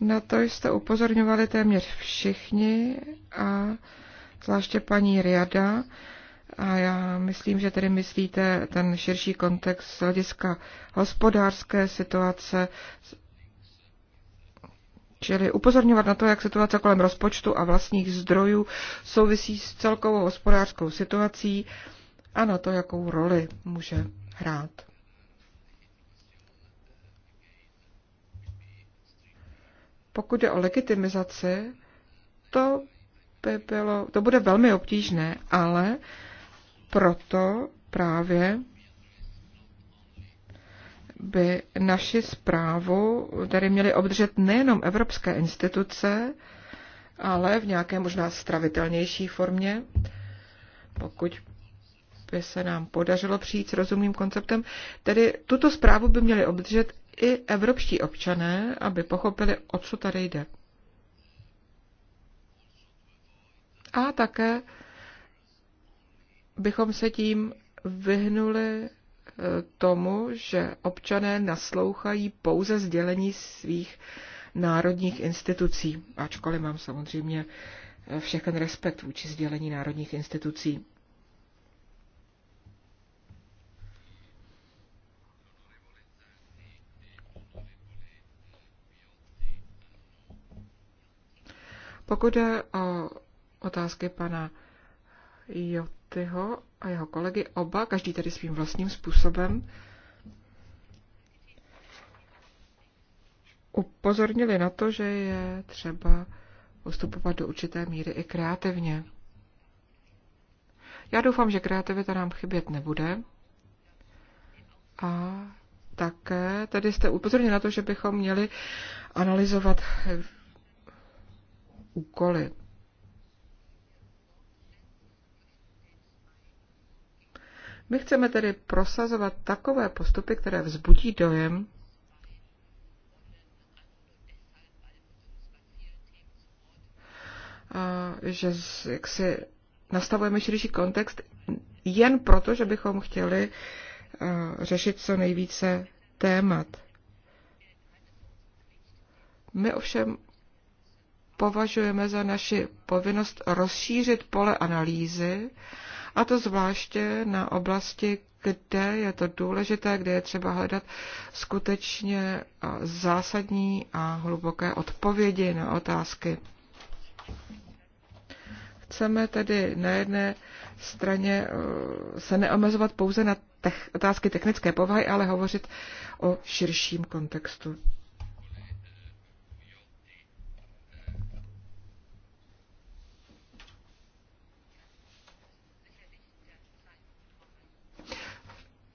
Na to jste upozorňovali téměř všichni a zvláště paní Riada. A já myslím, že tedy myslíte ten širší kontext z hlediska hospodářské situace, čili upozorňovat na to, jak situace kolem rozpočtu a vlastních zdrojů souvisí s celkovou hospodářskou situací a na to, jakou roli může hrát. Pokud je o legitimizaci, to by bylo, to bude velmi obtížné, ale proto právě by naši zprávu tady měly obdržet nejenom evropské instituce, ale v nějaké možná stravitelnější formě, pokud by se nám podařilo přijít s rozumným konceptem. Tedy tuto zprávu by měli obdržet i evropští občané, aby pochopili, o co tady jde. A také bychom se tím vyhnuli eh, tomu, že občané naslouchají pouze sdělení svých národních institucí, ačkoliv mám samozřejmě eh, všechen respekt vůči sdělení národních institucí. Pokud jde o otázky pana Jotyho a jeho kolegy, oba, každý tedy svým vlastním způsobem, upozornili na to, že je třeba postupovat do určité míry i kreativně. Já doufám, že kreativita nám chybět nebude. A také tady jste upozornili na to, že bychom měli analyzovat úkoly. My chceme tedy prosazovat takové postupy, které vzbudí dojem, že jak si nastavujeme širší kontext jen proto, že bychom chtěli řešit co nejvíce témat. My ovšem považujeme za naši povinnost rozšířit pole analýzy, a to zvláště na oblasti, kde je to důležité, kde je třeba hledat skutečně zásadní a hluboké odpovědi na otázky. Chceme tedy na jedné straně e, se neomezovat pouze na otázky technické povahy, ale hovořit o širším kontextu.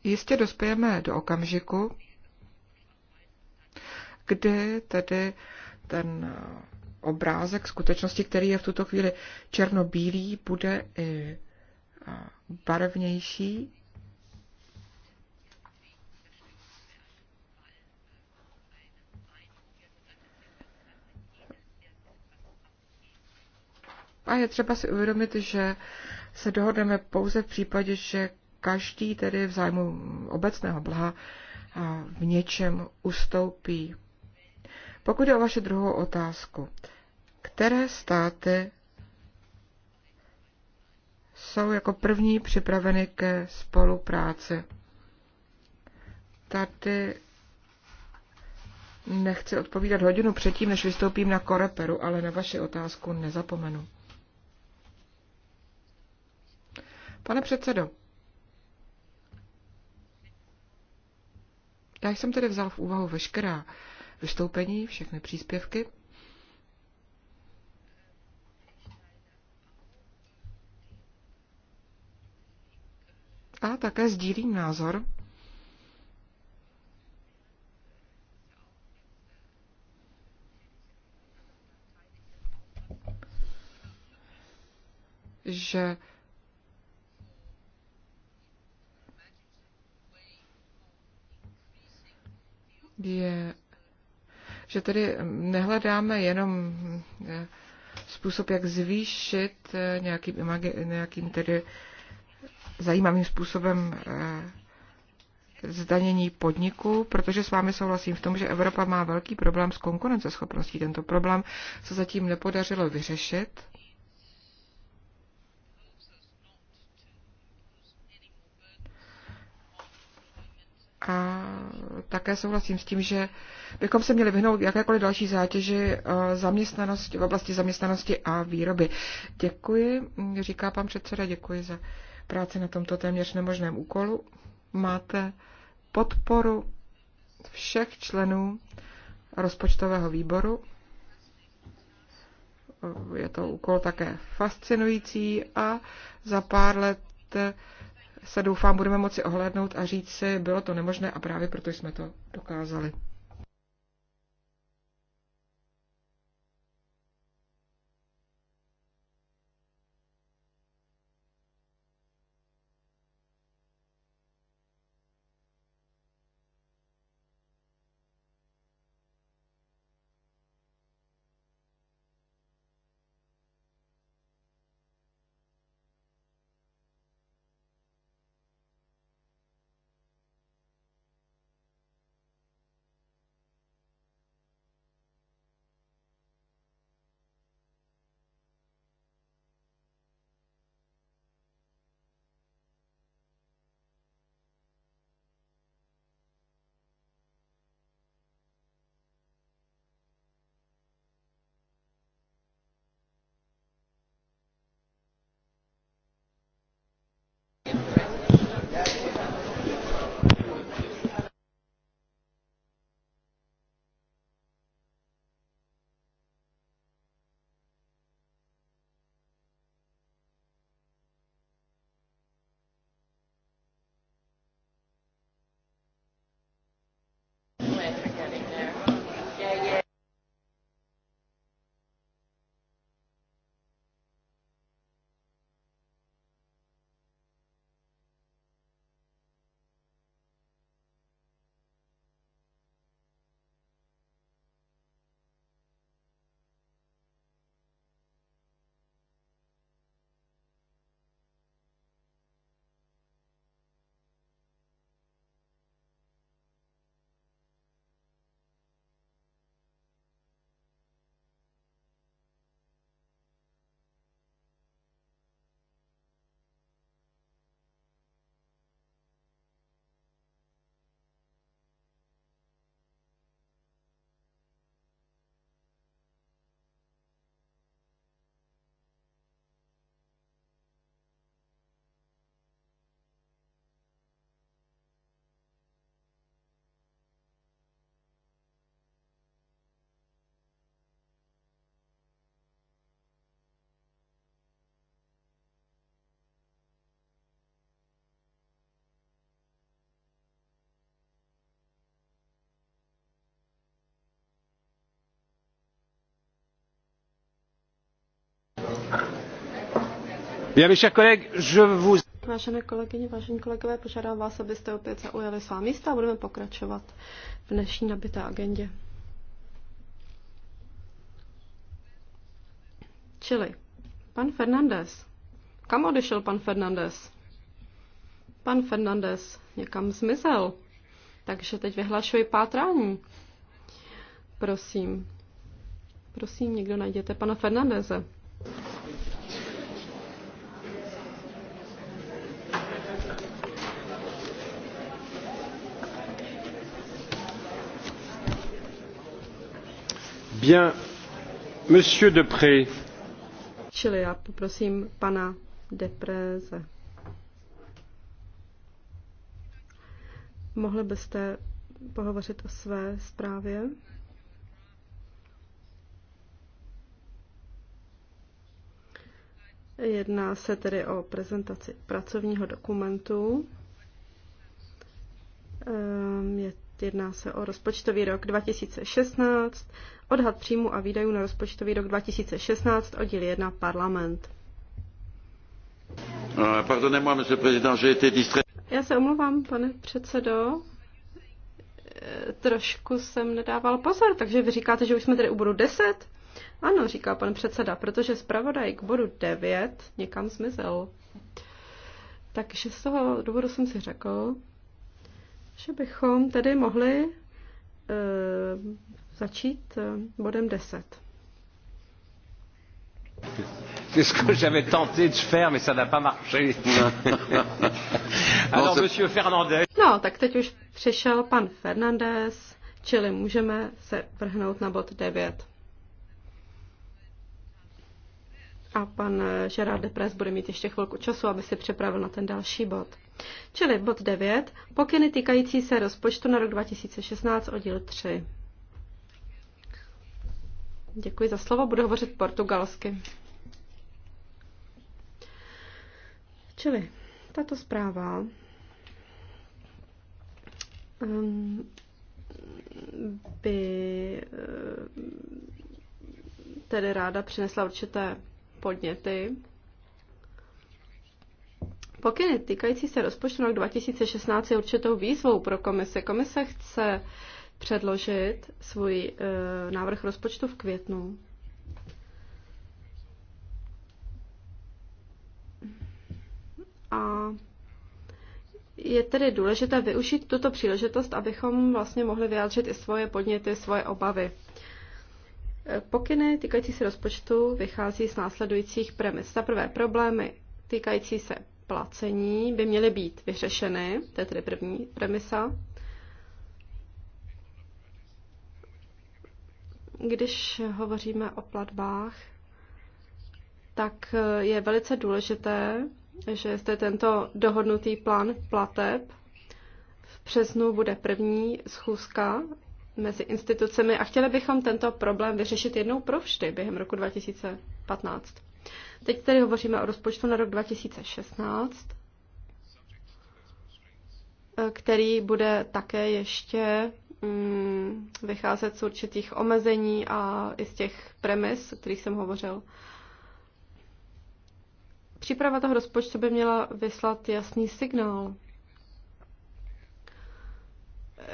jistě dospějeme do okamžiku, kdy tedy ten eh, obrázek skutečnosti, který je v tuto chvíli černobílý, bude i eh, barevnější. A je třeba si uvědomit, že se dohodneme pouze v případě, že každý tedy v zájmu obecného blaha v něčem ustoupí. Pokud je o vaši druhou otázku, které státy jsou jako první připraveny ke spolupráci? Tady nechci odpovídat hodinu předtím, než vystoupím na Koreperu, ale na vaši otázku nezapomenu. Pane předsedo, Já jsem tedy vzal v úvahu veškerá vystoupení, všechny příspěvky. A také sdílím názor, že je, že tedy nehledáme jenom eh, způsob, jak zvýšit eh, nějakým, nějakým tedy zajímavým způsobem eh, zdanění podniku, protože s vámi souhlasím v tom, že Evropa má velký problém s konkurenceschopností. Tento problém se zatím nepodařilo vyřešit. A také souhlasím s tím, že bychom se měli vyhnout jakékoliv další zátěži eh, zaměstnanosti, v oblasti zaměstnanosti a výroby. Děkuji, říká pan předseda, děkuji za práci na tomto téměř nemožném úkolu. Máte podporu všech členů rozpočtového výboru. Eh, je to úkol také fascinující a za pár let eh, se doufám budeme moci ohlédnout a říct si, bylo to nemožné a právě proto jsme to dokázali. Vážené kolegyně, vážení kolegové, požádám vás, abyste opět zaujali svá místa a budeme pokračovat v dnešní nabité agendě. Čili pan Fernandez. Kam odešel pan Fernandez? Pan Fernandez někam zmizel. Takže teď vyhlašuji pátrání. Prosím. Prosím, někdo najděte pana Fernandeze. Bien, Monsieur Depré. Čili já poprosím pana Depréze. Mohli byste pohovořit o své zprávě? Jedná se tedy o prezentaci pracovního dokumentu. Ehm, jedná se o rozpočtový rok 2016 Odhad příjmu a výdajů na rozpočtový rok 2016, oddíl 1, parlament. Eh, Já se omlouvám, pane předsedo. Eh, trošku jsem nedával pozor, takže vy říkáte, že už jsme tady u bodu 10? Ano, říká pan předseda, protože zpravodaj k bodu 9 někam zmizel. Takže z toho důvodu jsem si řekl, že bychom tedy mohli eh, začít eh, bodem 10. C'est ce que j'avais tenté de faire, mais ça n'a pas marché. (laughs) Alors, bon, monsieur Fernandez. No, tak teď už přišel pan Fernandez, čili můžeme se vrhnout na bod 9. A pan eh, Gerard Depres bude mít ještě chvilku času, aby si připravil na ten další bod. Čili bod 9, pokyny týkající se rozpočtu na rok 2016, oddíl 3. Děkuji za slovo, budu hovořit portugalsky. Čili tato zpráva um, by eh, tedy ráda přinesla určité podněty. Pokyny týkající se rozpočtu rok 2016 je určitou výzvou pro komise. Komise chce předložit svůj eh, návrh rozpočtu v květnu. A je tedy důležité využít tuto příležitost, abychom vlastně mohli vyjádřit i svoje podněty, svoje obavy. Eh, pokyny týkající se rozpočtu vychází z následujících premis. Za prvé, problémy týkající se placení by měly být vyřešeny, to je tedy první premisa. Když hovoříme o platbách, tak eh, je velice důležité, že jste tento dohodnutý plán plateb. V březnu bude první schůzka mezi institucemi a chtěli bychom tento problém vyřešit jednou pro vždy během roku 2015. Teď tedy hovoříme o rozpočtu na rok 2016, eh, který bude také ještě Mm, vycházet z určitých omezení a i z těch premis, o kterých jsem hovořil. Příprava toho rozpočtu by měla vyslat jasný signál.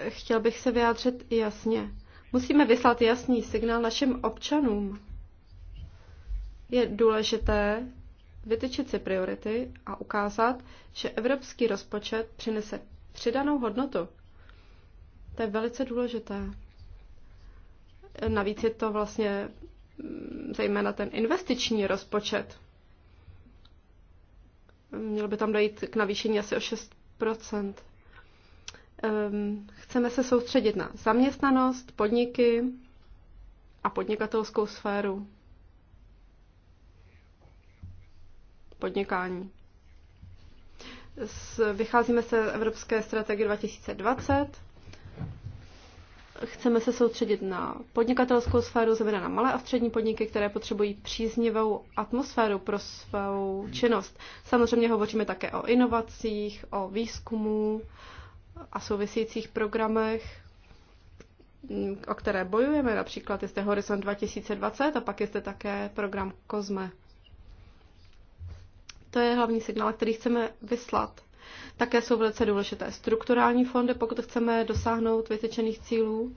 Chtěl bych se vyjádřit jasně. Musíme vyslat jasný signál našim občanům. Je důležité vytyčit si priority a ukázat, že evropský rozpočet přinese přidanou hodnotu to je velice důležité. Navíc je to vlastně mm, zejména ten investiční rozpočet. Mělo by tam dojít k navýšení asi o 6 ehm, Chceme se soustředit na zaměstnanost, podniky a podnikatelskou sféru. Podnikání. Vycházíme se Evropské strategie 2020 chceme se soustředit na podnikatelskou sféru, zejména na malé a střední podniky, které potřebují příznivou atmosféru pro svou činnost. Samozřejmě hovoříme také o inovacích, o výzkumu a souvisejících programech, o které bojujeme, například jste Horizon 2020 a pak jste také program COSME. To je hlavní signál, který chceme vyslat. Také jsou velice důležité strukturální fondy, pokud chceme dosáhnout vytyčených cílů.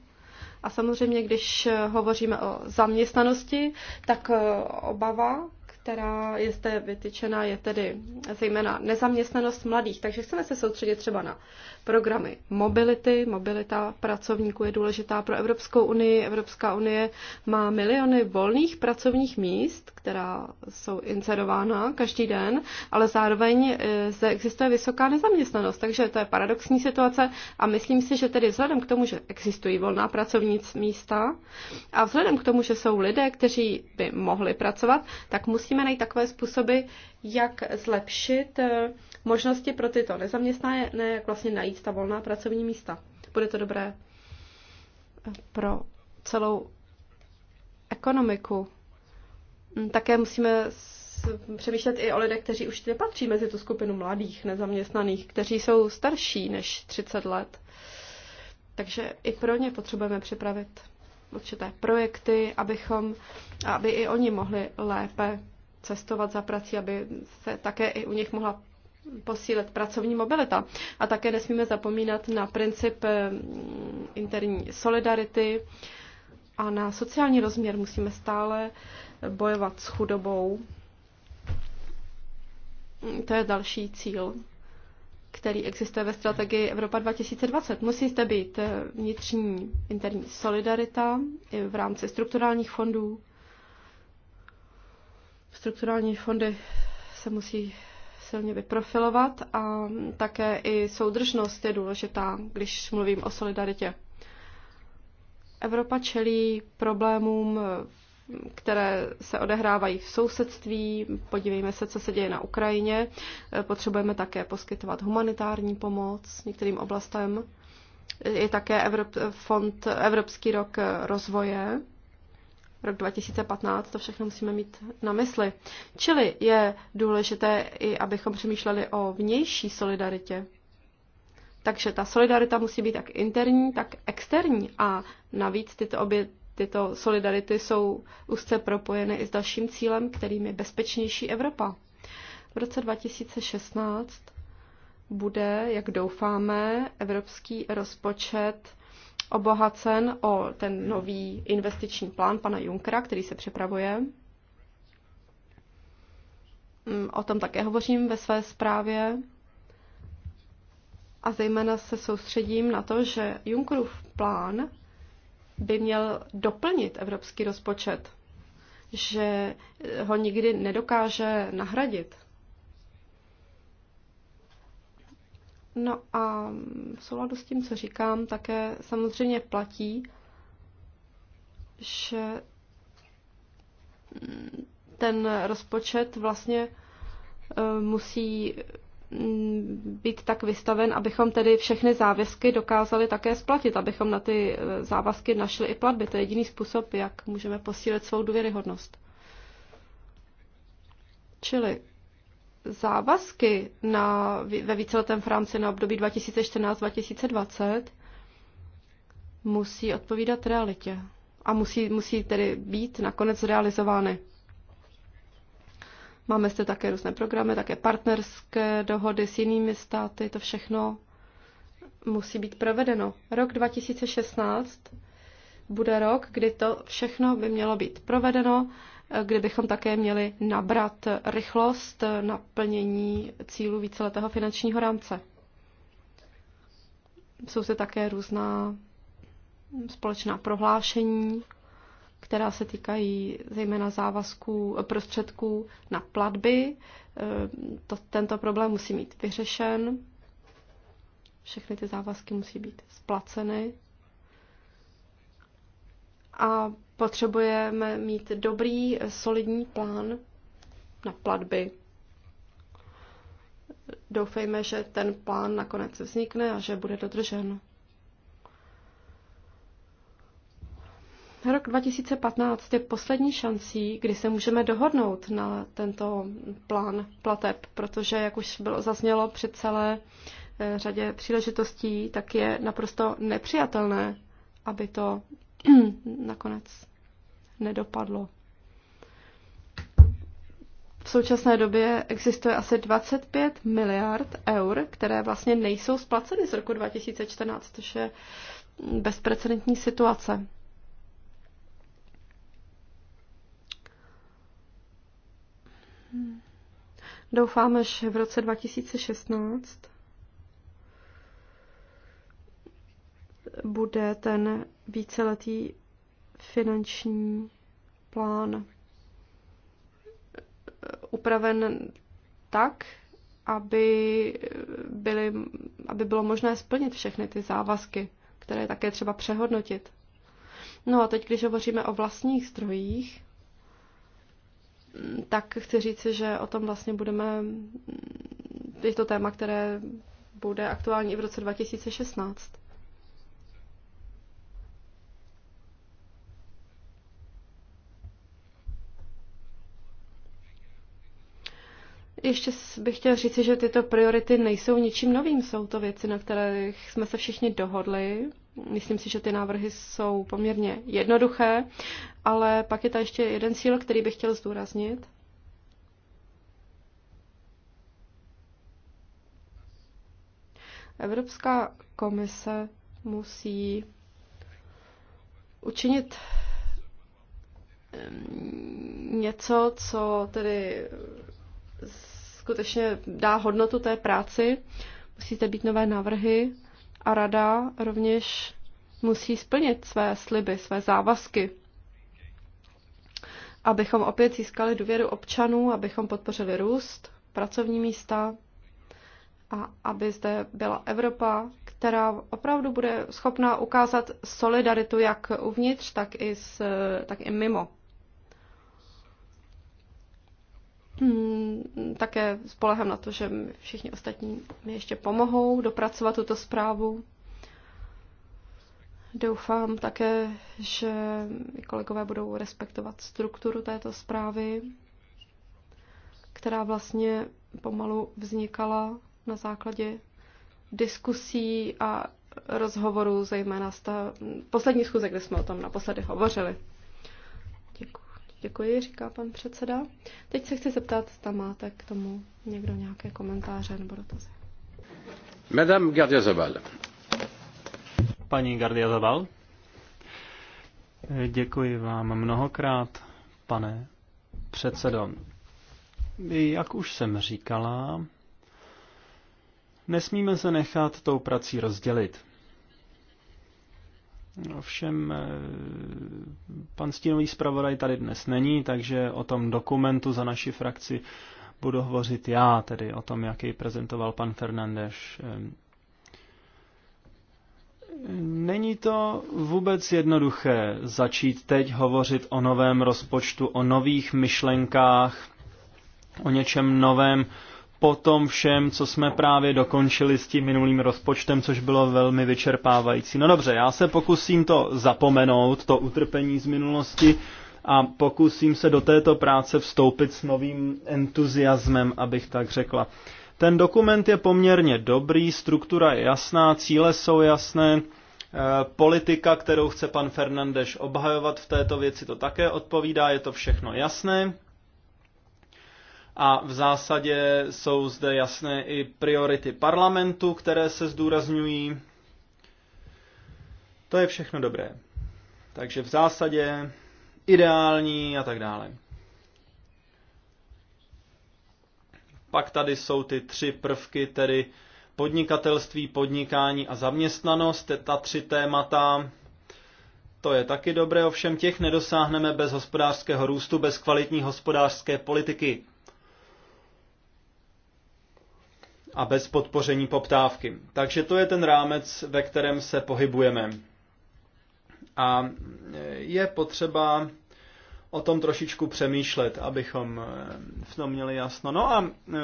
A samozřejmě, když hovoříme o zaměstnanosti, tak eh, obava která je zde vytyčena, je tedy zejména nezaměstnanost mladých. Takže chceme se soustředit třeba na programy mobility. Mobilita pracovníků je důležitá pro Evropskou unii. Evropská unie má miliony volných pracovních míst, která jsou inserována každý den, ale zároveň e, zde existuje vysoká nezaměstnanost. Takže to je paradoxní situace a myslím si, že tedy vzhledem k tomu, že existují volná pracovní místa a vzhledem k tomu, že jsou lidé, kteří by mohli pracovat, tak musíme musíme najít takové způsoby, jak zlepšit eh, možnosti pro tyto nezaměstnané, ne jak vlastně najít ta volná pracovní místa. Bude to dobré eh, pro celou ekonomiku. Mm, také musíme přemýšlet i o lidech, kteří už nepatří mezi tu skupinu mladých nezaměstnaných, kteří jsou starší než 30 let. Takže i pro ně potřebujeme připravit určité projekty, abychom, aby i oni mohli lépe cestovat za prací, aby se také i u nich mohla posílit pracovní mobilita. A také nesmíme zapomínat na princip eh, interní solidarity a na sociální rozměr. Musíme stále bojovat s chudobou. To je další cíl, který existuje ve strategii Evropa 2020. Musí zde být eh, vnitřní interní solidarita v rámci strukturálních fondů, Strukturální fondy se musí silně vyprofilovat a také i soudržnost je důležitá, když mluvím o solidaritě. Evropa čelí problémům, které se odehrávají v sousedství. Podívejme se, co se děje na Ukrajině. Potřebujeme také poskytovat humanitární pomoc některým oblastem. Je také Evrop, fond Evropský rok rozvoje rok 2015, to všechno musíme mít na mysli. Čili je důležité i, abychom přemýšleli o vnější solidaritě. Takže ta solidarita musí být tak interní, tak externí a navíc tyto obě tyto solidarity jsou úzce propojeny i s dalším cílem, kterým je bezpečnější Evropa. V roce 2016 bude, jak doufáme, evropský rozpočet obohacen o ten nový investiční plán pana Junkera, který se připravuje. Mm, o tom také hovořím ve své zprávě. A zejména se soustředím na to, že Junkerův plán by měl doplnit evropský rozpočet, že ho nikdy nedokáže nahradit. No a v souladu s tím, co říkám, také samozřejmě platí, že mm, ten rozpočet vlastně e, musí mm, být tak vystaven, abychom tedy všechny závězky dokázali také splatit, abychom na ty e, závazky našli i platby. To je jediný způsob, jak můžeme posílit svou důvěryhodnost. Čili závazky na, ve víceletém Franci na období 2014-2020 musí odpovídat realitě a musí, musí tedy být nakonec realizovány. Máme zde také různé programy, také partnerské dohody s jinými státy, to všechno musí být provedeno. Rok 2016 bude rok, kdy to všechno by mělo být provedeno kde bychom také měli nabrat rychlost naplnění cílu víceletého finančního rámce. Jsou se také různá společná prohlášení, která se týkají zejména závazků prostředků na platby. To, tento problém musí mít vyřešen. Všechny ty závazky musí být splaceny. A Potřebujeme mít dobrý, solidní plán na platby. Doufejme, že ten plán nakonec vznikne a že bude dodržen. Rok 2015 je poslední šancí, kdy se můžeme dohodnout na tento plán plateb, protože, jak už bylo zaznělo při celé eh, řadě příležitostí, tak je naprosto nepřijatelné, aby to (clears throat) nakonec nedopadlo. V současné době existuje asi 25 miliard eur, které vlastně nejsou splaceny z roku 2014, což je bezprecedentní situace. Doufám, že v roce 2016 bude ten víceletý finanční plán upraven tak, aby, byly, aby bylo možné splnit všechny ty závazky, které je také třeba přehodnotit. No a teď, když hovoříme o vlastních zdrojích, tak chci říci, že o tom vlastně budeme, je to téma, které bude aktuální i v roce 2016. Ještě bych chtěl říci, že tyto priority nejsou ničím novým, jsou to věci, na kterých jsme se všichni dohodli. Myslím si, že ty návrhy jsou poměrně jednoduché, ale pak je tady ještě jeden cíl, který bych chtěl zdůraznit. Evropská komise musí učinit něco, co tedy skutečně dá hodnotu té práci. Musíte být nové návrhy a rada rovněž musí splnit své sliby, své závazky, abychom opět získali důvěru občanů, abychom podpořili růst, pracovní místa a aby zde byla Evropa, která opravdu bude schopná ukázat solidaritu jak uvnitř, tak i, s, tak i mimo Hmm, také spolehám na to, že všichni ostatní mi ještě pomohou dopracovat tuto zprávu. Doufám také, že kolegové budou respektovat strukturu této zprávy, která vlastně pomalu vznikala na základě diskusí a rozhovorů, zejména z ta poslední schůze, kde jsme o tom naposledy hovořili. Děkuji, říká pan předseda. Teď se chci zeptat, tam máte k tomu někdo nějaké komentáře nebo dotazy. Madame Gardiazabal. Paní Gardiazabal. Děkuji vám mnohokrát, pane předsedo. Jak už jsem říkala, nesmíme se nechat tou prací rozdělit. Ovšem eh, pan stínový zpravodaj tady dnes není, takže o tom dokumentu za naši frakci budu hovořit já, tedy o tom, jaký prezentoval pan Fernandeš. Eh, není to vůbec jednoduché začít teď hovořit o novém rozpočtu, o nových myšlenkách, o něčem novém, po tom všem, co jsme právě dokončili s tím minulým rozpočtem, což bylo velmi vyčerpávající. No dobře, já se pokusím to zapomenout, to utrpení z minulosti, a pokusím se do této práce vstoupit s novým entuziasmem, abych tak řekla. Ten dokument je poměrně dobrý, struktura je jasná, cíle jsou jasné, eh, politika, kterou chce pan Fernandeš obhajovat v této věci, to také odpovídá, je to všechno jasné a v zásadě jsou zde jasné i priority parlamentu, které se zdůrazňují. To je všechno dobré. Takže v zásadě ideální a tak dále. Pak tady jsou ty tři prvky, tedy podnikatelství, podnikání a zaměstnanost, ta tři témata. To je taky dobré, ovšem těch nedosáhneme bez hospodářského růstu, bez kvalitní hospodářské politiky. a bez podpoření poptávky. Takže to je ten rámec, ve kterém se pohybujeme. A je potřeba o tom trošičku přemýšlet, abychom eh, v tom měli jasno. No a eh,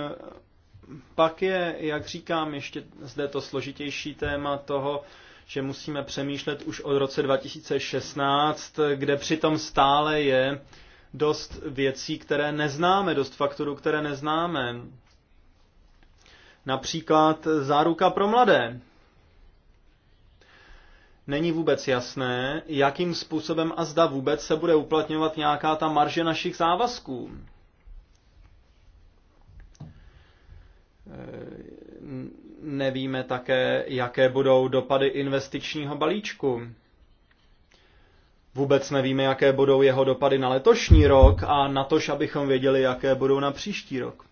pak je, jak říkám, ještě zde to složitější téma toho, že musíme přemýšlet už od roce 2016, kde přitom stále je dost věcí, které neznáme, dost faktorů, které neznáme. Například záruka pro mladé. Není vůbec jasné, jakým způsobem a zda vůbec se bude uplatňovat nějaká ta marže našich závazků. Eh, nevíme také, jaké budou dopady investičního balíčku. Vůbec nevíme, jaké budou jeho dopady na letošní rok a na tož, abychom věděli, jaké budou na příští rok.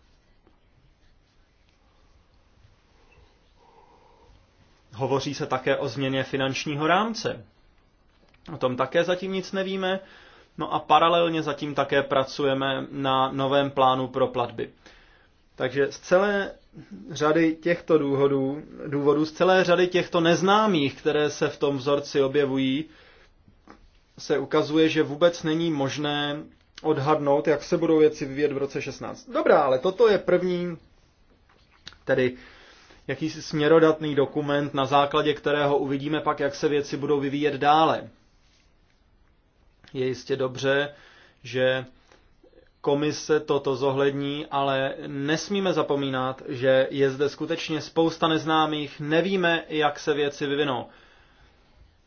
Hovoří se také o změně finančního rámce. O tom také zatím nic nevíme. No a paralelně zatím také pracujeme na novém plánu pro platby. Takže z celé řady těchto důvodů, důvodů, z celé řady těchto neznámých, které se v tom vzorci objevují, se ukazuje, že vůbec není možné odhadnout, jak se budou věci vyvíjet v roce 16. Dobrá, ale toto je první, tedy jakýsi směrodatný dokument, na základě kterého uvidíme pak, jak se věci budou vyvíjet dále. Je jistě dobře, že komise toto zohlední, ale nesmíme zapomínat, že je zde skutečně spousta neznámých, nevíme, jak se věci vyvinou.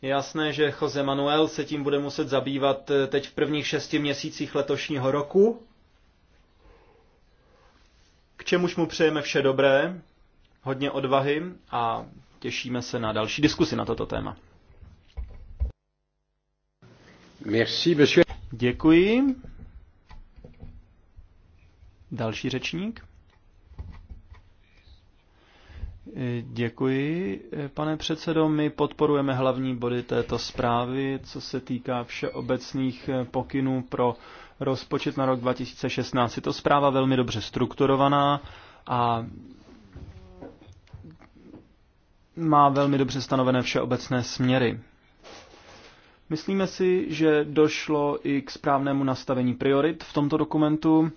Je jasné, že Jose Manuel se tím bude muset zabývat eh, teď v prvních šesti měsících letošního roku, k čemuž mu přejeme vše dobré, hodně odvahy a těšíme se na další diskusi na toto téma. Merci, monsieur. Děkuji. Další řečník. Děkuji, pane předsedo. My podporujeme hlavní body této zprávy, co se týká všeobecných pokynů pro rozpočet na rok 2016. Je to zpráva velmi dobře strukturovaná a má velmi dobře stanovené všeobecné směry. Myslíme si, že došlo i k správnému nastavení priorit v tomto dokumentu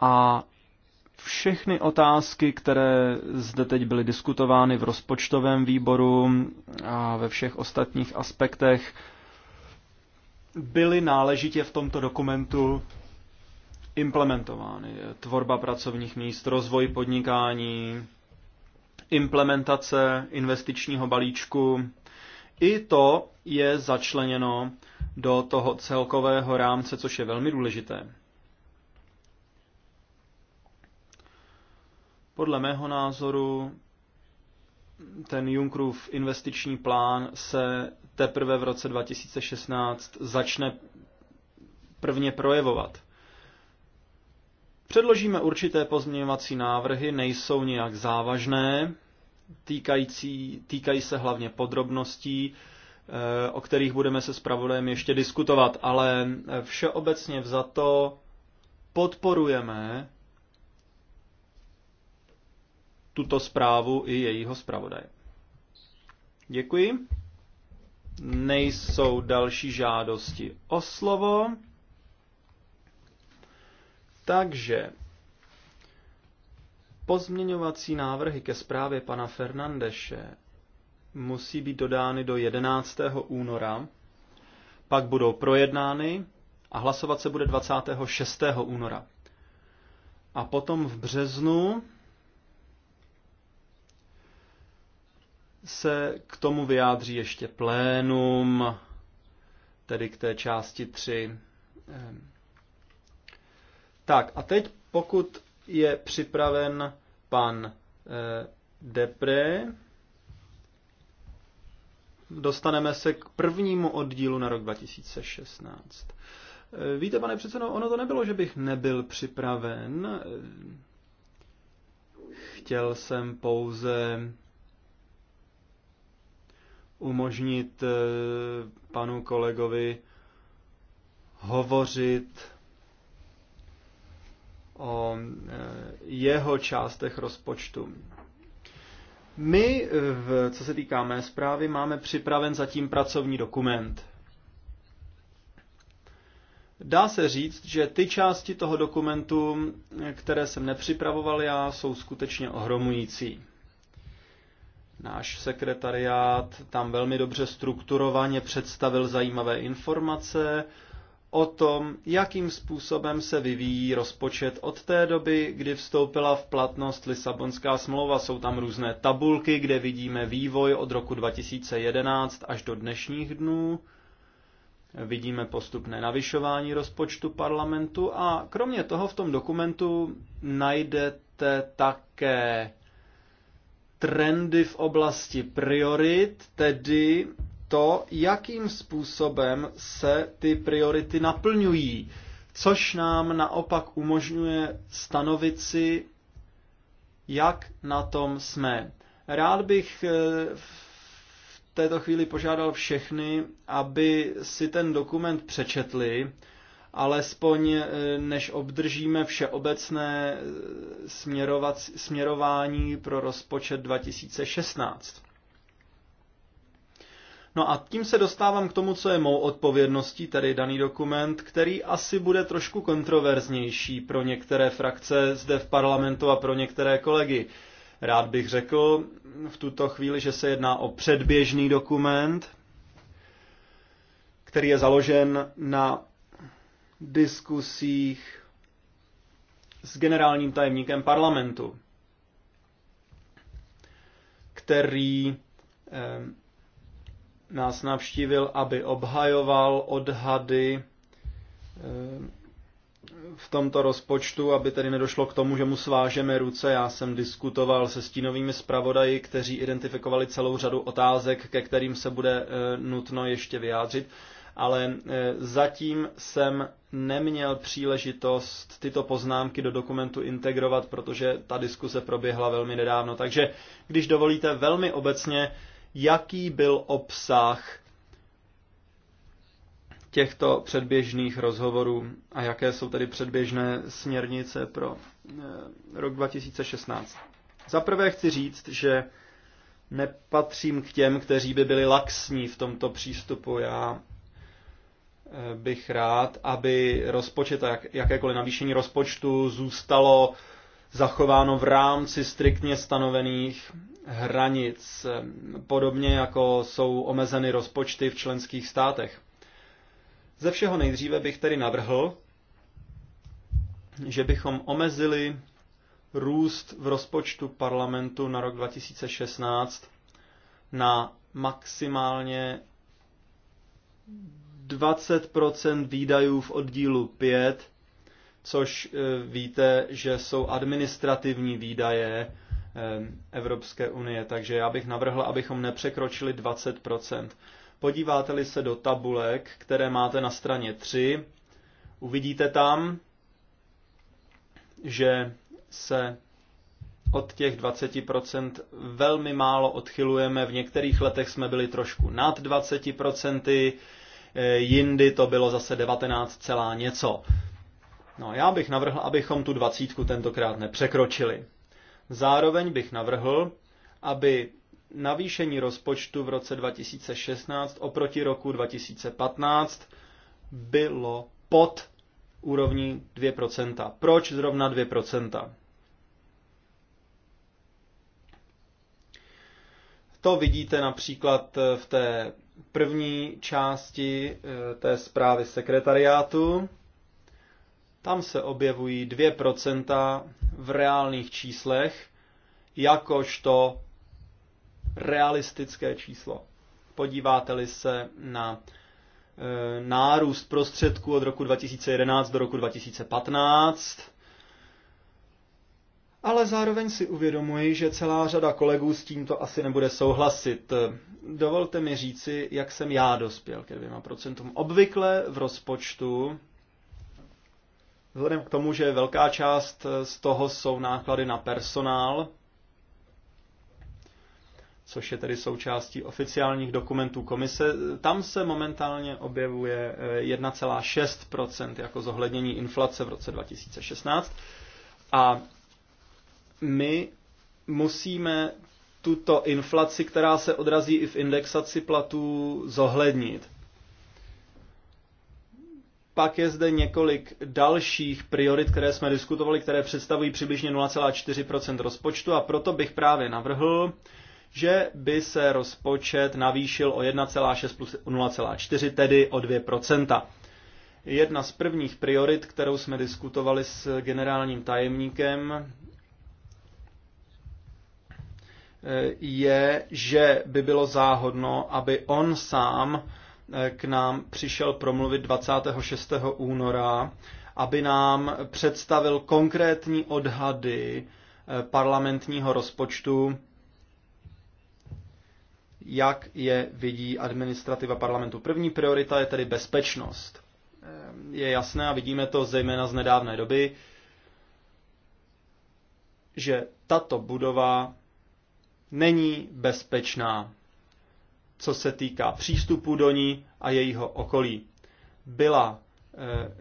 a všechny otázky, které zde teď byly diskutovány v rozpočtovém výboru a ve všech ostatních aspektech, byly náležitě v tomto dokumentu implementovány. Tvorba pracovních míst, rozvoj podnikání, implementace investičního balíčku. I to je začleněno do toho celkového rámce, což je velmi důležité. Podle mého názoru ten Junckerův investiční plán se teprve v roce 2016 začne prvně projevovat. Předložíme určité pozměňovací návrhy, nejsou nijak závažné, týkající, týkají se hlavně podrobností, eh, o kterých budeme se zpravodajem ještě diskutovat, ale všeobecně vzato podporujeme tuto zprávu i jejího zpravodaje. Děkuji. Nejsou další žádosti o slovo. Takže pozměňovací návrhy ke zprávě pana Fernandeše musí být dodány do 11. února, pak budou projednány a hlasovat se bude 26. února. A potom v březnu se k tomu vyjádří ještě plénum, tedy k té části 3 tak a teď pokud je připraven pan eh, Depre, dostaneme se k prvnímu oddílu na rok 2016. Eh, víte, pane předsedo, ono to nebylo, že bych nebyl připraven. Eh, chtěl jsem pouze umožnit panu kolegovi hovořit o e, jeho částech rozpočtu. My, e, v, co se týká mé zprávy, máme připraven zatím pracovní dokument. Dá se říct, že ty části toho dokumentu, e, které jsem nepřipravoval já, jsou skutečně ohromující. Náš sekretariát tam velmi dobře strukturovaně představil zajímavé informace, o tom, jakým způsobem se vyvíjí rozpočet od té doby, kdy vstoupila v platnost Lisabonská smlouva. Jsou tam různé tabulky, kde vidíme vývoj od roku 2011 až do dnešních dnů. Vidíme postupné navyšování rozpočtu parlamentu a kromě toho v tom dokumentu najdete také trendy v oblasti priorit, tedy to, jakým způsobem se ty priority naplňují, což nám naopak umožňuje stanovit si, jak na tom jsme. Rád bych eh, v této chvíli požádal všechny, aby si ten dokument přečetli, alespoň eh, než obdržíme všeobecné eh, směrování pro rozpočet 2016. No a tím se dostávám k tomu, co je mou odpovědností, tedy daný dokument, který asi bude trošku kontroverznější pro některé frakce zde v parlamentu a pro některé kolegy. Rád bych řekl v tuto chvíli, že se jedná o předběžný dokument, který je založen na diskusích s generálním tajemníkem parlamentu, který eh, nás navštívil, aby obhajoval odhady eh, v tomto rozpočtu, aby tedy nedošlo k tomu, že mu svážeme ruce. Já jsem diskutoval se stínovými zpravodaji, kteří identifikovali celou řadu otázek, ke kterým se bude eh, nutno ještě vyjádřit, ale eh, zatím jsem neměl příležitost tyto poznámky do dokumentu integrovat, protože ta diskuse proběhla velmi nedávno. Takže když dovolíte velmi obecně, jaký byl obsah těchto předběžných rozhovorů a jaké jsou tedy předběžné směrnice pro eh, rok 2016. Za prvé chci říct, že nepatřím k těm, kteří by byli laxní v tomto přístupu. Já eh, bych rád, aby rozpočet a jakékoliv navýšení rozpočtu zůstalo zachováno v rámci striktně stanovených hranic, podobně jako jsou omezeny rozpočty v členských státech. Ze všeho nejdříve bych tedy navrhl, že bychom omezili růst v rozpočtu parlamentu na rok 2016 na maximálně 20 výdajů v oddílu 5, což e, víte, že jsou administrativní výdaje, Evropské unie, takže já bych navrhl, abychom nepřekročili 20%. Podíváte-li se do tabulek, které máte na straně 3, uvidíte tam, že se od těch 20% velmi málo odchylujeme. V některých letech jsme byli trošku nad 20%, e, jindy to bylo zase 19, celá něco. No, já bych navrhl, abychom tu dvacítku tentokrát nepřekročili. Zároveň bych navrhl, aby navýšení rozpočtu v roce 2016 oproti roku 2015 bylo pod úrovní 2%. Proč zrovna 2%? To vidíte například v té první části eh, té zprávy sekretariátu. Tam se objevují 2% v reálných číslech, jakožto realistické číslo. Podíváte-li se na e, nárůst prostředků od roku 2011 do roku 2015, ale zároveň si uvědomuji, že celá řada kolegů s tímto asi nebude souhlasit. Dovolte mi říci, jak jsem já dospěl ke dvěma procentům. Obvykle v rozpočtu Vzhledem k tomu, že velká část eh, z toho jsou náklady na personál, což je tedy součástí oficiálních dokumentů komise, tam se momentálně objevuje 1,6% eh, jako zohlednění inflace v roce 2016. A my musíme tuto inflaci, která se odrazí i v indexaci platů, zohlednit. Pak je zde několik dalších priorit, které jsme diskutovali, které představují přibližně 0,4 rozpočtu a proto bych právě navrhl, že by se rozpočet navýšil o 1,6 plus 0,4, tedy o 2 Jedna z prvních priorit, kterou jsme diskutovali s generálním tajemníkem, eh, je, že by bylo záhodno, aby on sám k nám přišel promluvit 26. února, aby nám představil konkrétní odhady eh, parlamentního rozpočtu, jak je vidí administrativa parlamentu. První priorita je tedy bezpečnost. Eh, je jasné a vidíme to zejména z nedávné doby, že tato budova není bezpečná co se týká přístupu do ní a jejího okolí. Byla eh,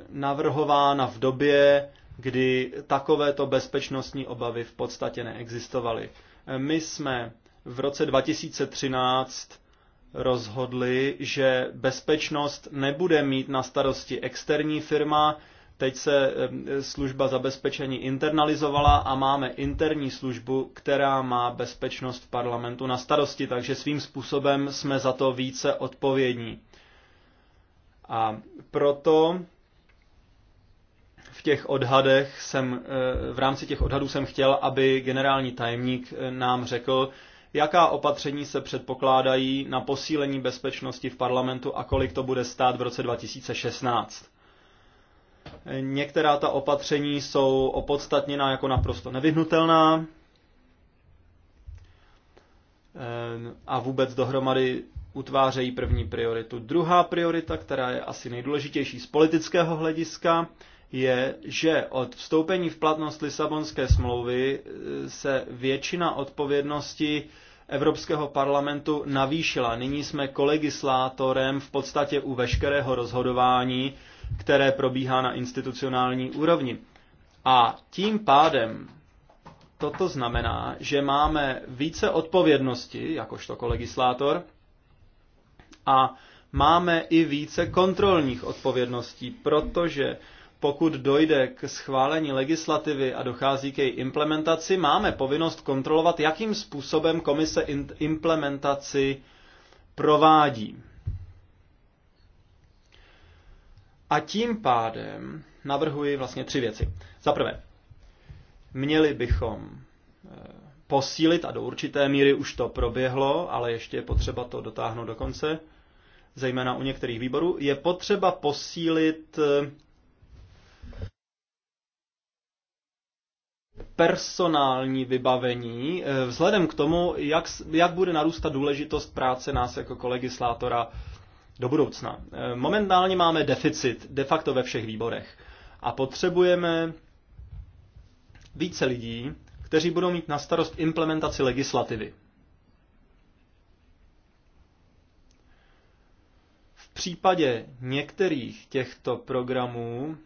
navrhována v době, kdy takovéto bezpečnostní obavy v podstatě neexistovaly. Eh, my jsme v roce 2013 rozhodli, že bezpečnost nebude mít na starosti externí firma, Teď se služba zabezpečení internalizovala a máme interní službu, která má bezpečnost v parlamentu na starosti, takže svým způsobem jsme za to více odpovědní. A proto v těch odhadech jsem, eh, v rámci těch odhadů jsem chtěl, aby generální tajemník eh, nám řekl, jaká opatření se předpokládají na posílení bezpečnosti v parlamentu a kolik to bude stát v roce 2016. Některá ta opatření jsou opodstatněná jako naprosto nevyhnutelná ehm, a vůbec dohromady utvářejí první prioritu. Druhá priorita, která je asi nejdůležitější z politického hlediska, je, že od vstoupení v platnost Lisabonské smlouvy e, se většina odpovědnosti Evropského parlamentu navýšila. Nyní jsme kolegislátorem v podstatě u veškerého rozhodování, které probíhá na institucionální úrovni. A tím pádem toto znamená, že máme více odpovědnosti, jakožto kolegislátor, a máme i více kontrolních odpovědností, protože pokud dojde k schválení legislativy a dochází k její implementaci, máme povinnost kontrolovat, jakým způsobem komise implementaci provádí. A tím pádem navrhuji vlastně tři věci. Za prvé, měli bychom eh, posílit, a do určité míry už to proběhlo, ale ještě je potřeba to dotáhnout do konce, zejména u některých výborů, je potřeba posílit eh, personální vybavení, eh, vzhledem k tomu, jak, jak bude narůstat důležitost práce nás jako kolegislátora do budoucna. Eh, momentálně máme deficit de facto ve všech výborech a potřebujeme více lidí, kteří budou mít na starost implementaci legislativy. V případě některých těchto programů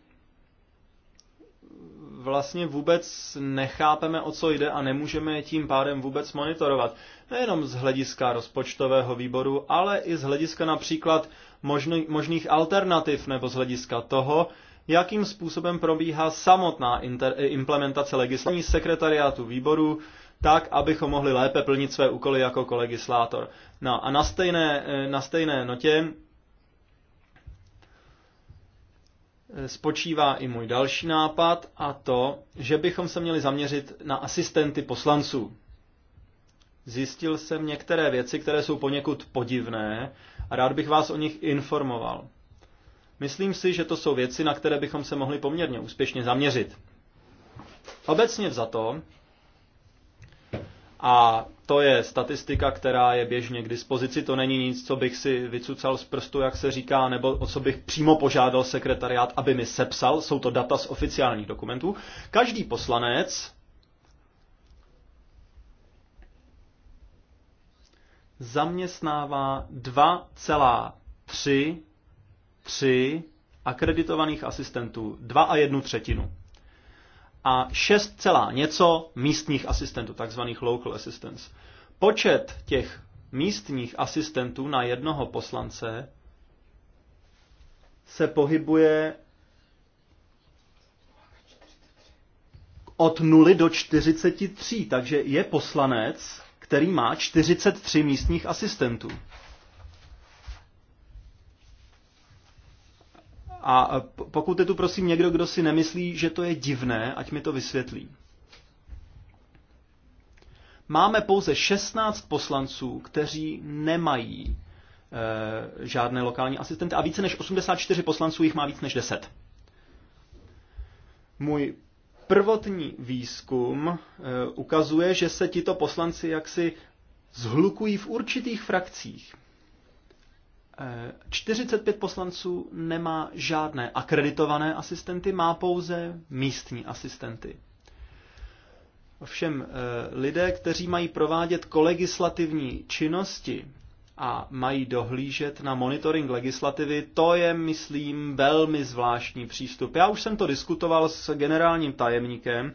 vlastně vůbec nechápeme, o co jde a nemůžeme je tím pádem vůbec monitorovat nejenom z hlediska rozpočtového výboru, ale i z hlediska například možný, možných alternativ nebo z hlediska toho, jakým způsobem probíhá samotná inter, implementace legislativní sekretariátu výboru, tak, abychom mohli lépe plnit své úkoly jako kolegislátor. No a na stejné, na stejné notě eh, spočívá i můj další nápad a to, že bychom se měli zaměřit na asistenty poslanců. Zjistil jsem některé věci, které jsou poněkud podivné a rád bych vás o nich informoval. Myslím si, že to jsou věci, na které bychom se mohli poměrně úspěšně zaměřit. Obecně to, a to je statistika, která je běžně k dispozici, to není nic, co bych si vycucal z prstu, jak se říká, nebo o co bych přímo požádal sekretariát, aby mi sepsal, jsou to data z oficiálních dokumentů. Každý poslanec zaměstnává 2,3 akreditovaných asistentů, 2 a 1 třetinu. A 6, něco místních asistentů, takzvaných local assistants. Počet těch místních asistentů na jednoho poslance se pohybuje od 0 do 43, takže je poslanec, který má 43 místních asistentů. A pokud je tu prosím někdo, kdo si nemyslí, že to je divné, ať mi to vysvětlí. Máme pouze 16 poslanců, kteří nemají e, žádné lokální asistenty a více než 84 poslanců jich má víc než 10. Můj prvotní výzkum eh, ukazuje, že se tito poslanci jaksi zhlukují v určitých frakcích. 45 eh, poslanců nemá žádné akreditované asistenty, má pouze místní asistenty. Ovšem eh, lidé, kteří mají provádět kolegislativní činnosti, a mají dohlížet na monitoring legislativy, to je, myslím, velmi zvláštní přístup. Já už jsem to diskutoval s generálním tajemníkem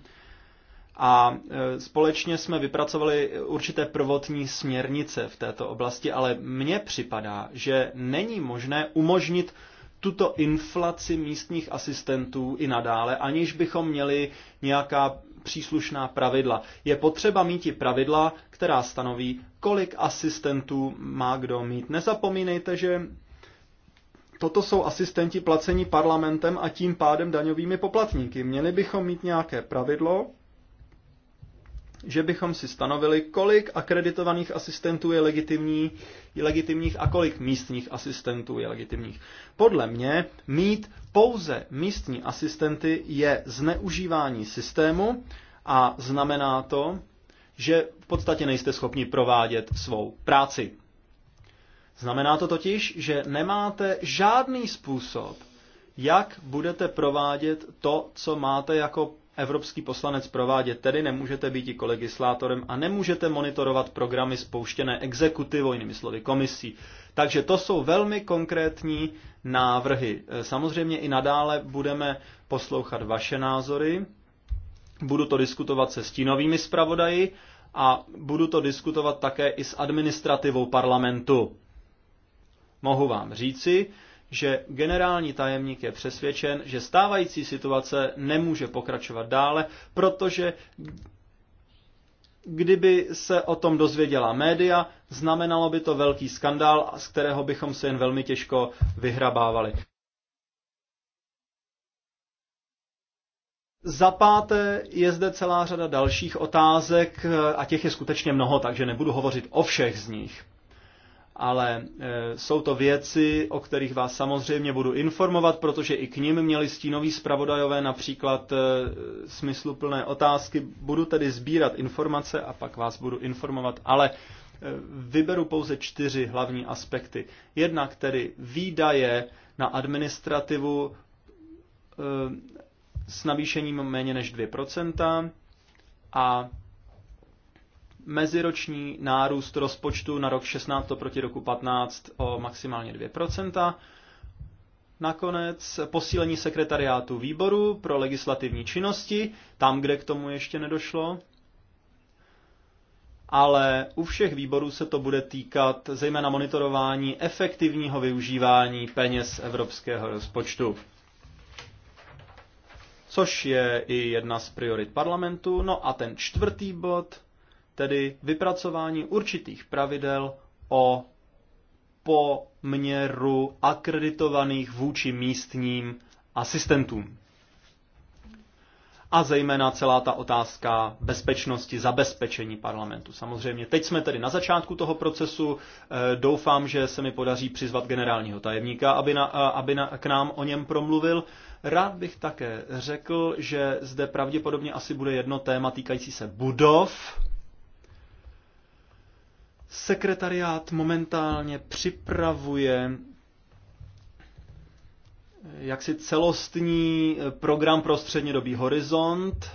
a e, společně jsme vypracovali určité prvotní směrnice v této oblasti, ale mně připadá, že není možné umožnit tuto inflaci místních asistentů i nadále, aniž bychom měli nějaká příslušná pravidla. Je potřeba mít i pravidla, která stanoví, kolik asistentů má kdo mít. Nezapomínejte, že toto jsou asistenti placení parlamentem a tím pádem daňovými poplatníky. Měli bychom mít nějaké pravidlo, že bychom si stanovili, kolik akreditovaných asistentů je, legitimní, je legitimních a kolik místních asistentů je legitimních. Podle mě mít pouze místní asistenty je zneužívání systému a znamená to, že v podstatě nejste schopni provádět svou práci. Znamená to totiž, že nemáte žádný způsob, jak budete provádět to, co máte jako evropský poslanec provádět, tedy nemůžete být i kolegislátorem a nemůžete monitorovat programy spouštěné exekutivou, jinými slovy komisí. Takže to jsou velmi konkrétní návrhy. E, samozřejmě i nadále budeme poslouchat vaše názory, budu to diskutovat se stínovými zpravodaji a budu to diskutovat také i s administrativou parlamentu. Mohu vám říci, že generální tajemník je přesvědčen, že stávající situace nemůže pokračovat dále, protože Kdyby se o tom dozvěděla média, znamenalo by to velký skandál, z kterého bychom se jen velmi těžko vyhrabávali. Za páté je zde celá řada dalších otázek a těch je skutečně mnoho, takže nebudu hovořit o všech z nich ale e, jsou to věci, o kterých vás samozřejmě budu informovat, protože i k nim měli stínoví zpravodajové například e, smysluplné otázky. Budu tedy sbírat informace a pak vás budu informovat, ale e, vyberu pouze čtyři hlavní aspekty. Jednak tedy výdaje na administrativu e, s navýšením méně než 2% a meziroční nárůst rozpočtu na rok 16 proti roku 15 o maximálně 2%. Nakonec posílení sekretariátu výboru pro legislativní činnosti, tam, kde k tomu ještě nedošlo. Ale u všech výborů se to bude týkat zejména monitorování efektivního využívání peněz evropského rozpočtu což je i jedna z priorit parlamentu. No a ten čtvrtý bod tedy vypracování určitých pravidel o poměru akreditovaných vůči místním asistentům. A zejména celá ta otázka bezpečnosti, zabezpečení parlamentu. Samozřejmě, teď jsme tedy na začátku toho procesu. E, doufám, že se mi podaří přizvat generálního tajemníka, aby, na, aby na, k nám o něm promluvil. Rád bych také řekl, že zde pravděpodobně asi bude jedno téma týkající se budov Sekretariát momentálně připravuje eh, jaksi celostní eh, program pro střednědobý horizont,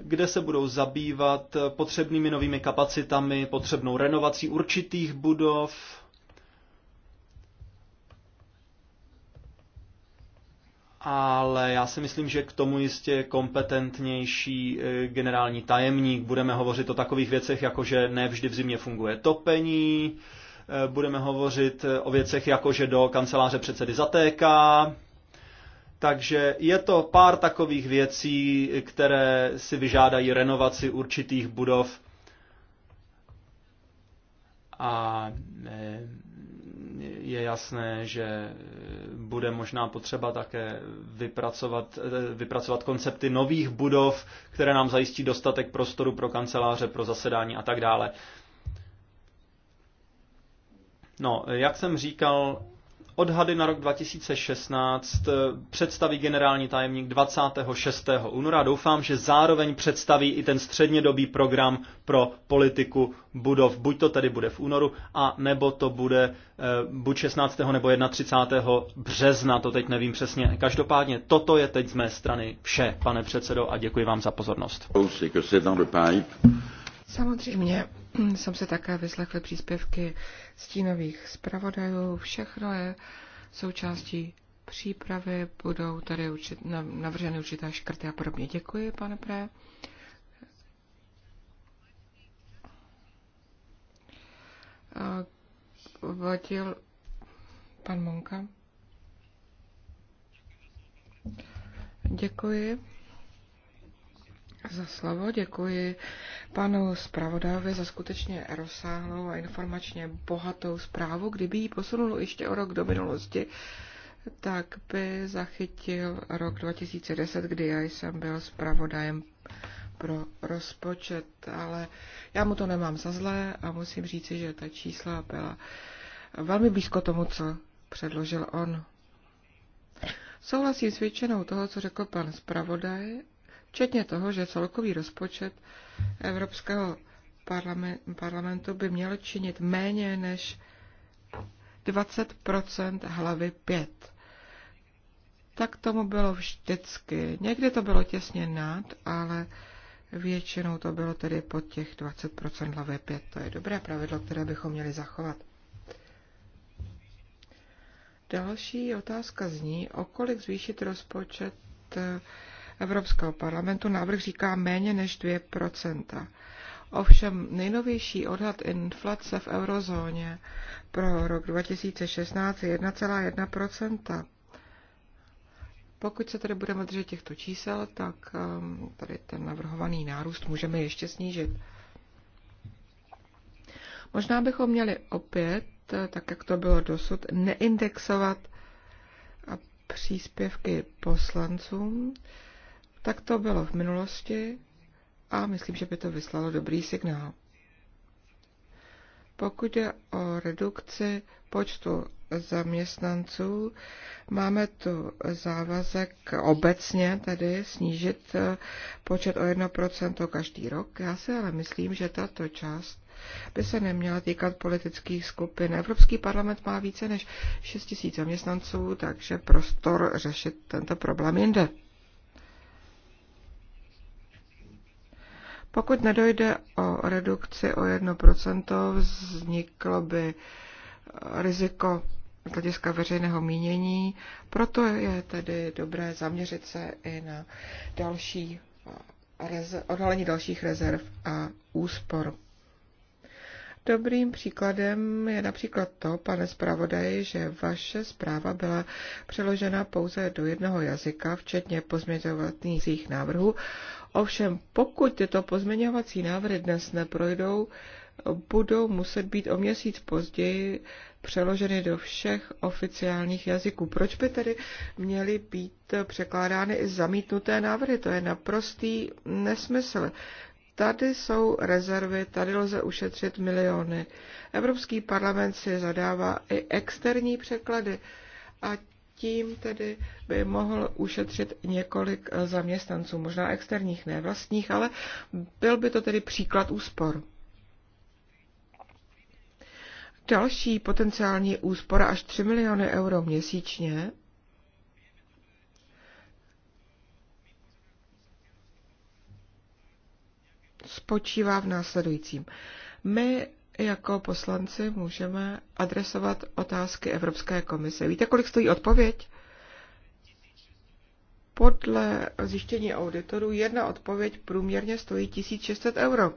kde se budou zabývat eh, potřebnými novými kapacitami, potřebnou renovací určitých budov, ale já si myslím, že k tomu jistě kompetentnější e, generální tajemník. Budeme hovořit o takových věcech, jako že vždy v zimě funguje topení, e, budeme hovořit e, o věcech, jako že do kanceláře předsedy zatéká. Takže je to pár takových věcí, které si vyžádají renovaci určitých budov. A je jasné, že eh, bude možná potřeba také vypracovat, eh, vypracovat koncepty nových budov, které nám zajistí dostatek prostoru pro kanceláře, pro zasedání a tak dále. No, jak jsem říkal, Odhady na rok 2016 eh, představí generální tajemník 26. února. Doufám, že zároveň představí i ten střednědobý program pro politiku budov. Buď to tedy bude v únoru, a nebo to bude eh, buď 16. nebo 31. března, to teď nevím přesně. Každopádně toto je teď z mé strany vše, pane předsedo, a děkuji vám za pozornost. Samozřejmě jsem se také vyslechl příspěvky stínových zpravodajů. Všechno je součástí přípravy, budou tady určit, navrženy určité škrty a podobně. Děkuji, pane Pré. Eh, vodil pan Monka. Děkuji za slovo. Děkuji panu zpravodajovi za skutečně rozsáhlou a informačně bohatou zprávu. Kdyby ji posunul ještě o rok do minulosti, tak by zachytil rok 2010, kdy já jsem byl zpravodajem pro rozpočet, ale já mu to nemám za zlé a musím říci, že ta čísla byla velmi blízko tomu, co předložil on. Souhlasím s většinou toho, co řekl pan zpravodaj včetně toho, že celkový rozpočet Evropského parlamentu by měl činit méně než 20 hlavy 5. Tak tomu bylo vždycky. Někdy to bylo těsně nad, ale většinou to bylo tedy pod těch 20 hlavy 5. To je dobré pravidlo, které bychom měli zachovat. Další otázka zní, o kolik zvýšit rozpočet Evropského parlamentu návrh říká méně než 2 Ovšem nejnovější odhad inflace v eurozóně pro rok 2016 je 1,1 pokud se tedy budeme držet těchto čísel, tak um, tady ten navrhovaný nárůst můžeme ještě snížit. Možná bychom měli opět, tak jak to bylo dosud, neindexovat příspěvky poslancům, tak to bylo v minulosti a myslím, že by to vyslalo dobrý signál. Pokud je o redukci počtu zaměstnanců, máme tu závazek obecně tedy snížit eh, počet o 1% každý rok. Já si ale myslím, že tato část by se neměla týkat politických skupin. Evropský parlament má více než 6 000 zaměstnanců, takže prostor řešit tento problém jinde. Pokud nedojde o redukci o 1%, vzniklo by riziko z hlediska veřejného mínění, proto je tedy dobré zaměřit se i na další eh, odhalení dalších rezerv a úspor. Dobrým příkladem je například to, pane zpravodaji, že vaše zpráva byla přeložena pouze do jednoho jazyka, včetně pozměňovacích návrhů, Ovšem, pokud tyto pozměňovací návrhy dnes neprojdou, budou muset být o měsíc později přeloženy do všech oficiálních jazyků. Proč by tedy měly být překládány i zamítnuté návrhy? To je naprostý nesmysl. Tady jsou rezervy, tady lze ušetřit miliony. Evropský parlament si zadává i externí překlady a tím tedy by mohl ušetřit několik eh, zaměstnanců, možná externích, ne vlastních, ale byl by to tedy příklad úspor. Další potenciální úspora až 3 miliony euro měsíčně spočívá v následujícím. My jako poslanci můžeme adresovat otázky Evropské komise. Víte, kolik stojí odpověď? Podle zjištění auditorů jedna odpověď průměrně stojí 1600 euro.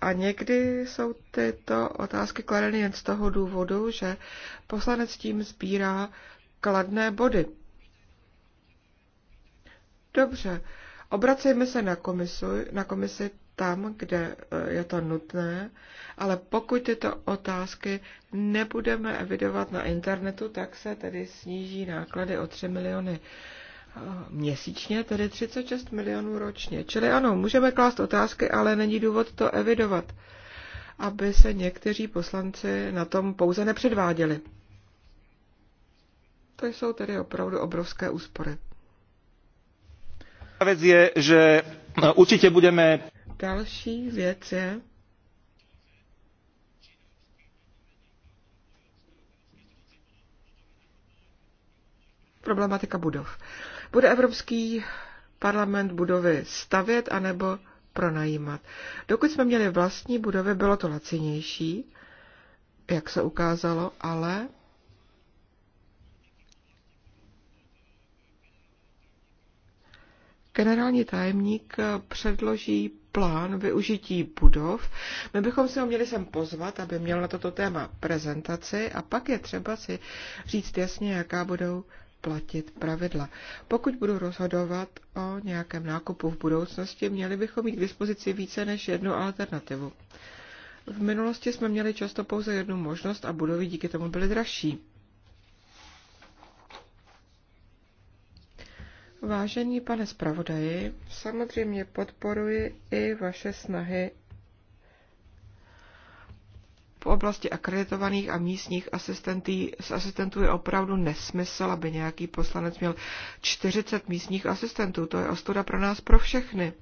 A někdy jsou tyto otázky kladeny jen z toho důvodu, že poslanec tím sbírá kladné body. Dobře, obracejme se na komisi, na komisi tam, kde eh, je to nutné, ale pokud tyto otázky nebudeme evidovat na internetu, tak se tedy sníží náklady o 3 miliony eh, měsíčně, tedy 36 milionů ročně. Čili ano, můžeme klást otázky, ale není důvod to evidovat, aby se někteří poslanci na tom pouze nepředváděli. To jsou tedy opravdu obrovské úspory. Věc je, že určitě budeme Další věc je, problematika budov. Bude Evropský parlament budovy stavět anebo pronajímat. Dokud jsme měli vlastní budovy, bylo to lacinější, jak se ukázalo, ale generální tajemník předloží plán využití budov. My bychom si ho měli sem pozvat, aby měl na toto téma prezentaci a pak je třeba si říct jasně, jaká budou platit pravidla. Pokud budu rozhodovat o nějakém nákupu v budoucnosti, měli bychom mít k dispozici více než jednu alternativu. V minulosti jsme měli často pouze jednu možnost a budovy díky tomu byly dražší. Vážený pane zpravodaji, samozřejmě podporuji i vaše snahy v oblasti akreditovaných a místních asistentů je opravdu nesmysl, aby nějaký poslanec měl 40 místních asistentů. To je ostuda pro nás, pro všechny.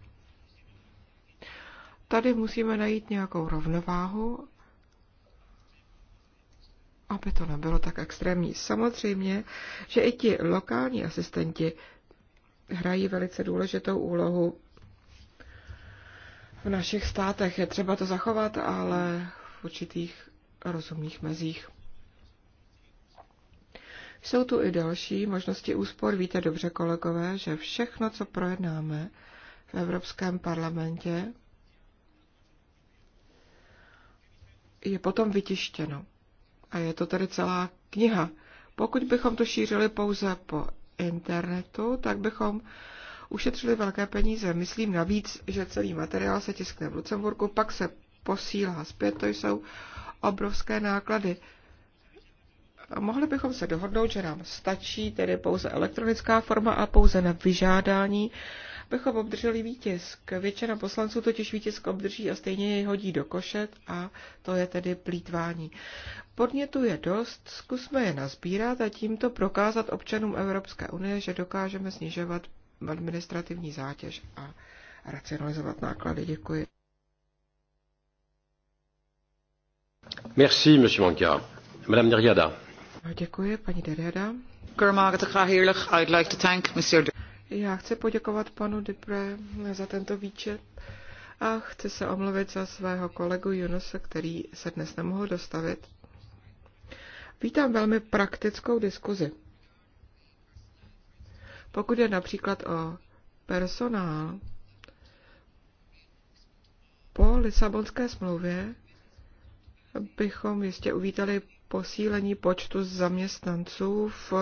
Tady musíme najít nějakou rovnováhu, aby to nebylo tak extrémní. Samozřejmě, že i ti lokální asistenti hrají velice důležitou úlohu v našich státech. Je třeba to zachovat, ale v určitých rozumných mezích. Jsou tu i další možnosti úspor. Víte dobře, kolegové, že všechno, co projednáme v Evropském parlamentě, je potom vytištěno. A je to tedy celá kniha. Pokud bychom to šířili pouze po internetu, tak bychom ušetřili velké peníze. Myslím navíc, že celý materiál se tiskne v Lucemburku, pak se posílá zpět, to jsou obrovské náklady. Mohli bychom se dohodnout, že nám stačí tedy pouze elektronická forma a pouze na vyžádání bychom obdrželi výtisk. Většina poslanců totiž výtisk obdrží a stejně jej hodí do košet a to je tedy plítvání. Podnětu je dost, zkusme je nazbírat a tímto prokázat občanům Evropské unie, že dokážeme snižovat administrativní zátěž a racionalizovat náklady. Děkuji. Merci, monsieur Manka. Madame Deriada. Děkuji, paní Deriada. I'd like to thank Monsieur já chci poděkovat panu Dipre za tento výčet a chci se omluvit za svého kolegu Junuse, který se dnes nemohl dostavit. Vítám velmi praktickou diskuzi. Pokud je například o personál, po Lisabonské smlouvě bychom jistě uvítali posílení počtu zaměstnanců, v,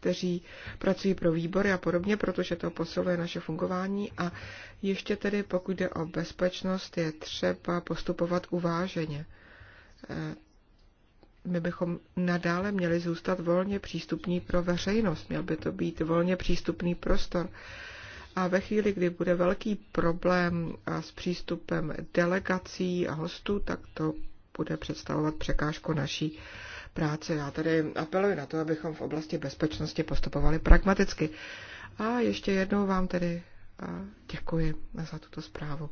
kteří pracují pro výbory a podobně, protože to posiluje naše fungování. A ještě tedy, pokud jde o bezpečnost, je třeba postupovat uváženě. Eh, my bychom nadále měli zůstat volně přístupní pro veřejnost. Měl by to být volně přístupný prostor. A ve chvíli, kdy bude velký problém s přístupem delegací a hostů, tak to bude představovat překážku naší práce. Já tady apeluji na to, abychom v oblasti bezpečnosti postupovali pragmaticky. A ještě jednou vám tedy děkuji za tuto zprávu.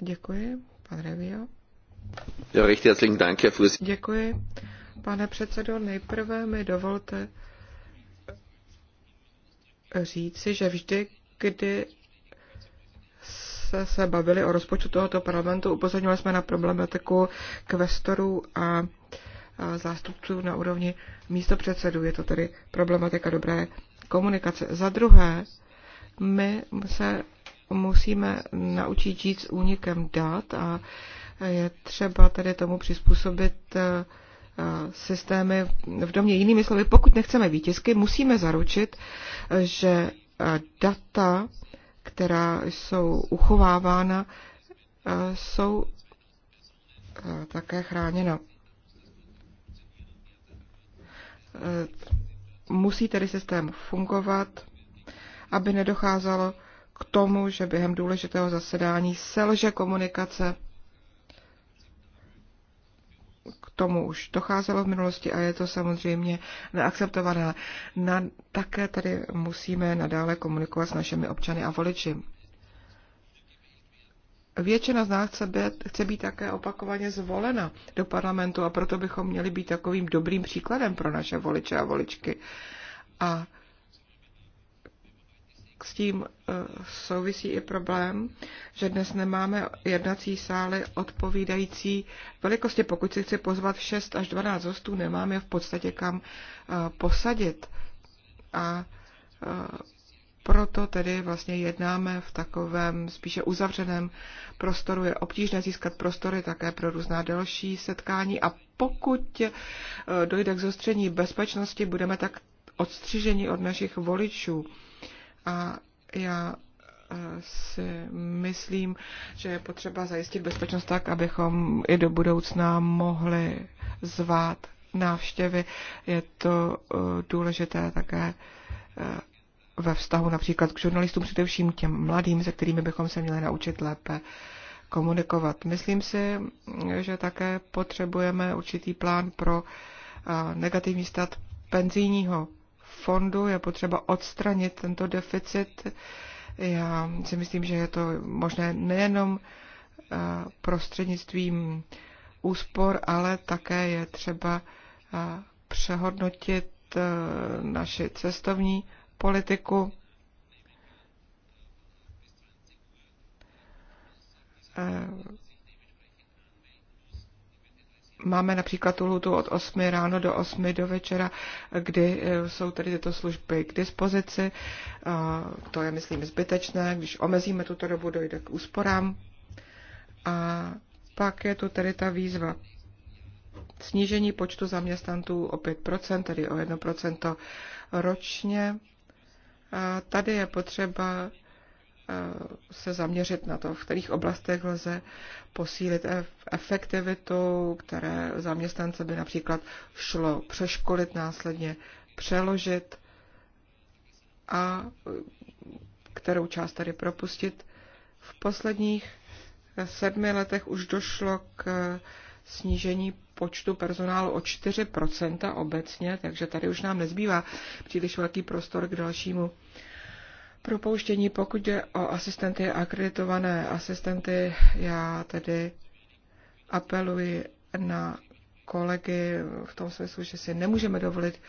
Děkuji, pan Revio. Děkuji, pane předsedo. Nejprve mi dovolte říci, že vždy, kdy se, se bavili o rozpočtu tohoto parlamentu, upozorňovali jsme na problematiku kvestorů a zástupců na úrovni místopředsedů. Je to tedy problematika dobré komunikace. Za druhé, my se musíme naučit žít s únikem dat a je třeba tedy tomu přizpůsobit eh, systémy v domě. Jinými slovy, pokud nechceme výtisky, musíme zaručit, že eh, data která jsou uchovávána, eh, jsou eh, také chráněna. Eh, musí tedy systém fungovat, aby nedocházelo k tomu, že během důležitého zasedání selže komunikace tomu už docházelo v minulosti a je to samozřejmě neakceptované. Na, také tady musíme nadále komunikovat s našimi občany a voliči. Většina z nás chce být, chce být také opakovaně zvolena do parlamentu a proto bychom měli být takovým dobrým příkladem pro naše voliče a voličky. A s tím eh, souvisí i problém, že dnes nemáme jednací sály odpovídající velikosti. Pokud si chci pozvat 6 až 12 hostů, nemáme v podstatě kam eh, posadit. A eh, proto tedy vlastně jednáme v takovém spíše uzavřeném prostoru. Je obtížné získat prostory také pro různá další setkání a pokud dojde k zostření bezpečnosti, budeme tak odstřiženi od našich voličů a já eh, si myslím, že je potřeba zajistit bezpečnost tak, abychom i do budoucna mohli zvát návštěvy. Je to eh, důležité také eh, ve vztahu například k žurnalistům, především těm mladým, se kterými bychom se měli naučit lépe komunikovat. Myslím si, že také potřebujeme určitý plán pro negativní stát penzijního fondu, je potřeba odstranit tento deficit. Já si myslím, že je to možné nejenom eh, prostřednictvím úspor, ale také je třeba eh, přehodnotit eh, naši cestovní politiku. Máme například tu lhutu od 8 ráno do 8 do večera, kdy eh, jsou tedy tyto služby k dispozici. To je, myslím, zbytečné. Když omezíme tuto dobu, dojde k úsporám. A pak je tu tedy ta výzva snížení počtu zaměstnanců o 5%, tedy o 1% ročně. A tady je potřeba Eh, se zaměřit na to, v kterých oblastech lze posílit e- efektivitu, které zaměstnance by například šlo přeškolit, následně přeložit a eh, kterou část tady propustit. V posledních eh, sedmi letech už došlo k snížení počtu personálu o 4% obecně, takže tady už nám nezbývá příliš velký prostor k dalšímu propouštění, pokud jde o asistenty akreditované asistenty, já tedy apeluji na kolegy v tom smyslu, že si nemůžeme dovolit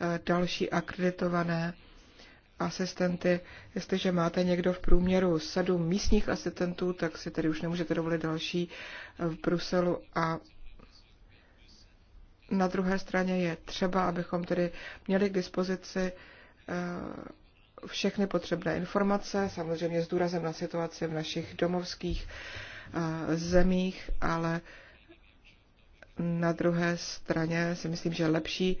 eh, další akreditované asistenty. Jestliže máte někdo v průměru sedm místních asistentů, tak si tedy už nemůžete dovolit další eh, v Bruselu a na druhé straně je třeba, abychom tedy měli k dispozici eh, všechny potřebné informace, samozřejmě s důrazem na situaci v našich domovských zemích, ale na druhé straně si myslím, že lepší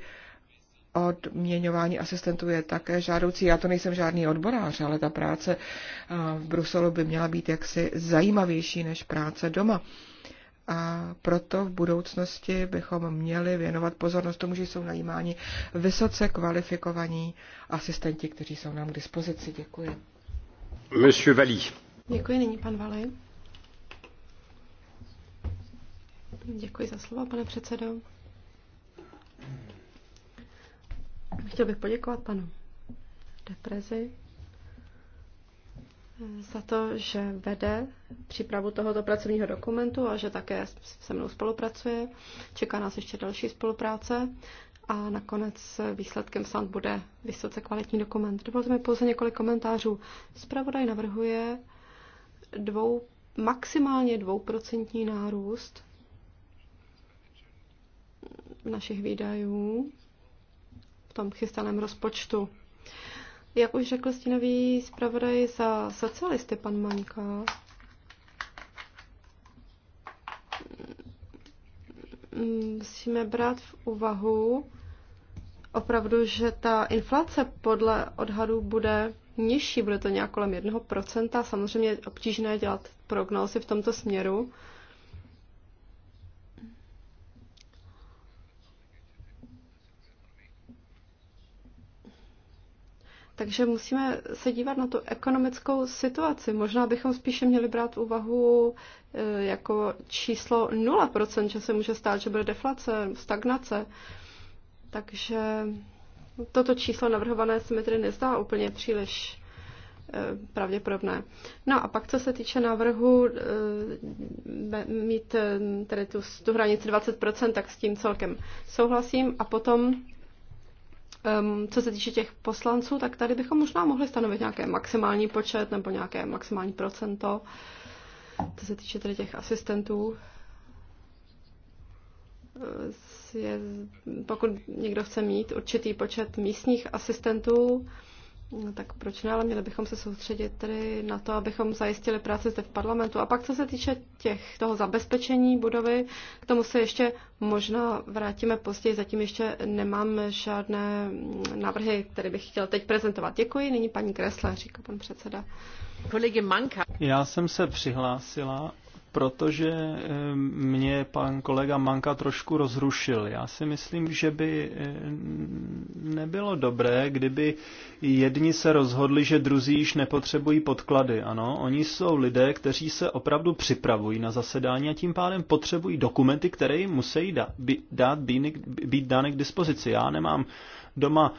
odměňování asistentů je také žádoucí. Já to nejsem žádný odborář, ale ta práce v Bruselu by měla být jaksi zajímavější než práce doma a proto v budoucnosti bychom měli věnovat pozornost tomu, že jsou najímáni vysoce kvalifikovaní asistenti, kteří jsou nám k dispozici. Děkuji. Monsieur Valli. Děkuji, nyní pan Valli. Děkuji za slovo, pane předsedo. Chtěl bych poděkovat panu Deprezi za to, že vede přípravu tohoto pracovního dokumentu a že také se mnou spolupracuje. Čeká nás ještě další spolupráce a nakonec výsledkem snad bude vysoce kvalitní dokument. Dovolte mi pouze několik komentářů. Spravodaj navrhuje dvou, maximálně dvouprocentní nárůst našich výdajů v tom chystaném rozpočtu. Jak už řekl stínový zpravodaj za socialisty, pan Maňka, musíme brát v úvahu opravdu, že ta inflace podle odhadů bude nižší, bude to nějak kolem 1%. Samozřejmě je obtížné dělat prognózy v tomto směru, Takže musíme se dívat na tu ekonomickou situaci. Možná bychom spíše měli brát v úvahu e, jako číslo 0%, že se může stát, že bude deflace, stagnace. Takže toto číslo navrhované se mi tedy nezdá úplně příliš e, pravděpodobné. No a pak, co se týče návrhu e, mít tedy tu, tu hranici 20%, tak s tím celkem souhlasím. A potom Um, co se týče těch poslanců, tak tady bychom možná mohli stanovit nějaké maximální počet nebo nějaké maximální procento. Co se týče tady těch asistentů, ehm, je, pokud někdo chce mít určitý počet místních asistentů, No tak proč ne, ale měli bychom se soustředit tedy na to, abychom zajistili práci zde v parlamentu. A pak, co se týče těch, toho zabezpečení budovy, k tomu se ještě možná vrátíme později. Zatím ještě nemám žádné návrhy, které bych chtěl teď prezentovat. Děkuji. Nyní paní Kresle, říká pan předseda. Kolegy Manka. Já jsem se přihlásila protože eh, mě pan kolega Manka trošku rozrušil. Já si myslím, že by eh, nebylo dobré, kdyby jedni se rozhodli, že druzí již nepotřebují podklady. Ano, oni jsou lidé, kteří se opravdu připravují na zasedání a tím pádem potřebují dokumenty, které jim musí dát, být dány k dispozici. Já nemám doma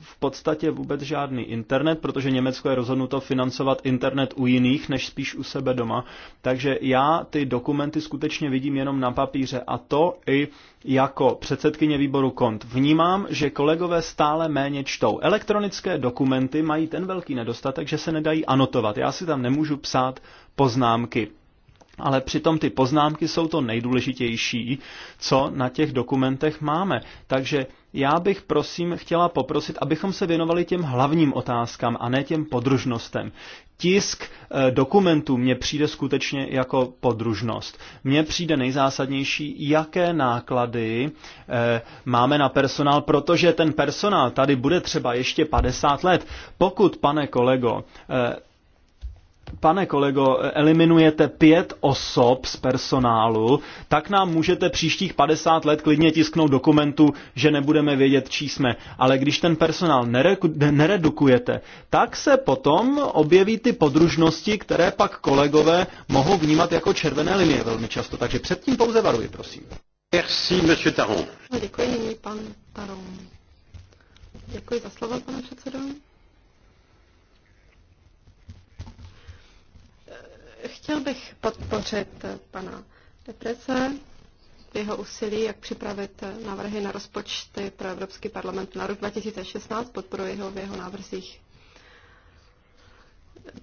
v podstatě vůbec žádný internet, protože Německo je rozhodnuto financovat internet u jiných, než spíš u sebe doma. Takže já ty dokumenty skutečně vidím jenom na papíře a to i jako předsedkyně výboru KONT. Vnímám, že kolegové stále méně čtou. Elektronické dokumenty mají ten velký nedostatek, že se nedají anotovat. Já si tam nemůžu psát poznámky ale přitom ty poznámky jsou to nejdůležitější, co na těch dokumentech máme. Takže já bych prosím chtěla poprosit, abychom se věnovali těm hlavním otázkám a ne těm podružnostem. Tisk eh, dokumentů mně přijde skutečně jako podružnost. Mně přijde nejzásadnější, jaké náklady eh, máme na personál, protože ten personál tady bude třeba ještě 50 let. Pokud, pane kolego, eh, pane kolego, eliminujete pět osob z personálu, tak nám můžete příštích 50 let klidně tisknout dokumentu, že nebudeme vědět, čí jsme. Ale když ten personál neredukujete, tak se potom objeví ty podružnosti, které pak kolegové mohou vnímat jako červené linie velmi často. Takže předtím pouze varuji, prosím. Merci, monsieur Taron. No, děkuji, pan Taron. Děkuji za slovo, pane předsedo. Chtěl bych podpořit pana Deprece v jeho úsilí, jak připravit návrhy na rozpočty pro Evropský parlament na rok 2016, podporuji ho v jeho návrzích.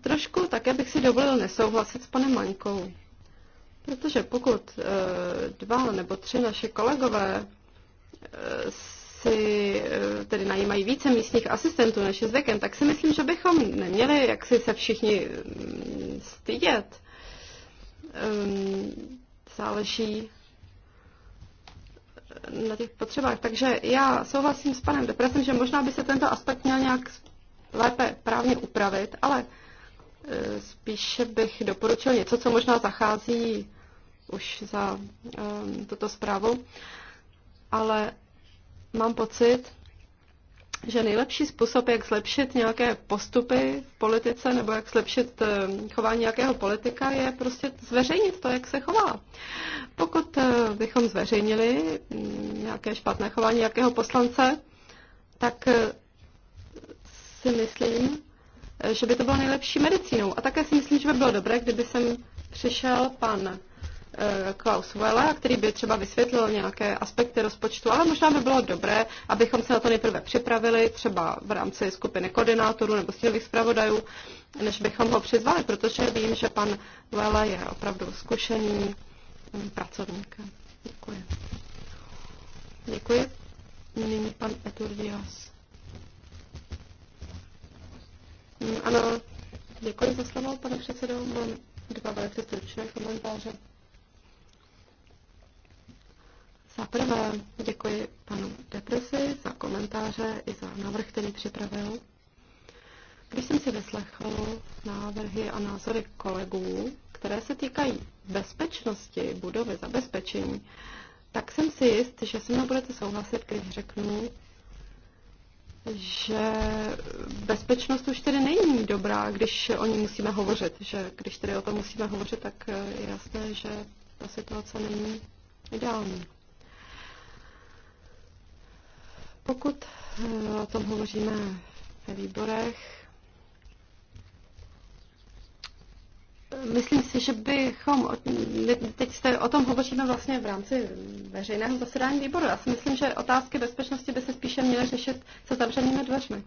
Trošku také bych si dovolil nesouhlasit s panem Maňkou, protože pokud eh, dva nebo tři naše kolegové eh, si eh, tedy najímají více místních asistentů než je zvykem, tak si myslím, že bychom neměli jak si se všichni mm, stydět. Ehm, záleží eh, na těch potřebách. Takže já souhlasím s panem Depresem, že možná by se tento aspekt měl nějak lépe právně upravit, ale eh, spíše bych doporučil něco, co možná zachází už za um, tuto zprávu, ale mám pocit, že nejlepší způsob, jak zlepšit nějaké postupy v politice nebo jak zlepšit eh, chování nějakého politika, je prostě zveřejnit to, jak se chová. Pokud eh, bychom zveřejnili mm, nějaké špatné chování nějakého poslance, tak eh, si myslím, že by to bylo nejlepší medicínou. A také si myslím, že by bylo dobré, kdyby sem přišel pan Eh, Klaus Welle, který by třeba vysvětlil nějaké aspekty rozpočtu, ale možná by bylo dobré, abychom se na to nejprve připravili, třeba v rámci skupiny koordinátorů nebo stínových zpravodajů, než bychom ho přizvali, protože vím, že pan Welle je opravdu zkušený eh, pracovník. Děkuji. Děkuji. Nyní pan Eturdias. Hmm, ano, děkuji za slovo, pane předsedo. Mám dva velice stručné komentáře. Za prvé děkuji panu Depresi za komentáře i za návrh, který připravil. Když jsem si vyslechl návrhy a názory kolegů, které se týkají bezpečnosti budovy, zabezpečení, tak jsem si jist, že se mnou budete souhlasit, když řeknu, že bezpečnost už tedy není dobrá, když o ní musíme hovořit. Že když tedy o tom musíme hovořit, tak je jasné, že ta situace není ideální. Pokud eh, o tom hovoříme ve výborech, Myslím si, že bychom, teď jste, o tom hovoříme vlastně v rámci veřejného zasedání výboru. Já si myslím, že otázky bezpečnosti by se spíše měly řešit se zavřenými dveřmi.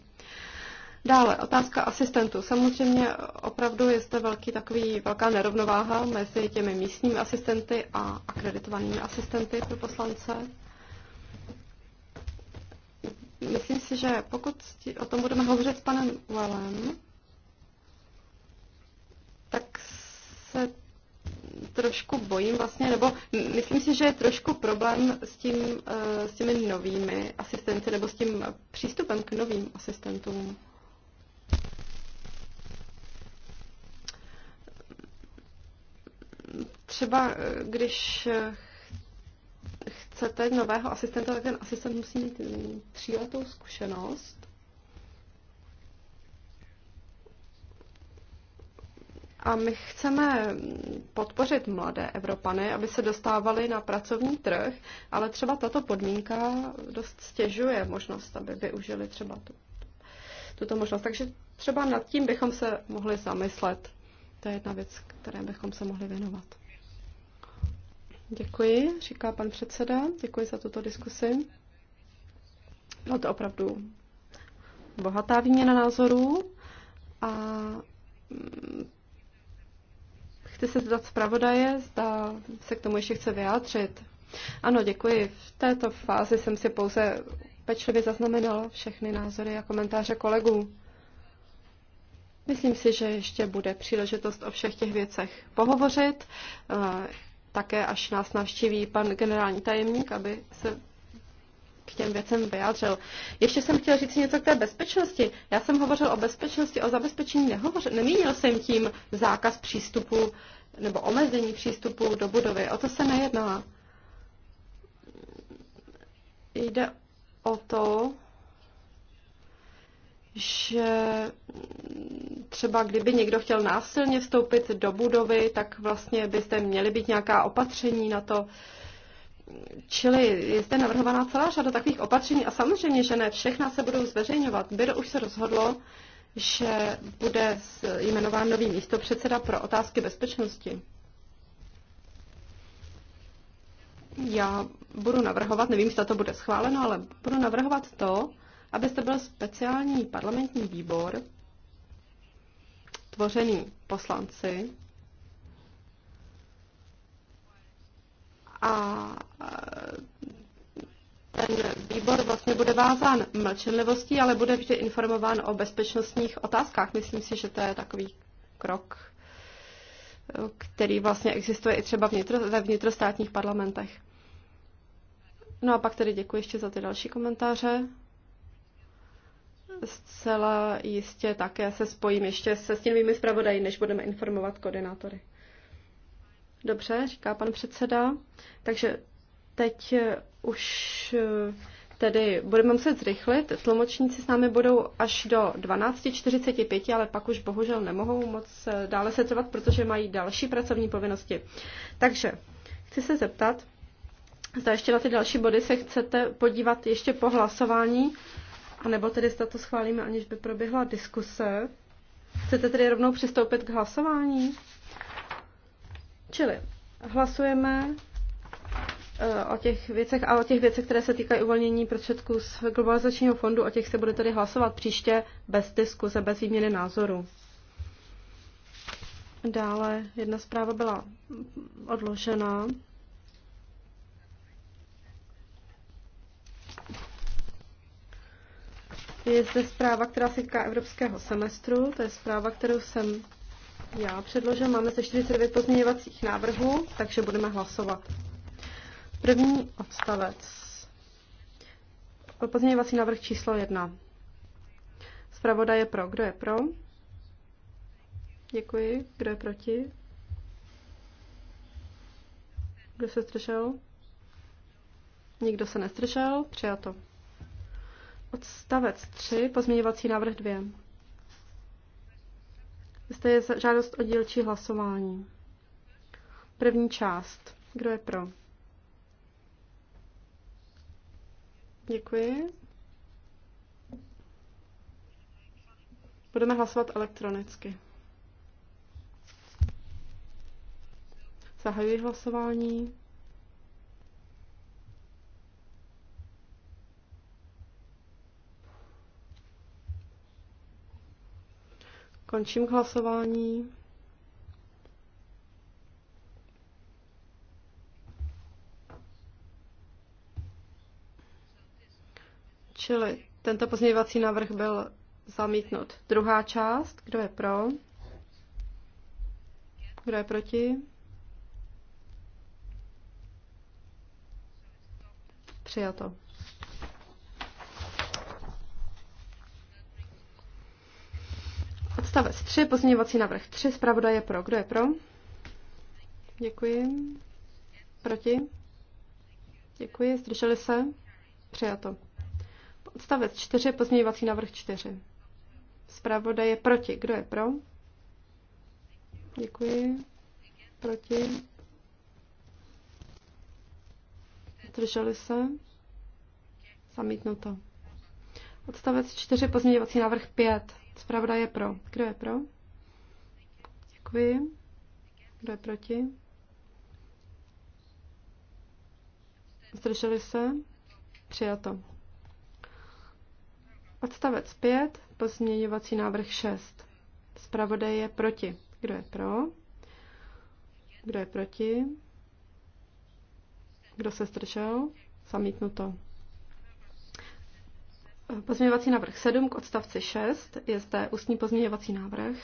Dále, otázka asistentů. Samozřejmě opravdu je zde velký, takový, velká nerovnováha mezi těmi místními asistenty a akreditovanými asistenty pro poslance myslím si, že pokud o tom budeme hovořit s panem Wellem, tak se trošku bojím vlastně, nebo myslím si, že je trošku problém s, tím, eh, s těmi novými asistenty, nebo s tím přístupem k novým asistentům. Třeba eh, když eh, chcete nového asistenta, tak ten asistent musí mít tříletou zkušenost. A my chceme podpořit mladé Evropany, aby se dostávali na pracovní trh, ale třeba tato podmínka dost stěžuje možnost, aby využili třeba tu, tuto možnost. Takže třeba nad tím bychom se mohli zamyslet. To je jedna věc, které bychom se mohli věnovat. Děkuji, říká pan předseda. Děkuji za tuto diskusi. Byla to opravdu bohatá výměna názorů a mm, chci se zdat zpravodaje, zda se k tomu ještě chce vyjádřit. Ano, děkuji. V této fázi jsem si pouze pečlivě zaznamenal všechny názory a komentáře kolegů. Myslím si, že ještě bude příležitost o všech těch věcech pohovořit také, až nás navštíví pan generální tajemník, aby se k těm věcem vyjádřil. Ještě jsem chtěl říct něco k té bezpečnosti. Já jsem hovořil o bezpečnosti, o zabezpečení, nehovořil, nemínil jsem tím zákaz přístupu nebo omezení přístupu do budovy. O to se nejedná. Jde o to, že třeba kdyby někdo chtěl násilně vstoupit do budovy, tak vlastně byste měli být nějaká opatření na to. Čili je zde navrhovaná celá řada takových opatření a samozřejmě, že ne všechna se budou zveřejňovat. Byro už se rozhodlo, že bude jmenován nový místopředseda pro otázky bezpečnosti. Já budu navrhovat, nevím, zda to bude schváleno, ale budu navrhovat to, abyste byl speciální parlamentní výbor tvořený poslanci a e, ten výbor vlastně bude vázán mlčenlivostí, ale bude vždy informován o bezpečnostních otázkách. Myslím si, že to je takový krok, který vlastně existuje i třeba vnitro, ve vnitrostátních parlamentech. No a pak tedy děkuji ještě za ty další komentáře zcela jistě také se spojím ještě se stínovými zpravodají, než budeme informovat koordinátory. Dobře, říká pan předseda. Takže teď eh, už eh, tedy budeme muset zrychlit. Tlumočníci s námi budou až do 12.45, ale pak už bohužel nemohou moc eh, dále se trvat, protože mají další pracovní povinnosti. Takže chci se zeptat, zda ještě na ty další body se chcete podívat ještě po hlasování. A nebo tedy zda to schválíme, aniž by proběhla diskuse. Chcete tedy rovnou přistoupit k hlasování? Čili hlasujeme eh, o těch věcech a o těch věcech, které se týkají uvolnění prostředků z globalizačního fondu, o těch se bude tedy hlasovat příště bez diskuze, bez výměny názoru. Dále jedna zpráva byla odložena. Je zde zpráva, která se týká evropského semestru. To je zpráva, kterou jsem já předložil. Máme ze 49 pozměňovacích návrhů, takže budeme hlasovat. První odstavec. Pozměňovací návrh číslo 1. Zpravoda je pro. Kdo je pro? Děkuji. Kdo je proti? Kdo se zdržel? Nikdo se nestržel. Přijato. Odstavec 3, pozměňovací návrh 2. Zde je žádost o dílčí hlasování. První část. Kdo je pro? Děkuji. Budeme hlasovat elektronicky. Zahajuji hlasování. Končím hlasování. Čili tento pozměňovací návrh byl zamítnut. Druhá část, kdo je pro? Kdo je proti? Přijato. Odstavec 3, pozměňovací návrh 3, zpravodaje pro. Kdo je pro? Děkuji. Proti? Děkuji. Zdrželi se? Přijato. Odstavec 4, pozměňovací návrh 4. Zpravodaj je proti. Kdo je pro? Děkuji. Proti? Zdrželi se? Zamítnuto. Odstavec 4, pozměňovací návrh 5. Zpravda je pro. Kdo je pro? Děkuji. Kdo je proti? Zdrželi se? Přijato. Odstavec 5, pozměňovací návrh 6. Zpravodaj je proti. Kdo je pro? Kdo je proti? Kdo se zdržel? Zamítnuto. Pozměňovací návrh 7 k odstavci 6 je zde ústní pozměňovací návrh.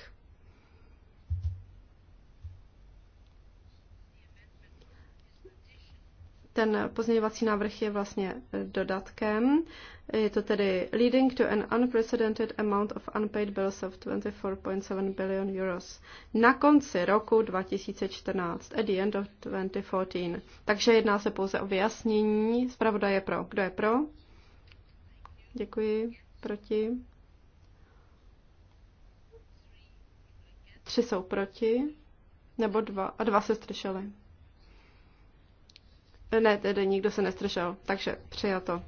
Ten pozměňovací návrh je vlastně dodatkem. Je to tedy leading to an unprecedented amount of unpaid bills of 24.7 billion euros na konci roku 2014, at the end of 2014. Takže jedná se pouze o vyjasnění je pro. Kdo je pro? Děkuji. Proti. Tři jsou proti. Nebo dva. A dva se zdrželi. Ne, tedy nikdo se nestršel, takže přijato.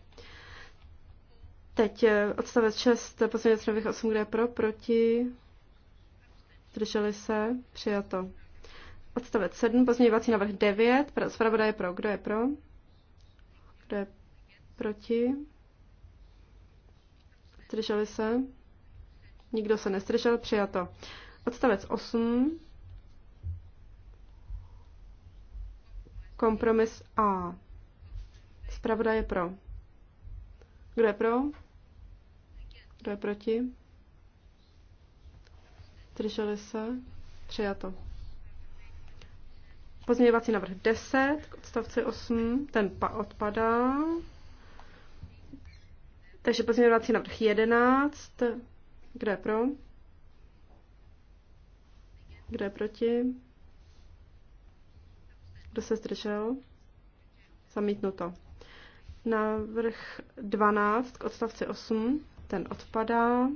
Teď eh, odstavec 6, poslední odstavec 8, kde je pro, proti, drželi se, přijato. Odstavec 7, pozměňovací návrh 9, zpravodaj je pro, kdo je pro, kdo je proti, Zdrželi se? Nikdo se nestržel, přijato. Odstavec 8. Kompromis A. Zpravodaj je pro. Kdo je pro? Kdo je proti? Zdrželi se? Přijato. Pozměňovací návrh 10 k odstavci 8, ten pa odpadá. Takže pozměňovací návrh 11. Kdo je pro? Kdo je proti? Kdo se zdržel? Zamítnuto. Návrh 12 k odstavci 8, ten odpadá.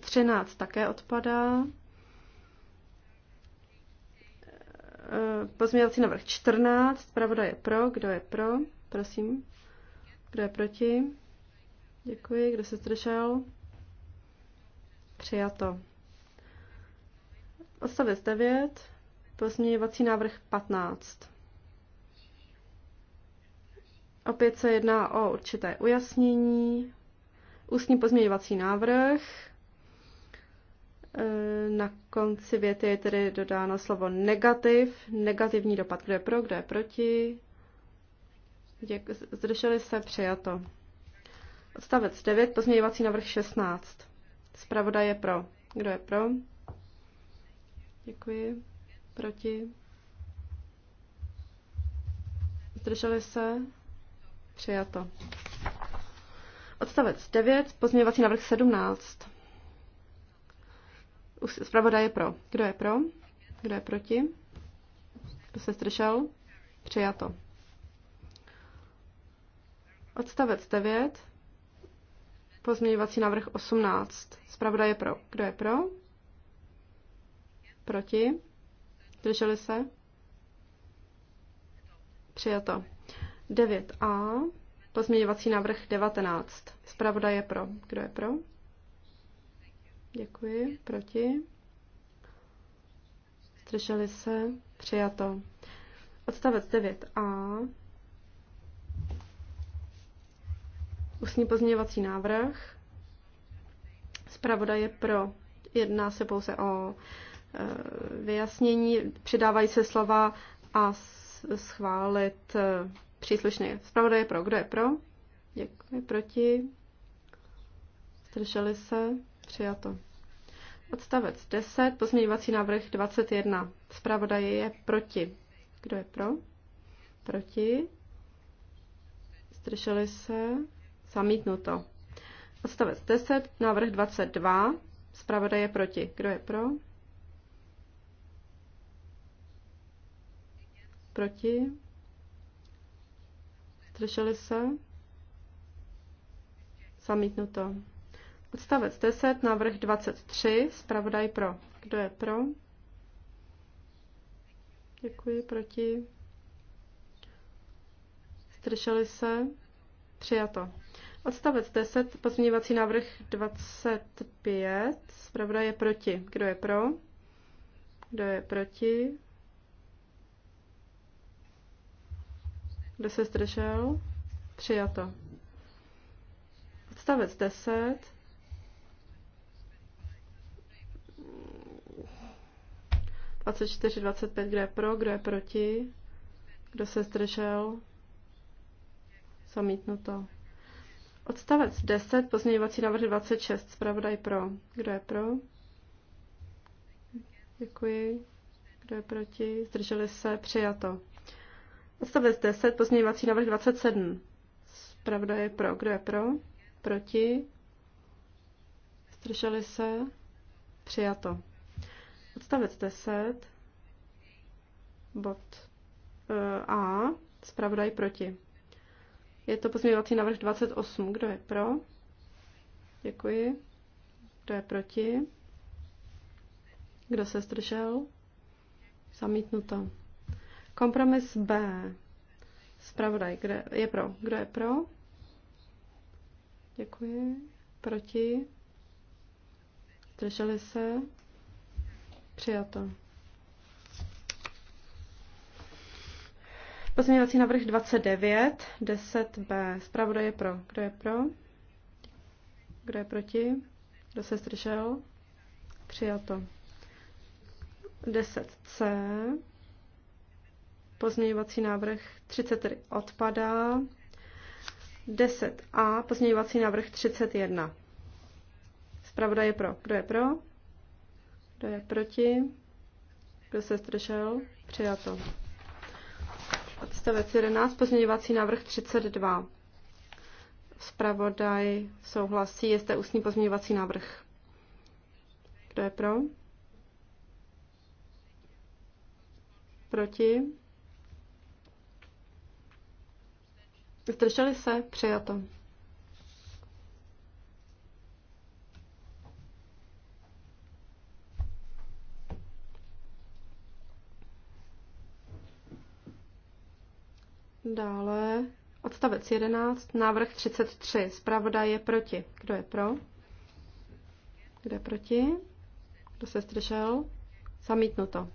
13 také odpadá. Eh, pozměňovací návrh 14, pravda je pro, kdo je pro, prosím, kdo je proti, Děkuji. Kdo se zdržel? Přijato. Odstavec 9. Pozměňovací návrh 15. Opět se jedná o určité ujasnění. Ústní pozměňovací návrh. E, na konci věty je tedy dodáno slovo negativ, negativní dopad. Kdo je pro, kdo je proti? zdrželi se, přijato. Odstavec 9, pozměňovací návrh 16. Zpravodaj je pro. Kdo je pro? Děkuji. Proti? Zdrželi se? Přijato. Odstavec 9, pozměňovací návrh 17. Zpravodaj je pro. Kdo je pro? Kdo je proti? Kdo se zdržel? Přijato. Odstavec 9, Pozměňovací návrh 18. Zpravda je pro. Kdo je pro? Proti? Drželi se? Přijato. 9a. Pozměňovací návrh 19. Zpravda je pro. Kdo je pro? Děkuji. Proti? Drželi se? Přijato. Odstavec 9a. Ústní pozměňovací návrh. Zpravoda je pro. Jedná se pouze o e, vyjasnění. Přidávají se slova a schválit e, příslušně. Zpravoda je pro. Kdo je pro? Děkuji. Proti? Zdrželi se? Přijato. Odstavec 10, pozměňovací návrh 21. Zpravodaj je proti. Kdo je pro? Proti? Zdrželi se? Zamítnuto. Odstavec 10, návrh 22. Zpravodaj je proti. Kdo je pro? Proti? Zdrželi se? Zamítnuto. Odstavec 10, návrh 23, zpravodaj pro. Kdo je pro? Děkuji, proti. Zdrželi se? Přijato. Odstavec 10, pozměňovací návrh 25. Zpravda je proti. Kdo je pro? Kdo je proti? Kdo se zdržel? Přijato. Odstavec 10. Dvacet čtyři, dvacet pět, kdo je pro, kdo je proti, kdo se zdržel, zamítnuto. Odstavec 10, pozměňovací návrh 26, zpravodaj pro. Kdo je pro? Děkuji. Kdo je proti? Zdrželi se? Přijato. Odstavec 10, pozměňovací návrh 27. zpravodaj pro. Kdo je pro? Proti? Zdrželi se? Přijato. Odstavec 10, bod uh, A, zpravodaj proti. Je to pozměňovací návrh 28. Kdo je pro? Děkuji. Kdo je proti? Kdo se zdržel? Zamítnuto. Kompromis B. Spravodaj, kde je pro? Kdo je pro? Děkuji. Proti? Zdrželi se? Přijato. Pozměňovací návrh 29, 10b. Zpravodaj je pro. Kdo je pro? Kdo je proti? Kdo se zdržel? Přijato. 10c. Pozměňovací návrh 33 odpadá. 10a. Pozměňovací návrh 31. Zpravodaj je pro. Kdo je pro? Kdo je proti? Kdo se zdržel? Přijato odstavec 11, pozměňovací návrh 32. Zpravodaj souhlasí, je zde ústní pozměňovací návrh. Kdo je pro? Proti? Zdrželi se? Přijato. Dále odstavec 11, návrh 33. Zpravoda je proti. Kdo je pro? Kdo je proti? Kdo se zdržel? Zamítnuto.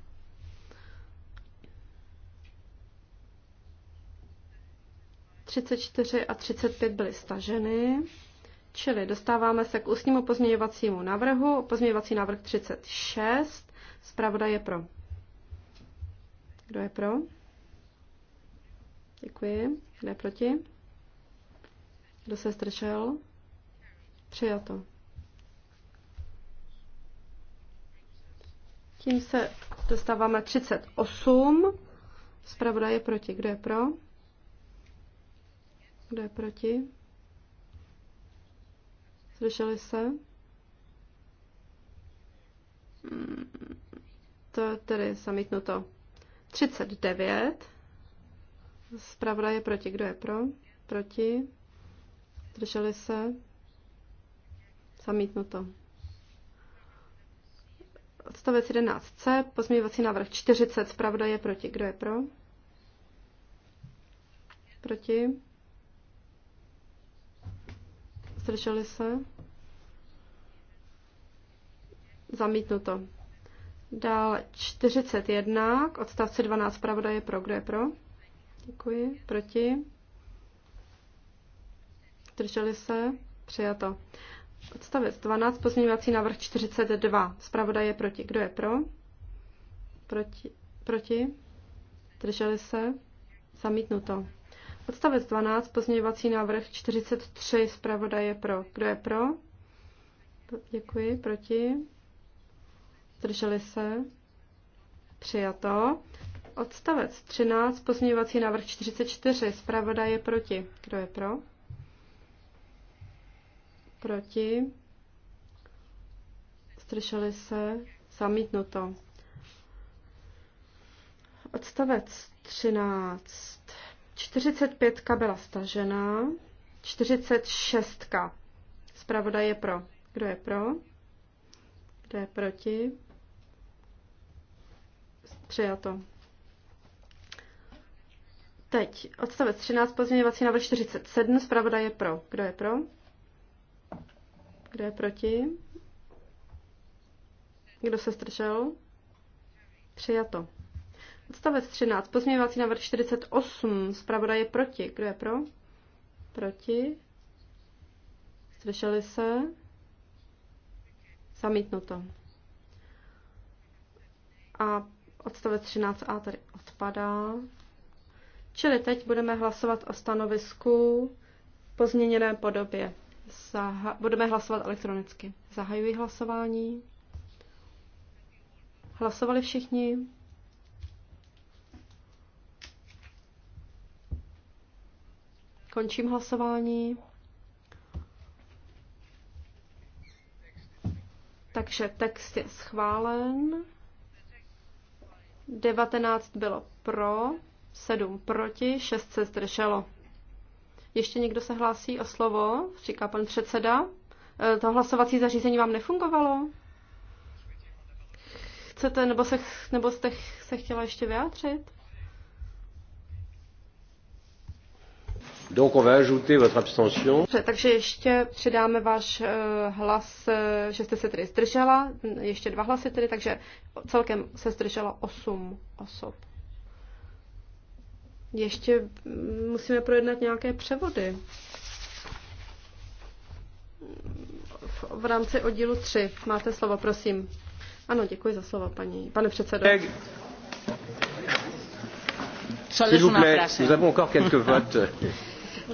a 35 byly staženy, čili dostáváme se k ústnímu pozměňovacímu návrhu. Pozměňovací návrh 36. Zpravda je pro. Kdo je pro? Děkuji. Kde je proti? Kdo se strčel? Přijato. Tím se dostáváme 38. Zpravda je proti. Kdo je pro? Kdo je proti? Slyšeli se? Hmm, to je tedy zamítnuto. 39. Zpravda je proti. Kdo je pro? Proti. Drželi se. Zamítnuto. Odstavec 11c, pozměňovací návrh 40, zpravda je proti. Kdo je pro? Proti. Zdrželi se. Zamítnuto. Dále 41 k odstavci 12 Pravda je pro. Kdo je pro? Děkuji. Proti? Drželi se? Přijato. Odstavec 12, pozměňovací návrh 42. Zpravodaj je proti. Kdo je pro? Proti? proti? Drželi se? Zamítnuto. Odstavec 12, pozměňovací návrh 43, zpravodaj je pro. Kdo je pro? Děkuji. Proti? Drželi se? Přijato. Odstavec 13, pozměňovací návrh 44, zpravodaj je proti. Kdo je pro? Proti. Zdrželi se. Zamítnuto. Odstavec 13. 45 byla stažena. 46. Zpravodaj je pro. Kdo je pro? Kdo je proti? Přijato. Teď odstavec 13, pozměňovací návrh 47, zpravoda je pro. Kdo je pro? Kdo je proti? Kdo se zdržel? Přijato. Odstavec 13, pozměňovací návrh 48, zpravoda je proti. Kdo je pro? Proti. Zdrželi se? Zamítnuto. A odstavec 13a tady odpadá. Čili teď budeme hlasovat o stanovisku pozměněné podobě. Zaha- budeme hlasovat elektronicky. Zahajuji hlasování. Hlasovali všichni? Končím hlasování. Takže text je schválen. 19 bylo pro, 7 proti, 6 se zdrželo. Ještě někdo se hlásí o slovo, říká pan předseda. E, to hlasovací zařízení vám nefungovalo? Chcete, nebo, se, nebo jste se chtěla ještě vyjádřit? Donc on va ajouter votre abstention. Takže ještě přidáme váš e, hlas, e, že jste se tedy zdržela, ještě dva hlasy tedy, takže celkem se zdrželo osm osob. Ještě musíme projednat nějaké převody. V, v rámci oddílu 3 máte slovo, prosím. Ano, děkuji za slovo, paní, pane předsedo. S'il vous plaît, (laughs)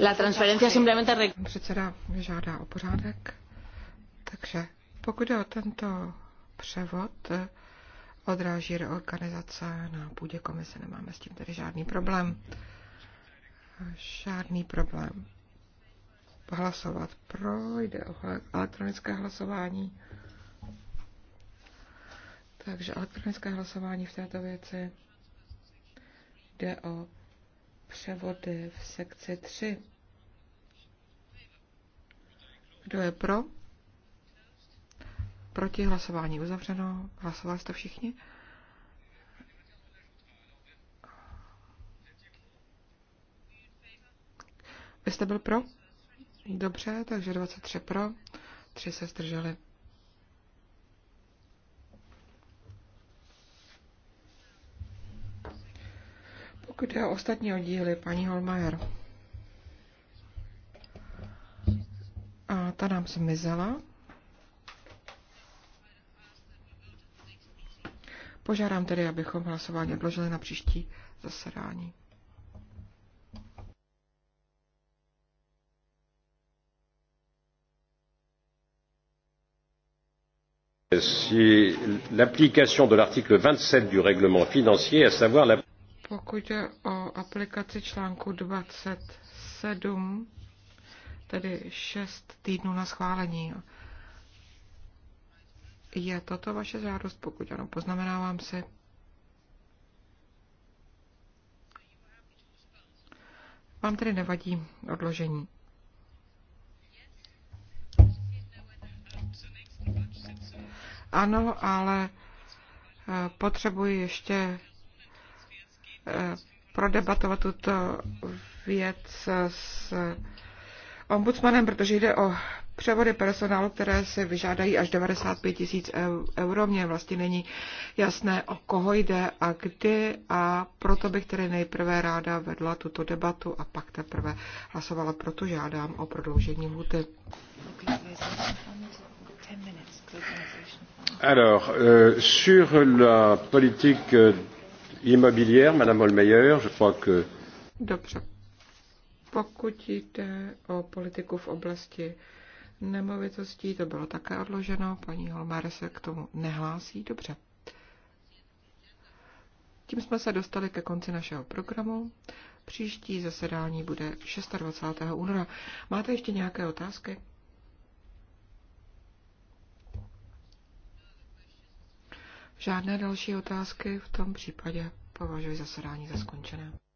La transferencia simplemente... Předseda žádá o pořádek, takže pokud je o tento převod, odráží reorganizace na půdě komise. Nemáme s tím tedy žádný problém. Žádný problém. Hlasovat pro, jde o elektronické hlasování. Takže elektronické hlasování v této věci jde o převody v sekci 3. Kdo je pro? proti, hlasování uzavřeno. Hlasovali jste všichni? Vy jste byl pro? Dobře, takže 23 pro, 3 se zdrželi. Pokud je ostatní oddíly, paní Holmajer. A ta nám zmizela. Požádám tedy, abychom hlasování odložili na příští zasedání. si l'application de l'article 27 du règlement financier, à savoir la... Pokud je o aplikaci článku 27, tedy 6 týdnů na schválení je toto vaše žádost? Pokud ano, poznamenávám si. Vám tedy nevadí odložení. Ano, ale eh, potřebuji ještě eh, prodebatovat tuto věc s ombudsmanem, protože jde o převody personálu, které se vyžádají až 95 tisíc euro. Mně vlastně není jasné, o koho jde a kdy a proto bych tedy nejprve ráda vedla tuto debatu a pak teprve hlasovala, proto žádám o prodloužení lhuty. Alors, euh, sur la politique euh, immobilière, Madame Olmeyer, je crois que... Dobře. Pokud jde o politiku v oblasti nemovitostí, to bylo také odloženo, paní Holmár se k tomu nehlásí, dobře. Tím jsme se dostali ke konci našeho programu. Příští zasedání bude 26. února. Máte ještě nějaké otázky? Žádné další otázky v tom případě považuji zasedání za skončené.